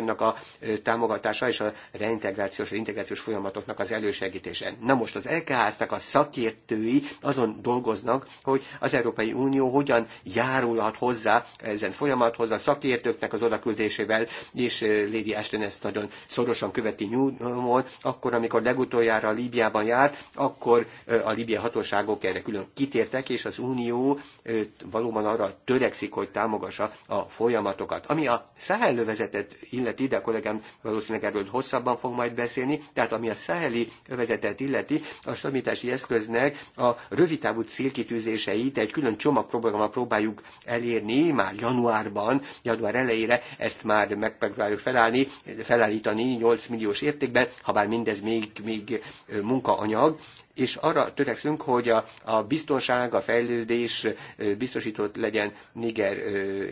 Törökországnak a támogatása és a reintegrációs, az integrációs folyamatoknak az elősegítése. Na most az lkh a szakértői azon dolgoznak, hogy az Európai Unió hogyan járulhat hozzá ezen folyamathoz, a szakértőknek az odaküldésével, és Lady Ashton ezt nagyon szorosan követi nyúlmon, akkor, amikor legutoljára Líbiában járt, akkor a líbia hatóságok erre külön kitértek, és az Unió valóban arra törekszik, hogy támogassa a folyamatokat. Ami a száhelővezetet illeti, illeti, de a kollégám valószínűleg erről hosszabban fog majd beszélni, tehát ami a száheli övezetet illeti, a stabilitási eszköznek a rövidtávú célkitűzéseit egy külön csomagprogrammal próbáljuk elérni, már januárban, január elejére ezt már megpróbáljuk felállni, felállítani 8 milliós értékben, ha bár mindez még, még munkaanyag, és arra törekszünk, hogy a, a biztonság, a fejlődés biztosított legyen Niger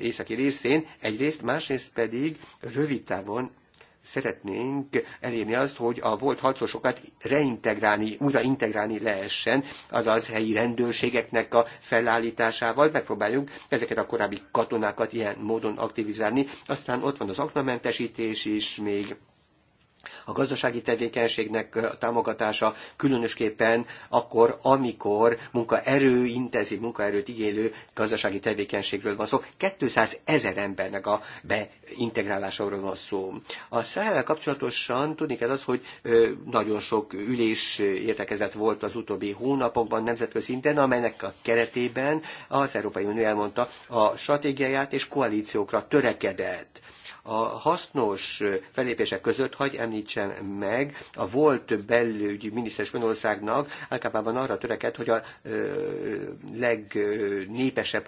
északi részén, egyrészt, másrészt pedig rövid távon szeretnénk elérni azt, hogy a volt harcosokat reintegrálni, újra integrálni lehessen, azaz helyi rendőrségeknek a felállításával. Megpróbáljuk ezeket a korábbi katonákat ilyen módon aktivizálni. Aztán ott van az aknamentesítés is még a gazdasági tevékenységnek a támogatása különösképpen akkor, amikor munkaerő intenzív, munkaerőt igénylő gazdasági tevékenységről van szó. 200 ezer embernek a beintegrálásáról van szó. A szállal kapcsolatosan tudni kell az, hogy nagyon sok ülés értekezett volt az utóbbi hónapokban nemzetközi szinten, amelynek a keretében az Európai Unió elmondta a stratégiáját és koalíciókra törekedett. A hasznos felépések között hagy említsen meg a volt belügyi miniszter Spanyolországnak általában arra törekedett, hogy a legnépesebb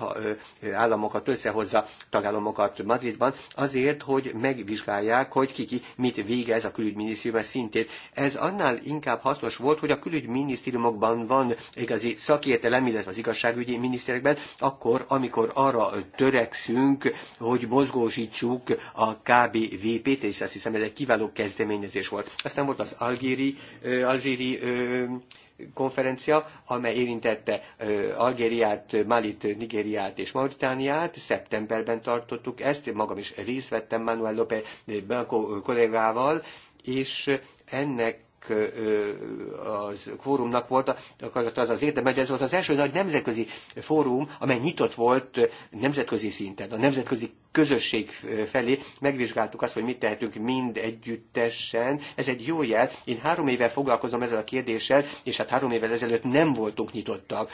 államokat összehozza tagállamokat Madridban, azért, hogy megvizsgálják, hogy ki, ki mit végez a külügyminisztériumban szintén. Ez annál inkább hasznos volt, hogy a külügyminisztériumokban van igazi szakértelem, illetve az igazságügyi miniszterekben, akkor, amikor arra törekszünk, hogy mozgósítsuk a a KBVP-t, és azt hiszem ez egy kiváló kezdeményezés volt. Aztán volt az algéri, algéri konferencia, amely érintette Algériát, Malit, Nigériát és Mauritániát. Szeptemberben tartottuk ezt, én magam is részt vettem Manuel López Blanco kollégával, és ennek az fórumnak volt, az az érdem, hogy ez volt az első nagy nemzetközi fórum, amely nyitott volt nemzetközi szinten, a nemzetközi közösség felé, megvizsgáltuk azt, hogy mit tehetünk mind együttesen. Ez egy jó jel. Én három éve foglalkozom ezzel a kérdéssel, és hát három évvel ezelőtt nem voltunk nyitottak.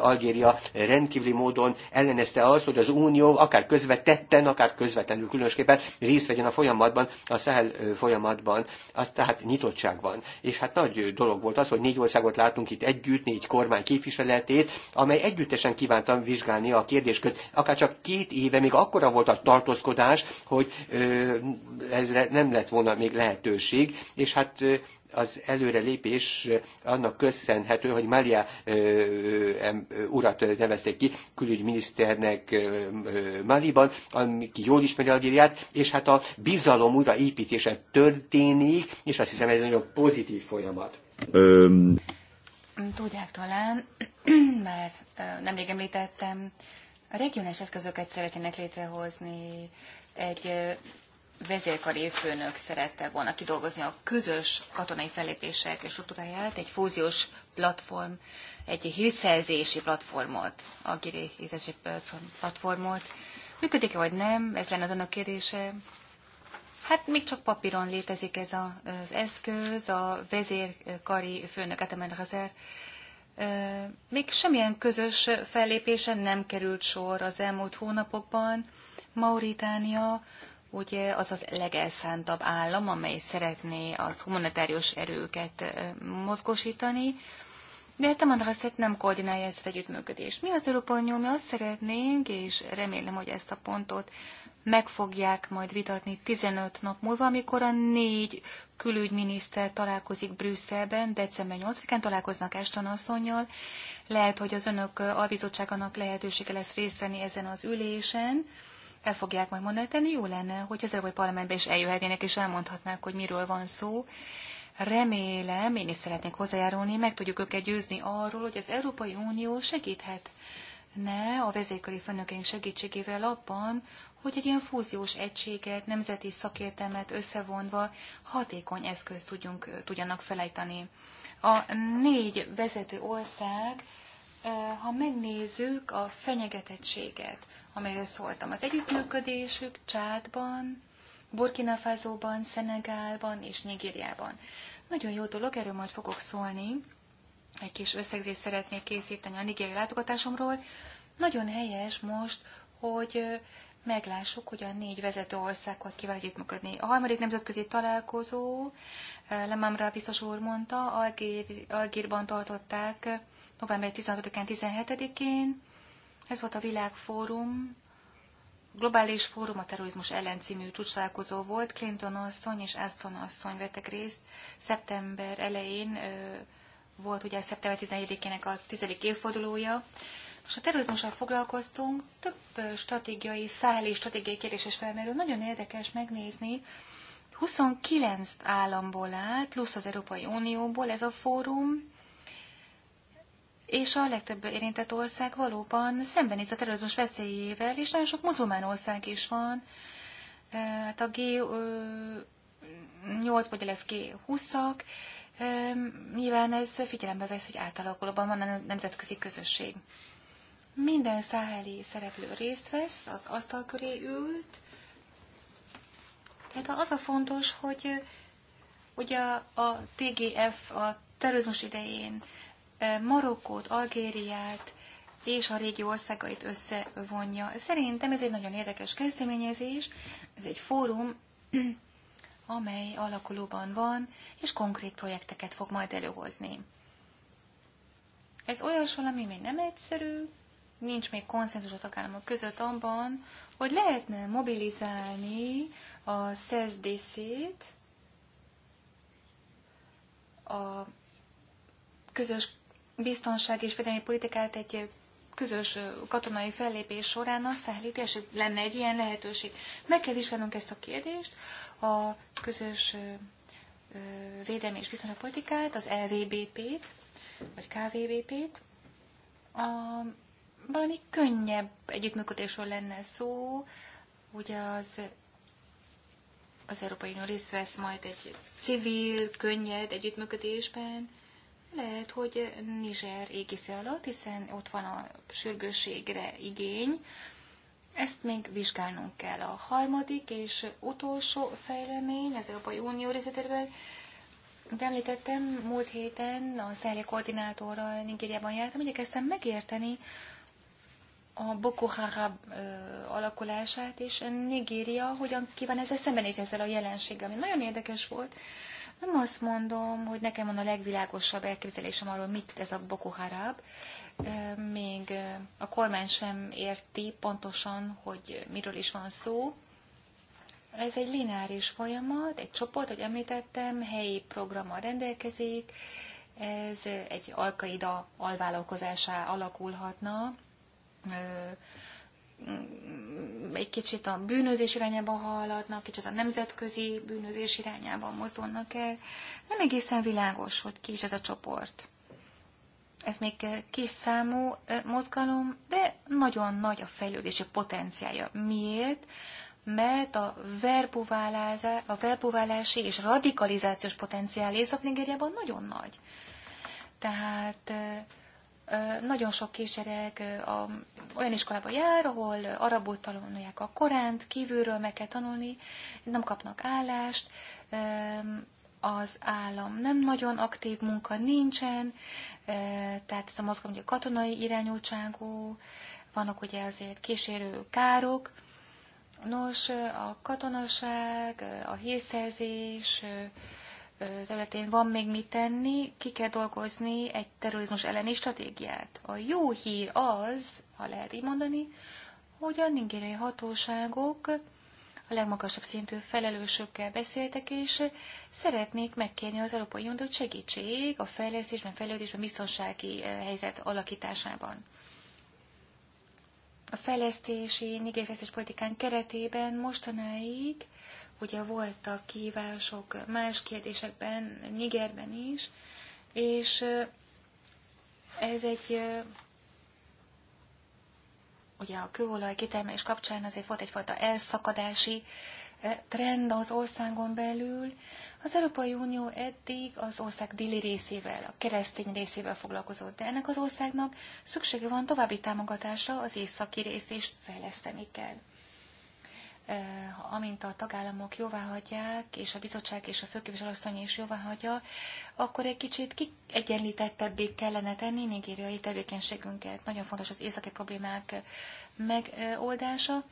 Algéria rendkívüli módon ellenezte azt, hogy az Unió akár közvetetten, akár közvetlenül különösképpen részt vegyen a folyamatban, a Szahel folyamatban. Az tehát nyitottság van. És hát nagy dolog volt az, hogy négy országot látunk itt együtt, négy kormány képviseletét, amely együttesen kívántam vizsgálni a kérdéskört. Akár csak két éve még akkora volt a a tartózkodás, hogy ezre nem lett volna még lehetőség, és hát az előrelépés annak köszönhető, hogy Mária urat nevezték ki külügyminiszternek Maliban, aki jól ismeri Algériát, és hát a bizalom újraépítése történik, és azt hiszem ez egy nagyon pozitív folyamat. Öm. Tudják talán, mert nemrég említettem, a regionális eszközöket szeretnének létrehozni, egy vezérkari főnök szerette volna kidolgozni a közös katonai fellépések struktúráját, egy fúziós platform, egy hírszerzési platformot, a hírszerzési platformot. Működik-e vagy nem? Ez lenne az önök kérdése. Hát még csak papíron létezik ez a, az eszköz, a vezérkari főnök Ataman Hazer még semmilyen közös fellépésen nem került sor az elmúlt hónapokban. Mauritánia ugye az az legelszántabb állam, amely szeretné az humanitárius erőket mozgósítani, de hát Tamandraszet nem koordinálja ezt az együttműködést. Mi az Európai Unió, mi azt szeretnénk, és remélem, hogy ezt a pontot meg fogják majd vitatni 15 nap múlva, amikor a négy külügyminiszter találkozik Brüsszelben, december 8-án találkoznak Ashton asszonynal. Lehet, hogy az önök a lehetősége lesz részt venni ezen az ülésen. El fogják majd mondani, tenni jó lenne, hogy az Európai parlamentben is eljöhetnének, és elmondhatnák, hogy miről van szó. Remélem, én is szeretnék hozzájárulni, meg tudjuk őket győzni arról, hogy az Európai Unió segíthet ne a vezékeli főnökeink segítségével abban, hogy egy ilyen fúziós egységet, nemzeti szakértelmet összevonva hatékony eszközt tudjunk, tudjanak felejteni. A négy vezető ország, ha megnézzük a fenyegetettséget, amelyről szóltam, az együttműködésük Csádban, Burkina Fazóban, Szenegálban és Nigériában. Nagyon jó dolog, erről majd fogok szólni. Egy kis összegzést szeretnék készíteni a nigéri látogatásomról. Nagyon helyes most, hogy meglássuk, hogy a négy vezető ország hogy kíván együttműködni. A harmadik nemzetközi találkozó, eh, Lemamra biztos úr mondta, Algér, Algérban tartották eh, november 16-án, 17-én. Ez volt a világfórum, globális fórum a terrorizmus ellen című csúcstalálkozó volt. Clinton asszony és Aston asszony vettek részt. Szeptember elején eh, volt ugye szeptember 17-ének a 10. évfordulója. Most a terrorizmussal foglalkoztunk, több stratégiai, száli stratégiai kérdés is felmerül. Nagyon érdekes megnézni, 29 államból áll, plusz az Európai Unióból ez a fórum, és a legtöbb érintett ország valóban szembenéz a terrorizmus veszélyével, és nagyon sok muzulmán ország is van. Hát a G8 vagy lesz G20-ak, nyilván ez figyelembe vesz, hogy átalakulóban van a nemzetközi közösség. Minden száheli szereplő részt vesz, az asztal köré ült. Tehát az a fontos, hogy ugye a TGF a terrorizmus idején e, Marokkót, Algériát és a régi országait összevonja. Szerintem ez egy nagyon érdekes kezdeményezés, ez egy fórum, amely alakulóban van, és konkrét projekteket fog majd előhozni. Ez olyas valami, ami nem egyszerű, nincs még konszenzus a tagállamok között abban, hogy lehetne mobilizálni a SESDC-t, a közös biztonság és védelmi politikát egy közös katonai fellépés során a szállítás lenne egy ilyen lehetőség. Meg kell vizsgálnunk ezt a kérdést, a közös védelmi és biztonságpolitikát, az LVBP-t, vagy KVBP-t, a valami könnyebb együttműködésről lenne szó, ugye az az Európai Unió részt vesz majd egy civil, könnyed együttműködésben. Lehet, hogy Niger égisze alatt, hiszen ott van a sürgősségre igény. Ezt még vizsgálnunk kell. A harmadik és utolsó fejlemény az Európai Unió részletéről. De említettem, múlt héten a Szerje koordinátorral Nigériában jártam, igyekeztem megérteni, a Boko Haram alakulását, és Nigéria hogyan kíván ezzel szembenézni ezzel a jelenséggel, ami nagyon érdekes volt. Nem azt mondom, hogy nekem van a legvilágosabb elképzelésem arról, mit ez a Boko Haram, még a kormány sem érti pontosan, hogy miről is van szó. Ez egy lineáris folyamat, egy csoport, hogy említettem, helyi programmal rendelkezik, ez egy alkaida alvállalkozásá alakulhatna, egy kicsit a bűnözés irányába haladnak, kicsit a nemzetközi bűnözés irányába mozdulnak el. Nem egészen világos, hogy ki is ez a csoport. Ez még kis számú mozgalom, de nagyon nagy a fejlődési potenciája. Miért? Mert a a verbuválási és radikalizációs potenciál Észak-Nigériában nagyon nagy. Tehát nagyon sok kisgyerek a, olyan iskolába jár, ahol arabul tanulják a koránt, kívülről meg kell tanulni, nem kapnak állást, az állam nem nagyon aktív munka nincsen, tehát ez a mozgalom ugye katonai irányultságú, vannak ugye azért kísérő károk. Nos, a katonaság, a hírszerzés, területén van még mit tenni, ki kell dolgozni egy terrorizmus elleni stratégiát. A jó hír az, ha lehet így mondani, hogy a nigériai hatóságok a legmagasabb szintű felelősökkel beszéltek, és szeretnék megkérni az Európai Uniót, segítség a fejlesztésben, fejlődésben, biztonsági eh, helyzet alakításában. A fejlesztési, nigérfejlesztés politikán keretében mostanáig Ugye voltak kívások más kérdésekben, Nigerben is, és ez egy ugye a kőolaj kitermelés kapcsán azért volt egyfajta elszakadási trend az országon belül. Az Európai Unió eddig az ország déli részével, a keresztény részével foglalkozott, de ennek az országnak szüksége van további támogatásra, az északi részt is fejleszteni kell amint a tagállamok hagyják, és a bizottság és a főképviselőasszony is hagyja, akkor egy kicsit kiegyenlítettebbé kellene tenni nigériai tevékenységünket. Nagyon fontos az északi problémák megoldása.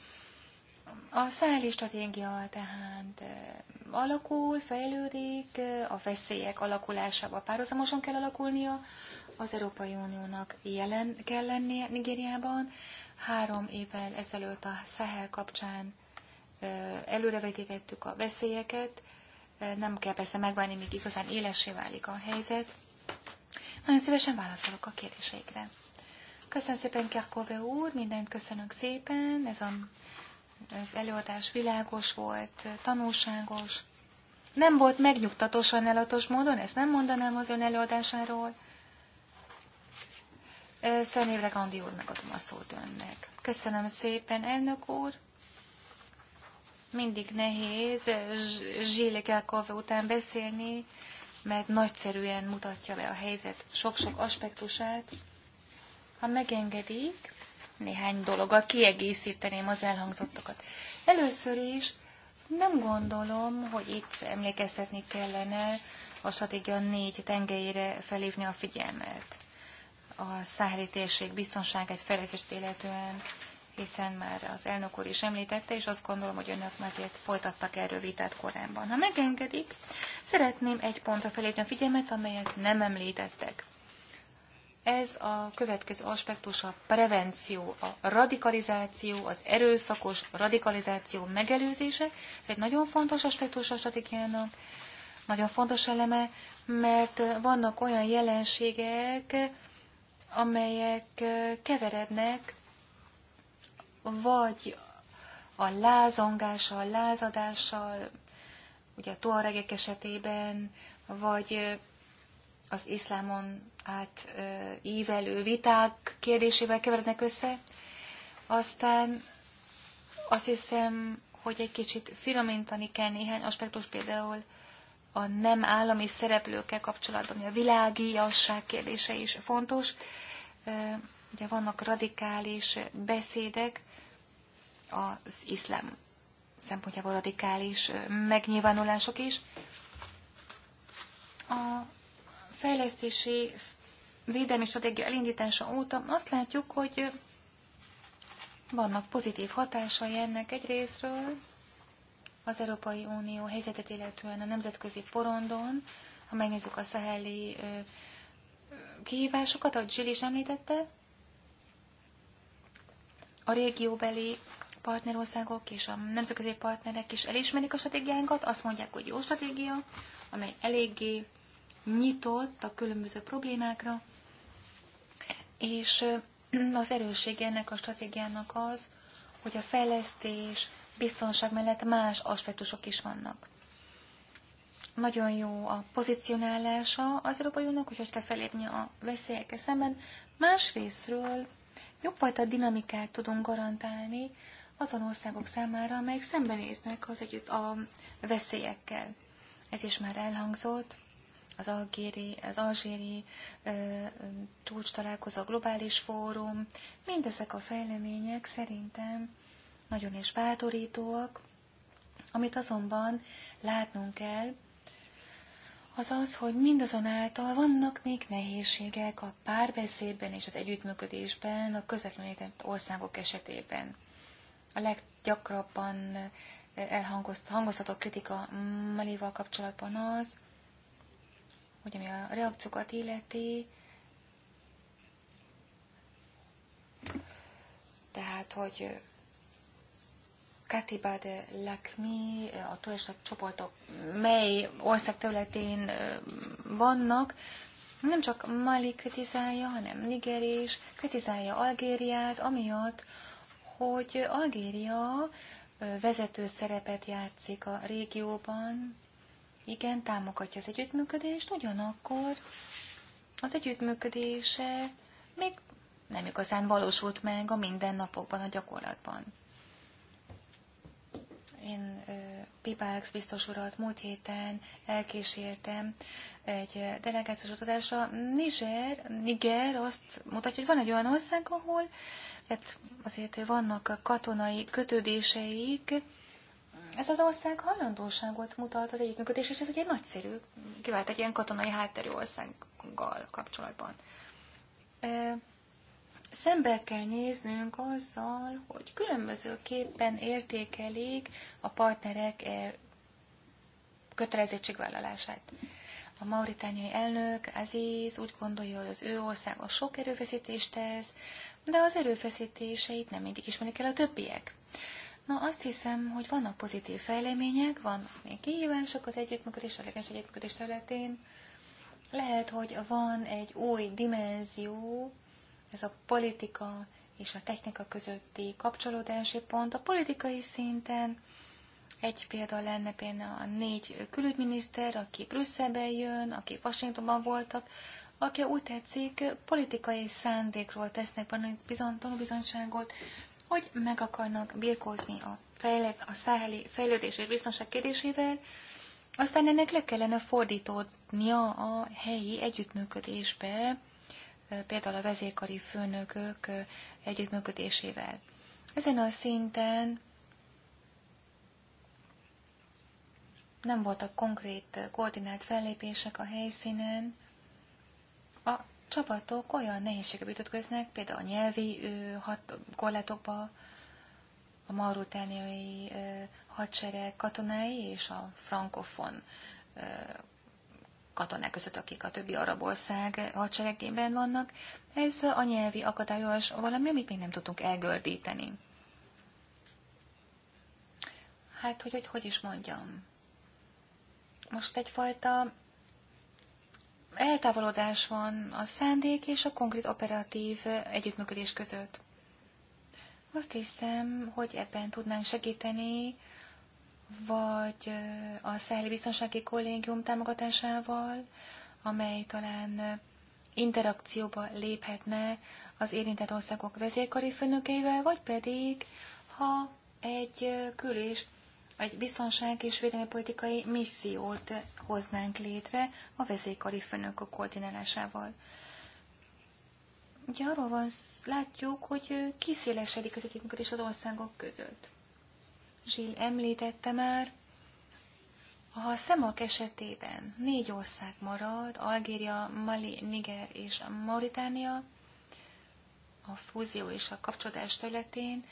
A száli stratégia tehát alakul, fejlődik, a veszélyek alakulásába párhuzamosan kell alakulnia, az Európai Uniónak jelen kell lennie Nigériában. Három évvel ezelőtt a Szahel kapcsán előrevetítettük a veszélyeket, nem kell persze megvárni, míg igazán élessé válik a helyzet. Nagyon szívesen válaszolok a kérdéseikre. Köszönöm szépen, Kerkove úr, mindent köszönök szépen, ez a, az előadás világos volt, tanulságos. Nem volt megnyugtató sajnálatos módon, ezt nem mondanám az ön előadásáról. Szenévre Gandhi úr, megadom a szót önnek. Köszönöm szépen, elnök úr mindig nehéz eh, Zsillikákov után beszélni, mert nagyszerűen mutatja be a helyzet sok-sok aspektusát. Ha megengedik, néhány dologgal kiegészíteném az elhangzottakat. Először is nem gondolom, hogy itt emlékeztetni kellene a stratégia négy tengelyére felhívni a figyelmet. A száheli biztonságát, fejlesztést illetően hiszen már az elnök úr is említette, és azt gondolom, hogy önök azért folytattak erről vitát korábban. Ha megengedik, szeretném egy pontra felépni a figyelmet, amelyet nem említettek. Ez a következő aspektus a prevenció, a radikalizáció, az erőszakos radikalizáció megelőzése. Ez egy nagyon fontos aspektus a stratégiának, nagyon fontos eleme, mert vannak olyan jelenségek, amelyek keverednek vagy a a lázadással, ugye a tuaregek esetében, vagy az iszlámon át ívelő viták kérdésével keverednek össze. Aztán azt hiszem, hogy egy kicsit finomítani kell néhány aspektus, például a nem állami szereplőkkel kapcsolatban, a világiasság kérdése is fontos. Ugye vannak radikális beszédek, az iszlám szempontjából radikális megnyilvánulások is. A fejlesztési védelmi stratégia elindítása óta azt látjuk, hogy vannak pozitív hatásai ennek egyrésztről az Európai Unió helyzetet illetően a nemzetközi porondon, ha megnézzük a szaheli kihívásokat, ahogy Zsili is említette, a régióbeli partnerországok és a nemzetközi partnerek is elismerik a stratégiánkat, azt mondják, hogy jó stratégia, amely eléggé nyitott a különböző problémákra, és az erőssége ennek a stratégiának az, hogy a fejlesztés, biztonság mellett más aspektusok is vannak. Nagyon jó a pozicionálása az Európai Uniónak, hogy hogy kell felépni a veszélyekkel szemben. Másrésztről jobbfajta dinamikát tudunk garantálni azon országok számára, amelyek szembenéznek az együtt a veszélyekkel. Ez is már elhangzott, az algéri, az alzséri csúcs találkozó, a globális fórum, mindezek a fejlemények szerintem nagyon is bátorítóak, amit azonban látnunk kell, az az, hogy mindazonáltal vannak még nehézségek a párbeszédben és az együttműködésben a közvetlenített országok esetében. A leggyakrabban eh, elhangozható kritika Malival kapcsolatban az, hogy ami a reakciókat illeti, tehát, hogy eh, Katibad Lakmi, eh, a turista csoportok mely ország területén vannak, nem csak Mali kritizálja, hanem Niger is, kritizálja Algériát, amiatt, hogy Algéria vezető szerepet játszik a régióban, igen, támogatja az együttműködést, ugyanakkor az együttműködése még nem igazán valósult meg a mindennapokban, a gyakorlatban. Én ö, Pipax biztos urat múlt héten elkísértem egy delegációs utazásra. Niger, Niger azt mutatja, hogy van egy olyan ország, ahol hát azért vannak katonai kötődéseik. Ez az ország hajlandóságot mutat az együttműködés, és ez ugye nagyszerű, kivált egy ilyen katonai hátterű országgal kapcsolatban szembe kell néznünk azzal, hogy különbözőképpen értékelik a partnerek eh, kötelezettségvállalását. A mauritániai elnök Aziz úgy gondolja, hogy az ő országa sok erőfeszítést tesz, de az erőfeszítéseit nem mindig ismerik el a többiek. Na azt hiszem, hogy vannak pozitív fejlemények, vannak még kihívások az együttműködés, a leges együttműködés területén. Lehet, hogy van egy új dimenzió, ez a politika és a technika közötti kapcsolódási pont. A politikai szinten egy példa lenne például a négy külügyminiszter, aki Brüsszelben jön, aki Washingtonban voltak, aki úgy tetszik, politikai szándékról tesznek bizony, tanúbizonyságot, hogy meg akarnak birkózni a, fejle, a száheli fejlődés és biztonság kérdésével, aztán ennek le kellene fordítódnia a helyi együttműködésbe, például a vezérkari főnökök együttműködésével. Ezen a szinten nem voltak konkrét koordinált fellépések a helyszínen. A csapatok olyan nehézségekbe ütköznek, például a nyelvi korlátokba, a mauritániai hadsereg katonái és a frankofon katonák között, akik a többi arab ország hadseregében vannak. Ez a nyelvi akadályos valami, amit még nem tudtunk elgördíteni. Hát, hogy, hogy, hogy is mondjam? Most egyfajta eltávolodás van a szándék és a konkrét operatív együttműködés között. Azt hiszem, hogy ebben tudnánk segíteni vagy a Száhli Biztonsági Kollégium támogatásával, amely talán interakcióba léphetne az érintett országok vezérkari főnökeivel, vagy pedig, ha egy külés, egy biztonság és védelmi politikai missziót hoznánk létre a vezérkari főnökök koordinálásával. Ugye arról van, látjuk, hogy kiszélesedik az együttműködés az országok között. Zsill említette már, ha a szemak esetében négy ország marad, Algéria, Mali, Niger és Mauritánia, a fúzió és a kapcsolódás területén,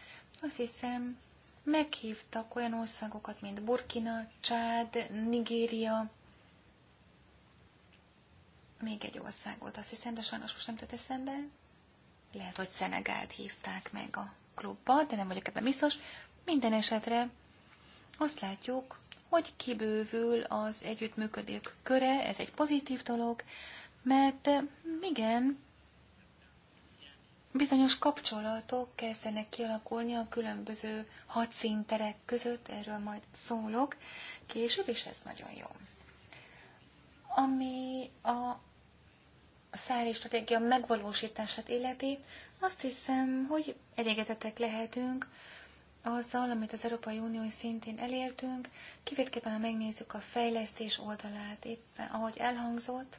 azt hiszem, meghívtak olyan országokat, mint Burkina, Csád, Nigéria, még egy országot, azt hiszem, de sajnos most nem tört eszembe. Lehet, hogy Szenegált hívták meg a klubba, de nem vagyok ebben biztos. Minden esetre azt látjuk, hogy kibővül az együttműködők köre, ez egy pozitív dolog, mert igen, bizonyos kapcsolatok kezdenek kialakulni a különböző hadszínterek között, erről majd szólok később, és ez nagyon jó. Ami a szári stratégia megvalósítását illeti, azt hiszem, hogy elégedetek lehetünk, azzal, amit az Európai Unió szintén elértünk, kivétképpen, ha megnézzük a fejlesztés oldalát, éppen ahogy elhangzott,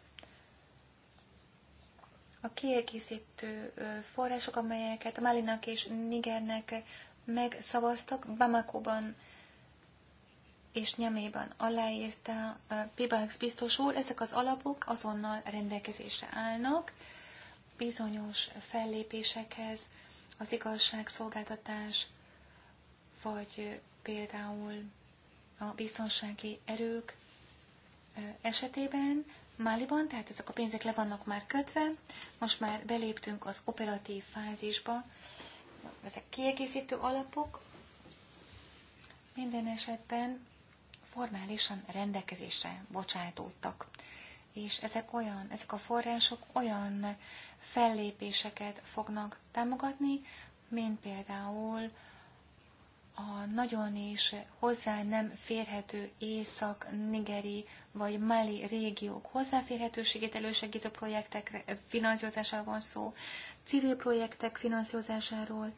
a kiegészítő források, amelyeket Malinak és Nigernek megszavaztak, Bamakóban és nyeméban aláírta Pibax biztos úr, ezek az alapok azonnal rendelkezésre állnak bizonyos fellépésekhez, az igazságszolgáltatás, vagy például a biztonsági erők esetében Máliban, tehát ezek a pénzek le vannak már kötve, most már beléptünk az operatív fázisba, ezek kiegészítő alapok, minden esetben formálisan rendelkezésre bocsátódtak. És ezek olyan, ezek a források olyan fellépéseket fognak támogatni, mint például a nagyon is hozzá nem férhető észak-nigeri vagy mali régiók hozzáférhetőségét elősegítő projektek eh, finanszírozásáról van szó, civil projektek finanszírozásáról,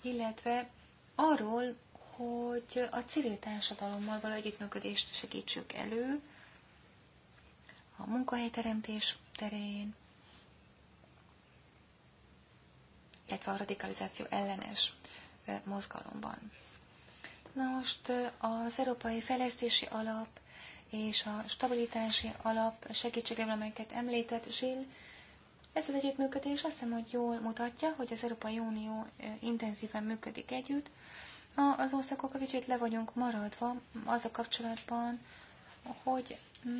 illetve arról, hogy a civil társadalommal való együttműködést segítsük elő a munkahelyteremtés terén, illetve a radikalizáció ellenes eh, mozgalomban. Na most az Európai Fejlesztési Alap és a Stabilitási Alap segítségével, amelyeket említett Zsill, ez az együttműködés azt hiszem, hogy jól mutatja, hogy az Európai Unió intenzíven működik együtt. Az országok a kicsit le vagyunk maradva az a kapcsolatban, hogy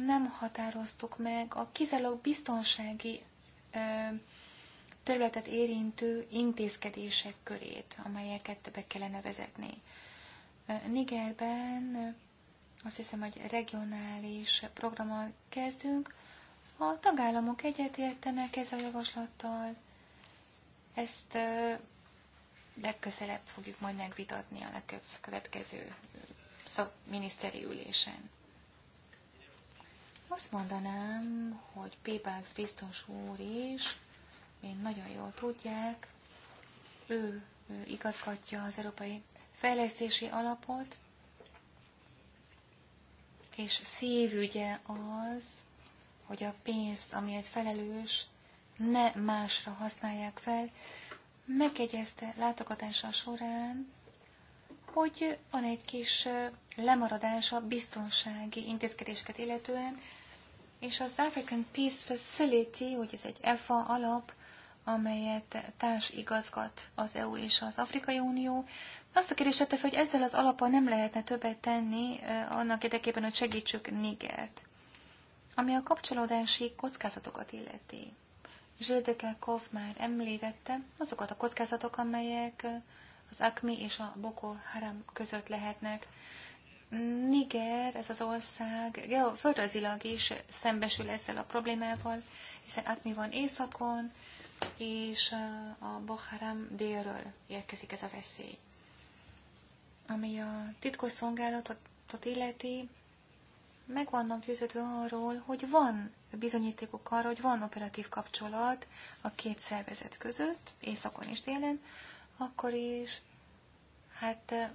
nem határoztuk meg a kizárólag biztonsági területet érintő intézkedések körét, amelyeket be kellene vezetni. Nigerben azt hiszem, hogy regionális programmal kezdünk. A tagállamok egyetértenek ezzel a javaslattal. Ezt legközelebb fogjuk majd megvitatni a következő miniszteri ülésen. Azt mondanám, hogy Pébax biztos úr is, én nagyon jól tudják, ő, ő igazgatja az Európai fejlesztési alapot, és szívügye az, hogy a pénzt, amiért felelős, ne másra használják fel, megjegyezte látogatása során, hogy van egy kis lemaradás a biztonsági intézkedéseket illetően, és az African Peace Facility, hogy ez egy EFA alap, amelyet társ igazgat az EU és az Afrikai Unió, azt a kérdést tette, hogy ezzel az alapon nem lehetne többet tenni annak érdekében, hogy segítsük Nigert, ami a kapcsolódási kockázatokat illeti. Zsildekelkov már említette azokat a kockázatok, amelyek az Akmi és a Boko Haram között lehetnek. Niger, ez az ország, földrajzilag is szembesül ezzel a problémával, hiszen Akmi van északon, és a Boko Haram délről érkezik ez a veszély ami a titkos szolgálatot illeti, meg vannak győződve arról, hogy van bizonyítékok arra, hogy van operatív kapcsolat a két szervezet között, éjszakon és délen, akkor is, hát eh,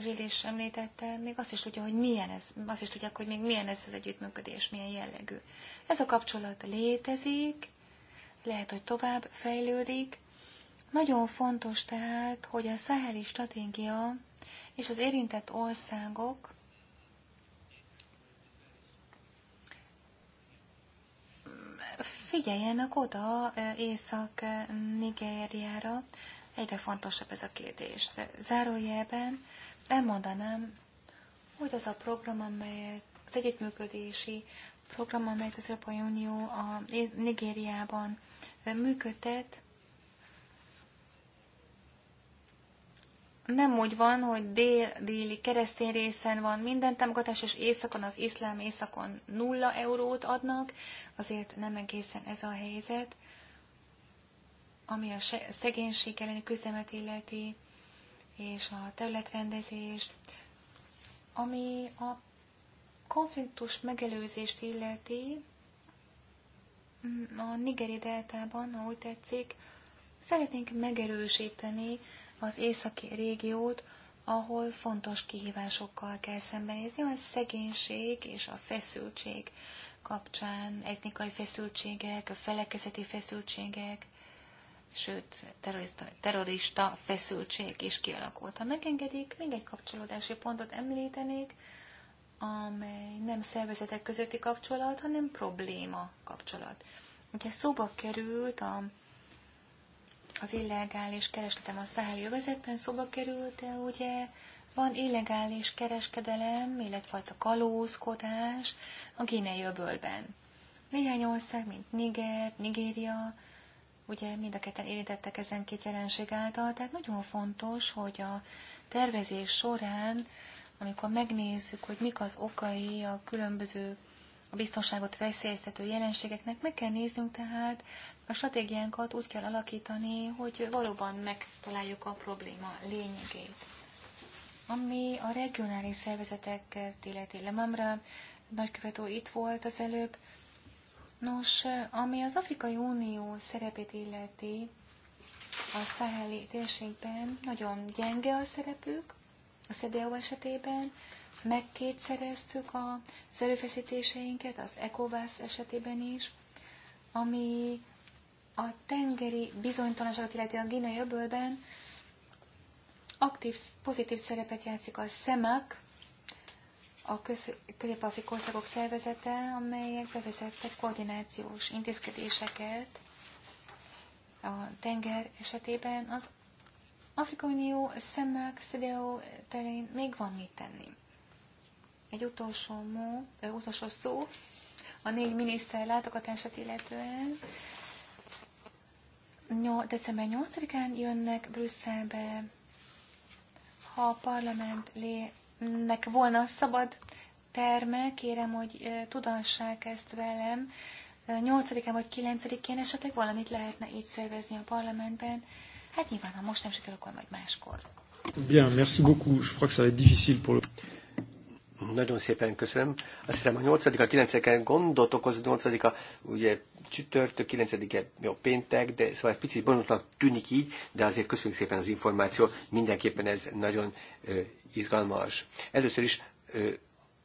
Zsill is említette, még azt is tudja, hogy milyen ez, azt is tudják, hogy még milyen ez az együttműködés, milyen jellegű. Ez a kapcsolat létezik, lehet, hogy tovább fejlődik, nagyon fontos tehát, hogy a szaheli stratégia és az érintett országok figyeljenek oda Észak-Nigériára, egyre fontosabb ez a kérdés. Zárójelben elmondanám, hogy az a program, amelyet az együttműködési program, amelyet az Európai Unió a Nigériában működtet, nem úgy van, hogy dél-déli keresztény részen van minden támogatás, és északon az iszlám északon nulla eurót adnak, azért nem egészen ez a helyzet, ami a szegénység elleni küzdelmet illeti, és a területrendezést, ami a konfliktus megelőzést illeti, mm, a Nigeri deltában, ahogy tetszik, szeretnénk megerősíteni az északi régiót, ahol fontos kihívásokkal kell szembenézni, a szegénység és a feszültség kapcsán, etnikai feszültségek, a felekezeti feszültségek, sőt, terrorista, terrorista feszültség is kialakult. Ha megengedik, még egy kapcsolódási pontot említenék, amely nem szervezetek közötti kapcsolat, hanem probléma kapcsolat. Ugye szóba került a az illegális kereskedelem a száheli övezetben szóba került, de ugye van illegális kereskedelem, illetve a kalózkodás a Gínei öbölben. Néhány ország, mint Niger, Nigéria, ugye mind a ketten érintettek ezen két jelenség által, tehát nagyon fontos, hogy a tervezés során, amikor megnézzük, hogy mik az okai a különböző a biztonságot veszélyeztető jelenségeknek, meg kell néznünk tehát a stratégiánkat úgy kell alakítani, hogy valóban megtaláljuk a probléma lényegét. Ami a regionális szervezeteket illeti Lemamra, nagykövet úr itt volt az előbb. Nos, ami az Afrikai Unió szerepét illeti a száheli térségben, nagyon gyenge a szerepük, a CDO esetében, megkétszereztük az erőfeszítéseinket, az ECOVASZ esetében is, ami a tengeri bizonytalanságot, illetve a Gínai öbölben aktív, pozitív szerepet játszik a szemek, a közép-afrikai országok szervezete, amelyek bevezettek koordinációs intézkedéseket a tenger esetében. Az Afrika Unió, szemek CDO terén még van mit tenni. Egy utolsó, mó, ö, utolsó szó a négy miniszter látogatását illetően december 8-án jönnek Brüsszelbe, ha a parlament nek volna szabad terme, kérem, hogy tudassák ezt velem. 8-án vagy 9-én esetleg valamit lehetne így szervezni a parlamentben. Hát nyilván, ha most nem sikerül, akkor majd máskor. Bien, merci beaucoup. Je crois que ça va être difficile pour le... Nagyon szépen köszönöm. Azt hiszem a 8 a 9 gondot okoz, 8 a ugye csütörtök, 9 -e, jó, péntek, de szóval egy picit bonyolultnak tűnik így, de azért köszönjük szépen az információ, mindenképpen ez nagyon ö, izgalmas. Először is ö,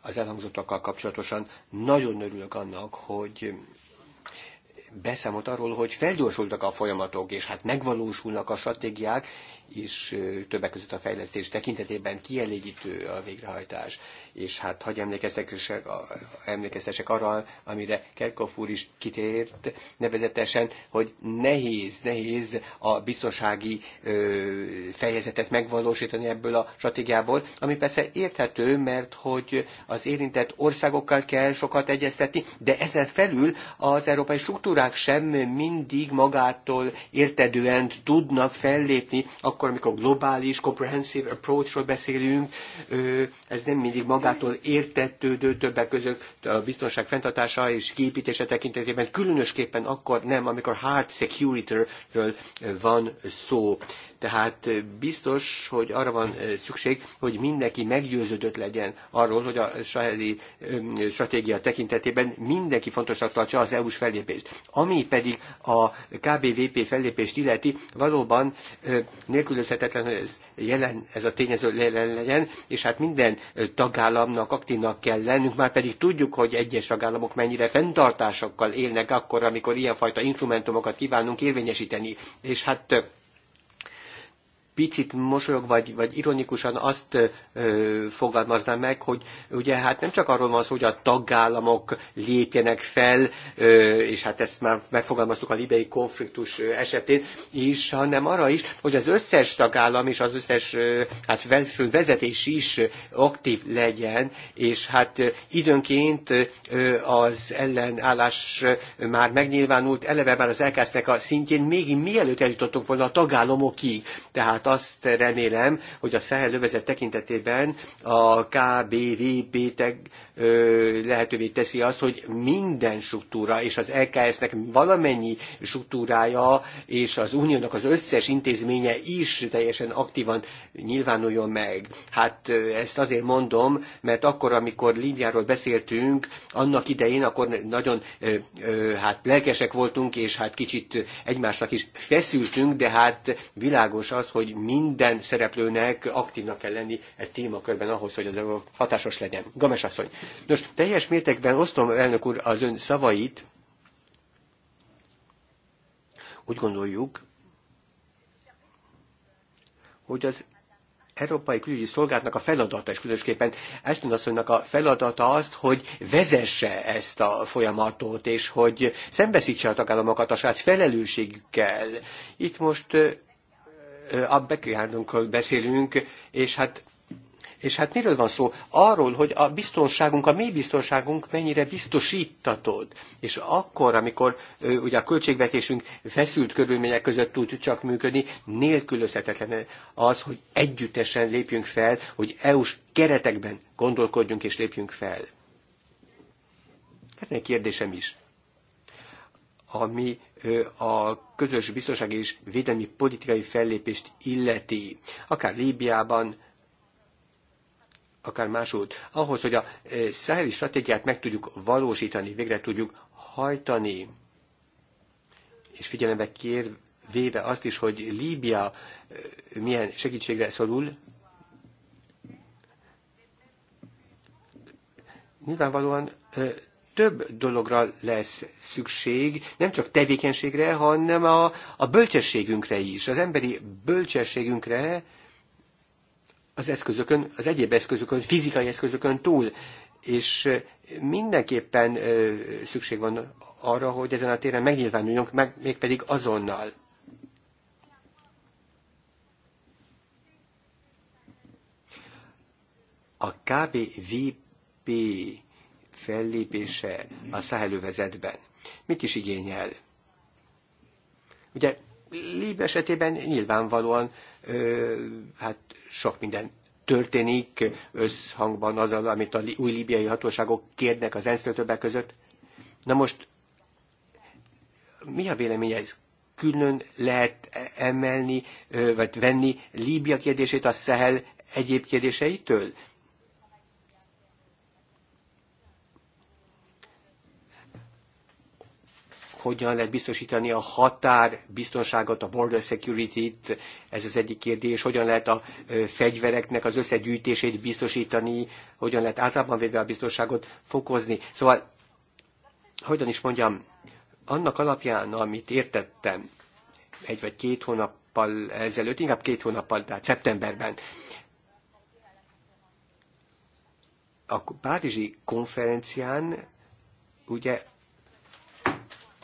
az elhangzottakkal kapcsolatosan nagyon örülök annak, hogy beszámolt arról, hogy felgyorsultak a folyamatok, és hát megvalósulnak a stratégiák, is többek között a fejlesztés tekintetében kielégítő a végrehajtás. És hát hagy emlékeztessek, emlékeztessek arra, amire Kerkhoff úr is kitért, nevezetesen, hogy nehéz, nehéz a biztonsági ö, fejezetet megvalósítani ebből a stratégiából, ami persze érthető, mert hogy az érintett országokkal kell sokat egyeztetni, de ezen felül az európai struktúrák sem mindig magától értedően tudnak fellépni a akkor, amikor globális, comprehensive approachról beszélünk, ez nem mindig magától értetődő többek között a biztonság fenntartása és kiépítése tekintetében, különösképpen akkor nem, amikor hard security-ről van szó. Tehát biztos, hogy arra van szükség, hogy mindenki meggyőződött legyen arról, hogy a saheli stratégia tekintetében mindenki fontosnak tartsa az EU-s fellépést. Ami pedig a KBVP fellépést illeti, valóban nélkülözhetetlen, hogy ez, jelen, ez a tényező jelen legyen, és hát minden tagállamnak aktívnak kell lennünk, már pedig tudjuk, hogy egyes tagállamok mennyire fenntartásokkal élnek akkor, amikor ilyenfajta instrumentumokat kívánunk érvényesíteni. És hát picit mosolyog, vagy, vagy ironikusan azt ö, fogalmaznám meg, hogy ugye hát nem csak arról van szó, hogy a tagállamok lépjenek fel, ö, és hát ezt már megfogalmaztuk a libei konfliktus esetén is, hanem arra is, hogy az összes tagállam és az összes ö, hát vezetés is aktív legyen, és hát időnként ö, az ellenállás már megnyilvánult, eleve már az elkezdtek a szintjén, még mielőtt eljutottunk volna a tagállamokig. Tehát tehát azt remélem, hogy a Szahel övezet tekintetében a KBVB lehetővé teszi azt, hogy minden struktúra és az LKS-nek valamennyi struktúrája és az uniónak az összes intézménye is teljesen aktívan nyilvánuljon meg. Hát ezt azért mondom, mert akkor, amikor Líbiáról beszéltünk, annak idején akkor nagyon hát lelkesek voltunk, és hát kicsit egymásnak is feszültünk, de hát világos az, hogy minden szereplőnek aktívnak kell lenni egy témakörben ahhoz, hogy az hatásos legyen. Gomes asszony. Nos, teljes mértékben osztom, elnök úr, az ön szavait. Úgy gondoljuk, hogy az Európai Külügyi Szolgálatnak a feladata, és különösképpen Ashton asszonynak a feladata azt, hogy vezesse ezt a folyamatot, és hogy szembeszítse a tagállamokat a saját felelősségükkel. Itt most a Beckhardonról beszélünk, és hát és hát miről van szó? Arról, hogy a biztonságunk, a mi biztonságunk mennyire biztosítatod? És akkor, amikor ugye a költségvetésünk feszült körülmények között tud csak működni, nélkülözhetetlen az, hogy együttesen lépjünk fel, hogy EU-s keretekben gondolkodjunk és lépjünk fel. Lenne egy kérdésem is ami a közös biztonsági és védelmi politikai fellépést illeti, akár Líbiában, akár út, ahhoz, hogy a e, száheli stratégiát meg tudjuk valósítani, végre tudjuk hajtani, és figyelembe kér, véve azt is, hogy Líbia e, milyen segítségre szorul, nyilvánvalóan e, több dologra lesz szükség, nem csak tevékenységre, hanem a, a bölcsességünkre is, az emberi bölcsességünkre, az eszközökön, az egyéb eszközökön, fizikai eszközökön túl. És mindenképpen szükség van arra, hogy ezen a téren megnyilvánuljunk, meg, mégpedig azonnal. A KBVP fellépése a szahelővezetben. mit is igényel? Ugye Lib esetében nyilvánvalóan hát sok minden történik összhangban azzal, amit a új libiai hatóságok kérnek az ensz többek között. Na most, mi a véleménye ez? Külön lehet emelni, vagy venni Líbia kérdését a Szehel egyéb kérdéseitől? hogyan lehet biztosítani a határ biztonságot, a border security-t, ez az egyik kérdés, hogyan lehet a fegyvereknek az összegyűjtését biztosítani, hogyan lehet általában védve a biztonságot fokozni. Szóval, hogyan is mondjam, annak alapján, amit értettem egy vagy két hónappal ezelőtt, inkább két hónappal, tehát szeptemberben, a Párizsi konferencián ugye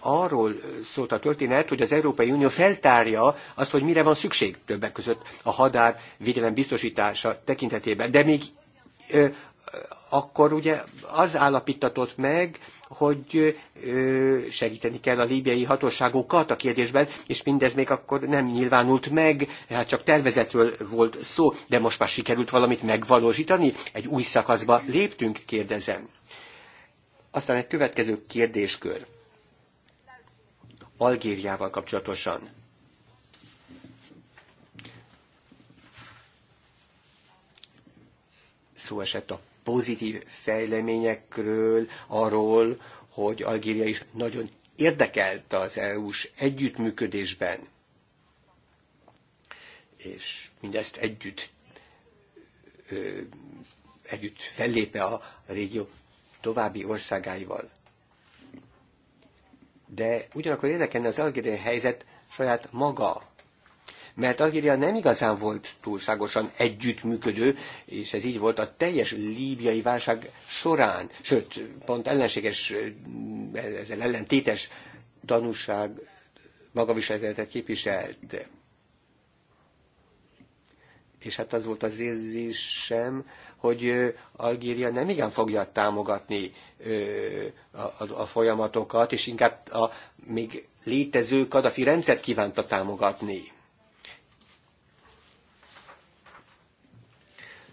arról szólt a történet, hogy az Európai Unió feltárja azt, hogy mire van szükség többek között a hadár védelem biztosítása tekintetében. De még ö, akkor ugye az állapítatott meg, hogy ö, segíteni kell a líbiai hatóságokat a kérdésben, és mindez még akkor nem nyilvánult meg, hát csak tervezetről volt szó, de most már sikerült valamit megvalósítani, egy új szakaszba léptünk, kérdezem. Aztán egy következő kérdéskör. Algériával kapcsolatosan. Szó esett a pozitív fejleményekről, arról, hogy Algéria is nagyon érdekelt az EU-s együttműködésben, és mindezt együtt együtt fellépe a régió további országáival de ugyanakkor érdekelne az algériai helyzet saját maga. Mert Algéria nem igazán volt túlságosan együttműködő, és ez így volt a teljes líbiai válság során, sőt, pont ellenséges, ezzel ellentétes tanúság magaviseletet képviselt és hát az volt az érzésem, hogy Algéria nem igen fogja támogatni a, a, a folyamatokat, és inkább a még létező Kadafi rendszert kívánta támogatni.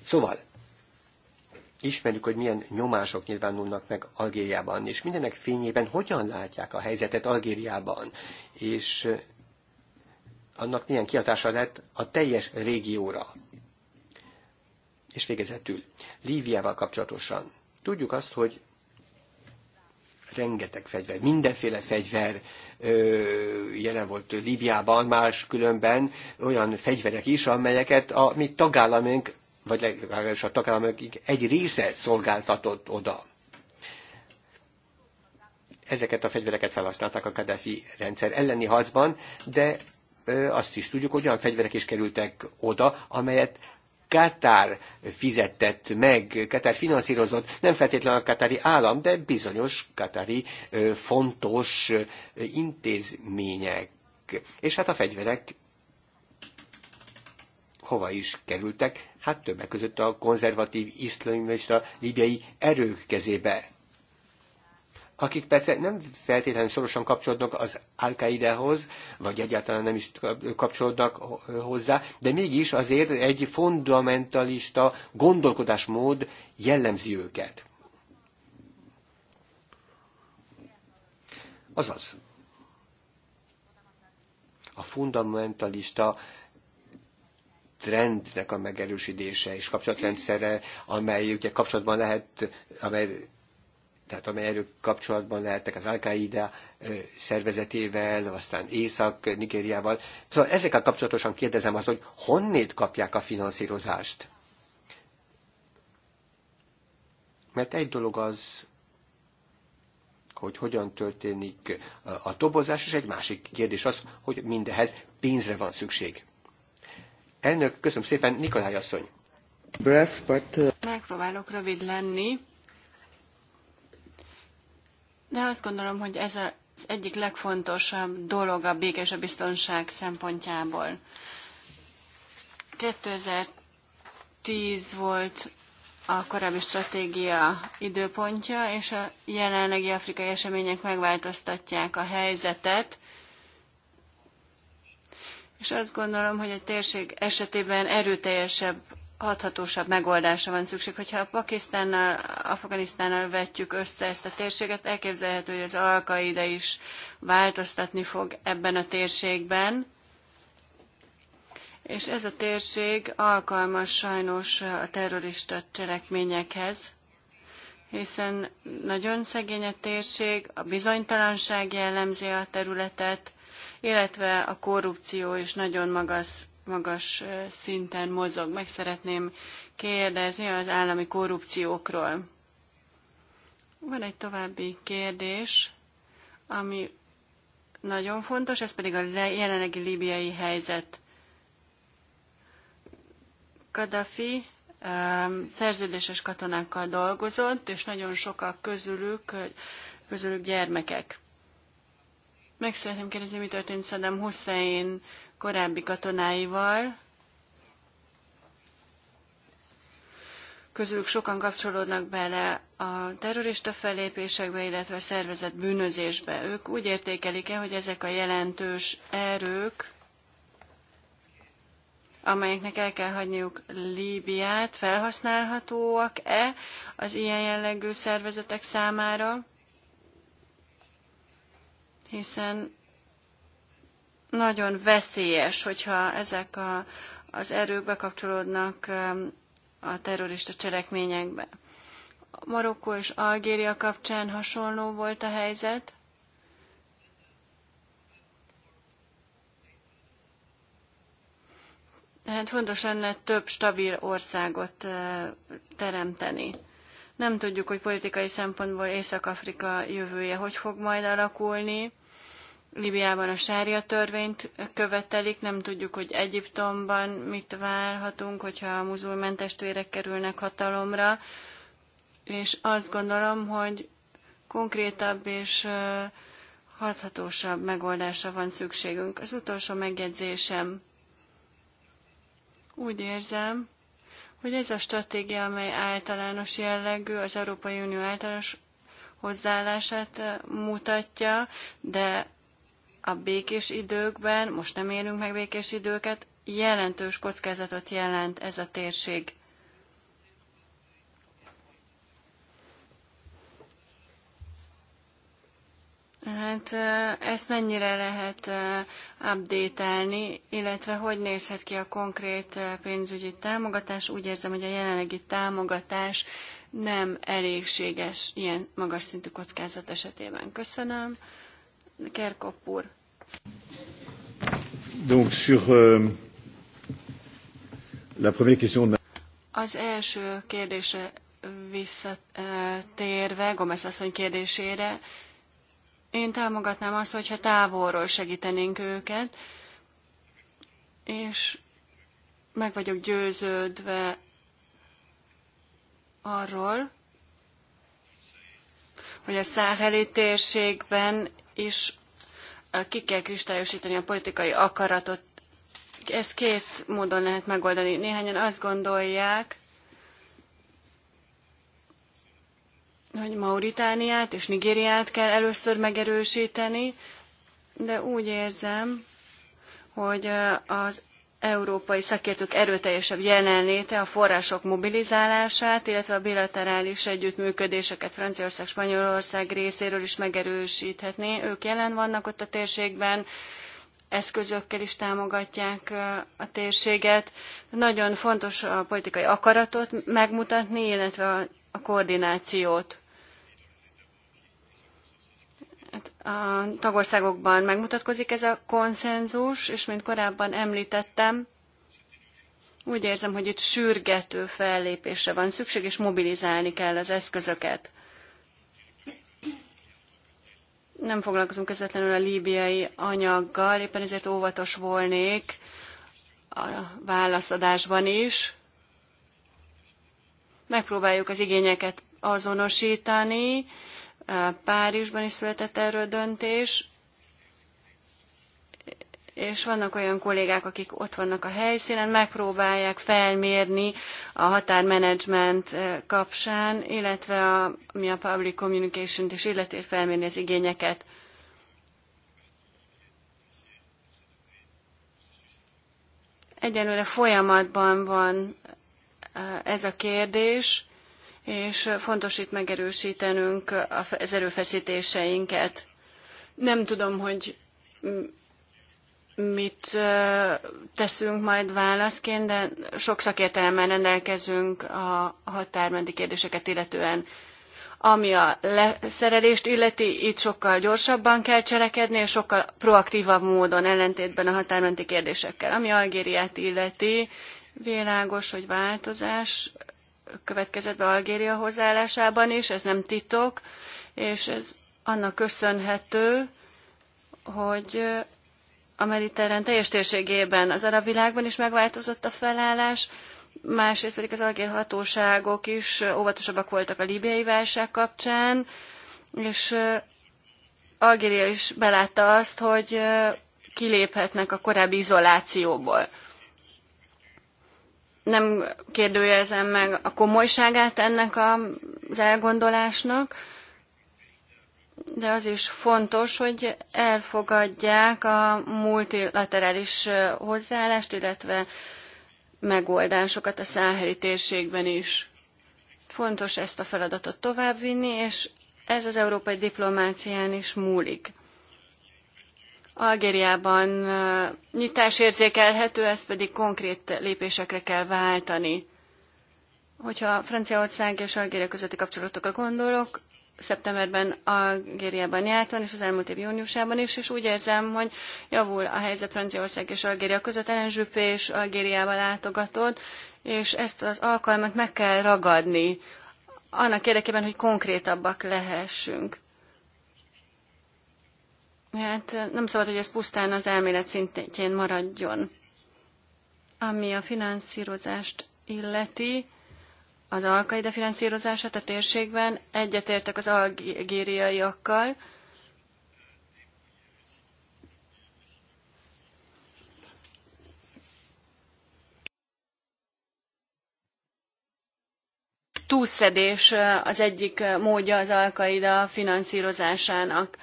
Szóval, ismerjük, hogy milyen nyomások nyilvánulnak meg Algériában, és mindenek fényében hogyan látják a helyzetet Algériában. És annak milyen kihatása lett a teljes régióra. És végezetül, Líviával kapcsolatosan. Tudjuk azt, hogy rengeteg fegyver, mindenféle fegyver ö, jelen volt Líbiában, más különben olyan fegyverek is, amelyeket a mi tagállamunk, vagy legalábbis a tagállamunk egy része szolgáltatott oda. Ezeket a fegyvereket felhasználták a Kaddafi rendszer elleni harcban, de azt is tudjuk, hogy olyan fegyverek is kerültek oda, amelyet Katár fizetett meg, Katár finanszírozott, nem feltétlenül a katári állam, de bizonyos katári fontos intézmények. És hát a fegyverek hova is kerültek? Hát többek között a konzervatív iszlamista libiai erők kezébe akik persze nem feltétlenül szorosan kapcsolódnak az al vagy egyáltalán nem is kapcsolódnak hozzá, de mégis azért egy fundamentalista gondolkodásmód jellemzi őket. Azaz, a fundamentalista trendnek a megerősítése és kapcsolatrendszere, amely ugye kapcsolatban lehet, amely tehát amelyről kapcsolatban lehettek az al qaeda szervezetével, aztán Észak-Nigériával. Szóval ezekkel kapcsolatosan kérdezem azt, hogy honnét kapják a finanszírozást? Mert egy dolog az, hogy hogyan történik a tobozás, és egy másik kérdés az, hogy mindehez pénzre van szükség. Elnök, köszönöm szépen, Nikolaj asszony. Bref, but... Uh, Megpróbálok rövid lenni de azt gondolom, hogy ez az egyik legfontosabb dolog a békés a biztonság szempontjából. 2010 volt a korábbi stratégia időpontja, és a jelenlegi afrikai események megváltoztatják a helyzetet. És azt gondolom, hogy a térség esetében erőteljesebb hathatósabb megoldásra van szükség. Hogyha a Pakisztánnal, Afganisztánnal vetjük össze ezt a térséget, elképzelhető, hogy az ide is változtatni fog ebben a térségben. És ez a térség alkalmas sajnos a terrorista cselekményekhez, hiszen nagyon szegény a térség, a bizonytalanság jellemzi a területet, illetve a korrupció is nagyon magas magas szinten mozog. Meg szeretném kérdezni az állami korrupciókról. Van egy további kérdés, ami nagyon fontos, ez pedig a jelenlegi líbiai helyzet. Kaddafi szerződéses katonákkal dolgozott, és nagyon sokak közülük, közülük gyermekek. Meg szeretném kérdezni, mi történt szedem Hussein korábbi katonáival. Közülük sokan kapcsolódnak bele a terrorista fellépésekbe, illetve a szervezett bűnözésbe. Ők úgy értékelik -e, hogy ezek a jelentős erők, amelyeknek el kell hagyniuk Líbiát, felhasználhatóak-e az ilyen jellegű szervezetek számára? Hiszen nagyon veszélyes, hogyha ezek a, az erők bekapcsolódnak um, a terrorista cselekményekbe. Marokkó és Algéria kapcsán hasonló volt a helyzet. Tehát fontos lenne több stabil országot uh, teremteni. Nem tudjuk, hogy politikai szempontból Észak-Afrika jövője hogy fog majd alakulni. Libiában a sária törvényt követelik, nem tudjuk, hogy Egyiptomban mit várhatunk, hogyha a muzulmán testvérek kerülnek hatalomra, és azt gondolom, hogy konkrétabb és hathatósabb megoldásra van szükségünk. Az utolsó megjegyzésem. Úgy érzem, hogy ez a stratégia, amely általános jellegű, az Európai Unió általános hozzáállását mutatja, de a békés időkben, most nem élünk meg békés időket, jelentős kockázatot jelent ez a térség. Hát ezt mennyire lehet update illetve hogy nézhet ki a konkrét pénzügyi támogatás? Úgy érzem, hogy a jelenlegi támogatás nem elégséges ilyen magas szintű kockázat esetében. Köszönöm. Kerkop úr. Euh, Az első kérdése visszatérve, Gomez asszony kérdésére, én támogatnám azt, hogyha távolról segítenénk őket, és meg vagyok győződve arról, hogy a száheli térségben is ki kell kristályosítani a politikai akaratot. Ezt két módon lehet megoldani. Néhányan azt gondolják, hogy Mauritániát és Nigériát kell először megerősíteni, de úgy érzem, hogy az európai szakértők erőteljesebb jelenléte, a források mobilizálását, illetve a bilaterális együttműködéseket Franciaország, Spanyolország részéről is megerősíthetné. Ők jelen vannak ott a térségben, eszközökkel is támogatják a térséget. Nagyon fontos a politikai akaratot megmutatni, illetve a koordinációt. Hát a tagországokban megmutatkozik ez a konszenzus, és mint korábban említettem, úgy érzem, hogy itt sürgető fellépésre van szükség, és mobilizálni kell az eszközöket. Nem foglalkozunk közvetlenül a líbiai anyaggal, éppen ezért óvatos volnék a válaszadásban is. Megpróbáljuk az igényeket azonosítani, Párizsban is született erről döntés, és vannak olyan kollégák, akik ott vannak a helyszínen, megpróbálják felmérni a határmenedzsment eh, kapcsán, illetve a, mi a public communication-t is illetét felmérni az igényeket. Egyelőre folyamatban van eh, ez a kérdés, és fontos itt megerősítenünk az erőfeszítéseinket. Nem tudom, hogy mit teszünk majd válaszként, de sok szakértelemmel rendelkezünk a határmenti kérdéseket illetően. Ami a leszerelést illeti, itt sokkal gyorsabban kell cselekedni, és sokkal proaktívabb módon, ellentétben a határmenti kérdésekkel. Ami Algériát illeti, világos, hogy változás következett be Algéria hozzáállásában is, ez nem titok, és ez annak köszönhető, hogy a mediterrán teljes térségében, az arab világban is megváltozott a felállás, másrészt pedig az algér hatóságok is óvatosabbak voltak a libiai válság kapcsán, és Algéria is belátta azt, hogy kiléphetnek a korábbi izolációból nem kérdőjelezem meg a komolyságát ennek az elgondolásnak, de az is fontos, hogy elfogadják a multilaterális hozzáállást, illetve megoldásokat a száheli térségben is. Fontos ezt a feladatot továbbvinni, és ez az európai diplomácián is múlik. Algériában nyitás érzékelhető, ezt pedig konkrét lépésekre kell váltani. Hogyha Franciaország és Algéria közötti kapcsolatokra gondolok, szeptemberben Algériában jártam, és az elmúlt év júniusában is, és úgy érzem, hogy javul a helyzet Franciaország és Algéria között. Ellen Zsüppé és Algériába látogatod, és ezt az alkalmat meg kell ragadni, annak érdekében, hogy konkrétabbak lehessünk. Hát nem szabad, hogy ez pusztán az elmélet szintjén maradjon. Ami a finanszírozást illeti, az alkaida finanszírozását a térségben egyetértek az algériaiakkal, túszedés az egyik módja az alkaida finanszírozásának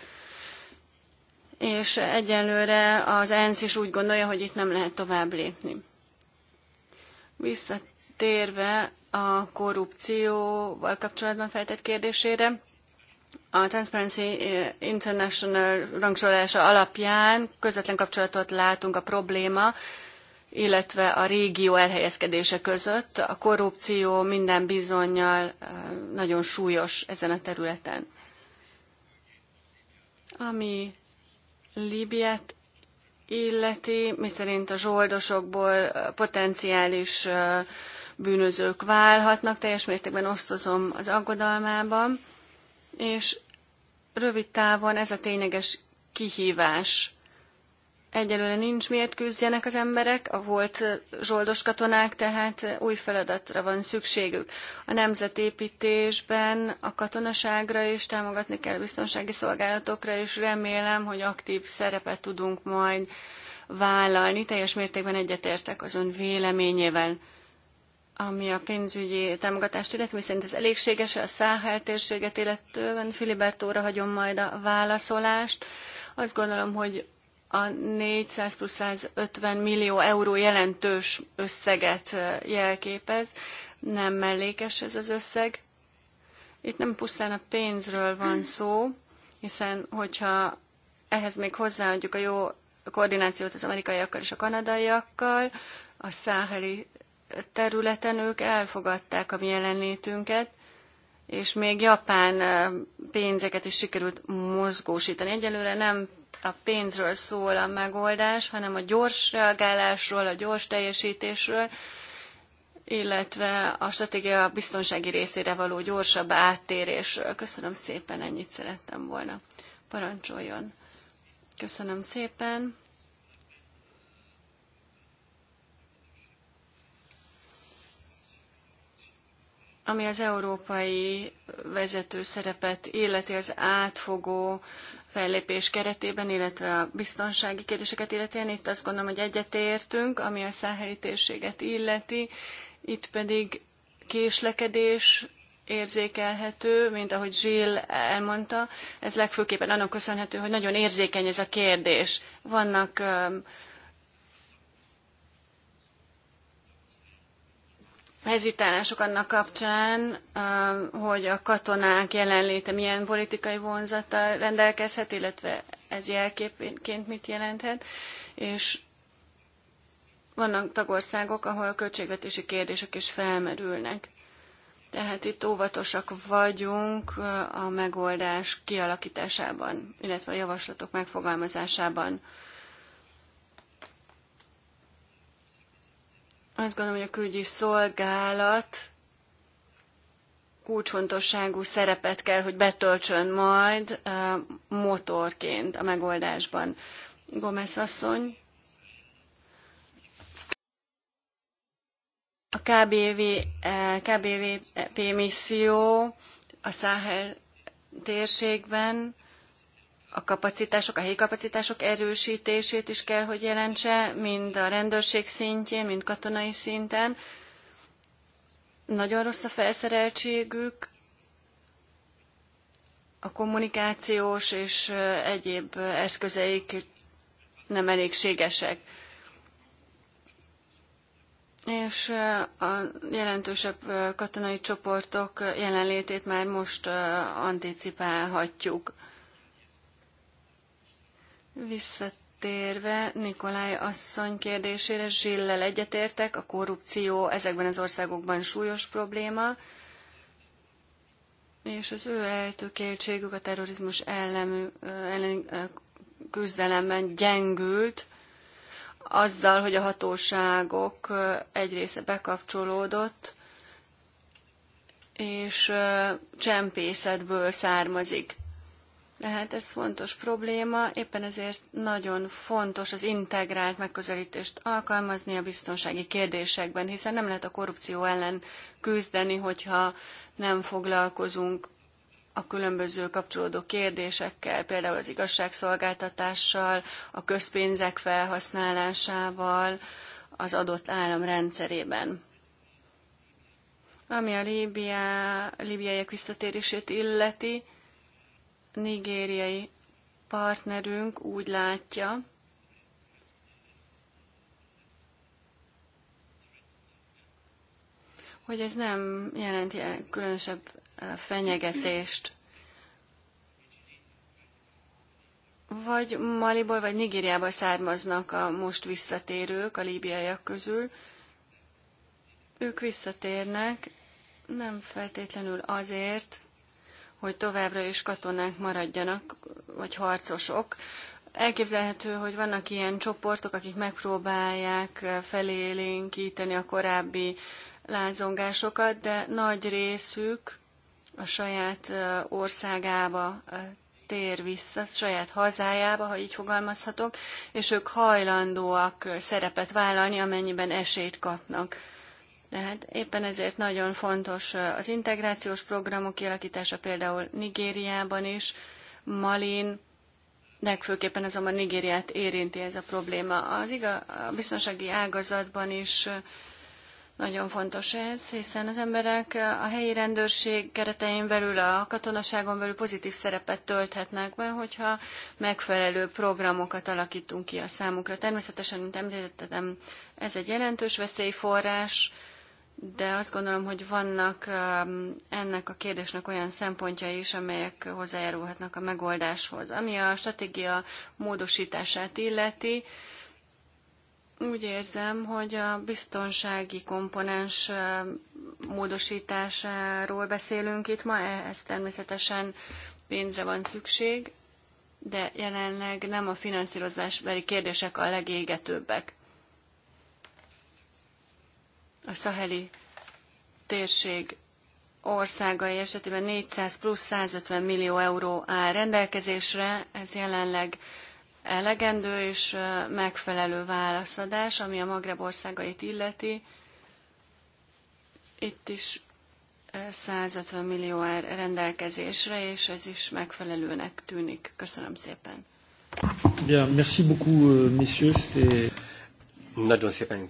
és egyelőre az ENSZ is úgy gondolja, hogy itt nem lehet tovább lépni. Visszatérve a korrupcióval kapcsolatban feltett kérdésére, a Transparency International rangsorolása alapján közvetlen kapcsolatot látunk a probléma, illetve a régió elhelyezkedése között. A korrupció minden bizonyal nagyon súlyos ezen a területen. Ami Líbiát illeti, miszerint a zsoldosokból potenciális bűnözők válhatnak, teljes mértékben osztozom az aggodalmában, és rövid távon ez a tényleges kihívás Egyelőre nincs miért küzdjenek az emberek, a volt zsoldos katonák, tehát új feladatra van szükségük. A nemzetépítésben a katonaságra is támogatni kell, biztonsági szolgálatokra is remélem, hogy aktív szerepet tudunk majd vállalni. Teljes mértékben egyetértek az ön véleményével ami a pénzügyi támogatást illeti, mi szerint ez elégséges a Száhel térséget illetően. Filibert óra hagyom majd a válaszolást. Azt gondolom, hogy a 400 plusz 150 millió euró jelentős összeget jelképez, nem mellékes ez az összeg. Itt nem pusztán a pénzről van szó, hiszen hogyha ehhez még hozzáadjuk a jó koordinációt az amerikaiakkal és a kanadaiakkal, a száheli területen ők elfogadták a mi jelenlétünket, és még japán pénzeket is sikerült mozgósítani. Egyelőre nem a pénzről szól a megoldás, hanem a gyors reagálásról, a gyors teljesítésről, illetve a stratégia biztonsági részére való gyorsabb áttérésről. Köszönöm szépen, ennyit szerettem volna. Parancsoljon. Köszönöm szépen. ami az európai vezető szerepet illeti az átfogó fellépés keretében, illetve a biztonsági kérdéseket illetően. Itt azt gondolom, hogy egyetértünk, ami a száheli térséget illeti, itt pedig késlekedés érzékelhető, mint ahogy Zsill elmondta, ez legfőképpen annak köszönhető, hogy nagyon érzékeny ez a kérdés. Vannak hezitálások annak kapcsán, um, hogy a katonák jelenléte milyen politikai vonzata rendelkezhet, illetve ez jelképként mit jelenthet, és vannak tagországok, ahol a költségvetési kérdések is felmerülnek. Tehát itt óvatosak vagyunk uh, a megoldás kialakításában, illetve a javaslatok megfogalmazásában. Azt gondolom, hogy a külügyi szolgálat kulcsfontosságú szerepet kell, hogy betöltsön majd motorként a megoldásban. Gomez asszony. A KBV, eh, KBVP eh, misszió a Száhel térségben a kapacitások, a helyi kapacitások erősítését is kell, hogy jelentse, mind a rendőrség szintjén, mind katonai szinten. Nagyon rossz a felszereltségük, a kommunikációs és egyéb eszközeik nem elégségesek. És a jelentősebb katonai csoportok jelenlétét már most anticipálhatjuk. Visszatérve Nikolaj asszony kérdésére, Zsillel egyetértek, a korrupció ezekben az országokban súlyos probléma, és az ő eltökéltségük a terrorizmus ellen, ellen küzdelemben gyengült, azzal, hogy a hatóságok egy része bekapcsolódott, és csempészetből származik. Hát ez fontos probléma, éppen ezért nagyon fontos az integrált megközelítést alkalmazni a biztonsági kérdésekben, hiszen nem lehet a korrupció ellen küzdeni, hogyha nem foglalkozunk a különböző kapcsolódó kérdésekkel, például az igazságszolgáltatással, a közpénzek felhasználásával az adott állam rendszerében. Ami a Líbiá, líbiaiak visszatérését illeti, nigériai partnerünk úgy látja, hogy ez nem jelenti különösebb fenyegetést. Vagy Maliból, vagy Nigériából származnak a most visszatérők, a líbiaiak közül. Ők visszatérnek, nem feltétlenül azért, hogy továbbra is katonák maradjanak, vagy harcosok. Elképzelhető, hogy vannak ilyen csoportok, akik megpróbálják eh, felélénkíteni a korábbi lázongásokat, de nagy részük a saját eh, országába eh, tér vissza, saját hazájába, ha így fogalmazhatok, és ők hajlandóak szerepet vállalni, amennyiben esélyt kapnak hát éppen ezért nagyon fontos az integrációs programok kialakítása például Nigériában is, Malin, de főképpen azonban Nigériát érinti ez a probléma. Az iga, a biztonsági ágazatban is nagyon fontos ez, hiszen az emberek a helyi rendőrség keretein belül, a katonaságon belül pozitív szerepet tölthetnek be, hogyha megfelelő programokat alakítunk ki a számukra. Természetesen, mint említettem, ez egy jelentős veszélyforrás, de azt gondolom, hogy vannak um, ennek a kérdésnek olyan szempontjai is, amelyek hozzájárulhatnak a megoldáshoz. Ami a stratégia módosítását illeti, úgy érzem, hogy a biztonsági komponens uh, módosításáról beszélünk itt ma, ehhez természetesen pénzre van szükség, de jelenleg nem a finanszírozásbeli kérdések a legégetőbbek a szaheli térség országai esetében 400 plusz 150 millió euró áll rendelkezésre, ez jelenleg elegendő és megfelelő válaszadás, ami a Magreb országait illeti. Itt is 150 millió áll rendelkezésre, és ez is megfelelőnek tűnik. Köszönöm szépen. Bien, merci beaucoup, euh, messieurs. Nagyon szépen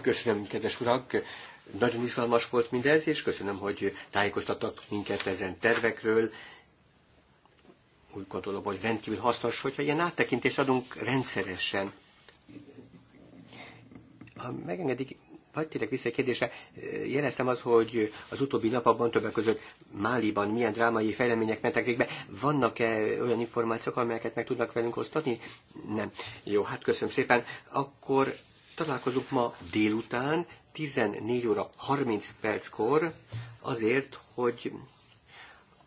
Köszönöm, kedves urak! Nagyon izgalmas volt mindez, és köszönöm, hogy tájékoztattak minket ezen tervekről. Úgy gondolom, hogy rendkívül hasznos, hogyha ilyen áttekintést adunk rendszeresen. Ha megengedik, vagy tényleg vissza egy kérdésre. Jeleztem az, hogy az utóbbi napokban többek között Máliban milyen drámai fejlemények mentek végbe. Vannak-e olyan információk, amelyeket meg tudnak velünk osztani? Nem. Jó, hát köszönöm szépen. Akkor Találkozunk ma délután 14 óra 30 perckor azért, hogy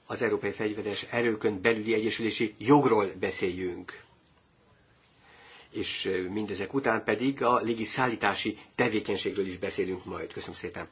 az Európai Fegyveres Erőkön belüli egyesülési jogról beszéljünk. És mindezek után pedig a légi szállítási tevékenységről is beszélünk majd. Köszönöm szépen!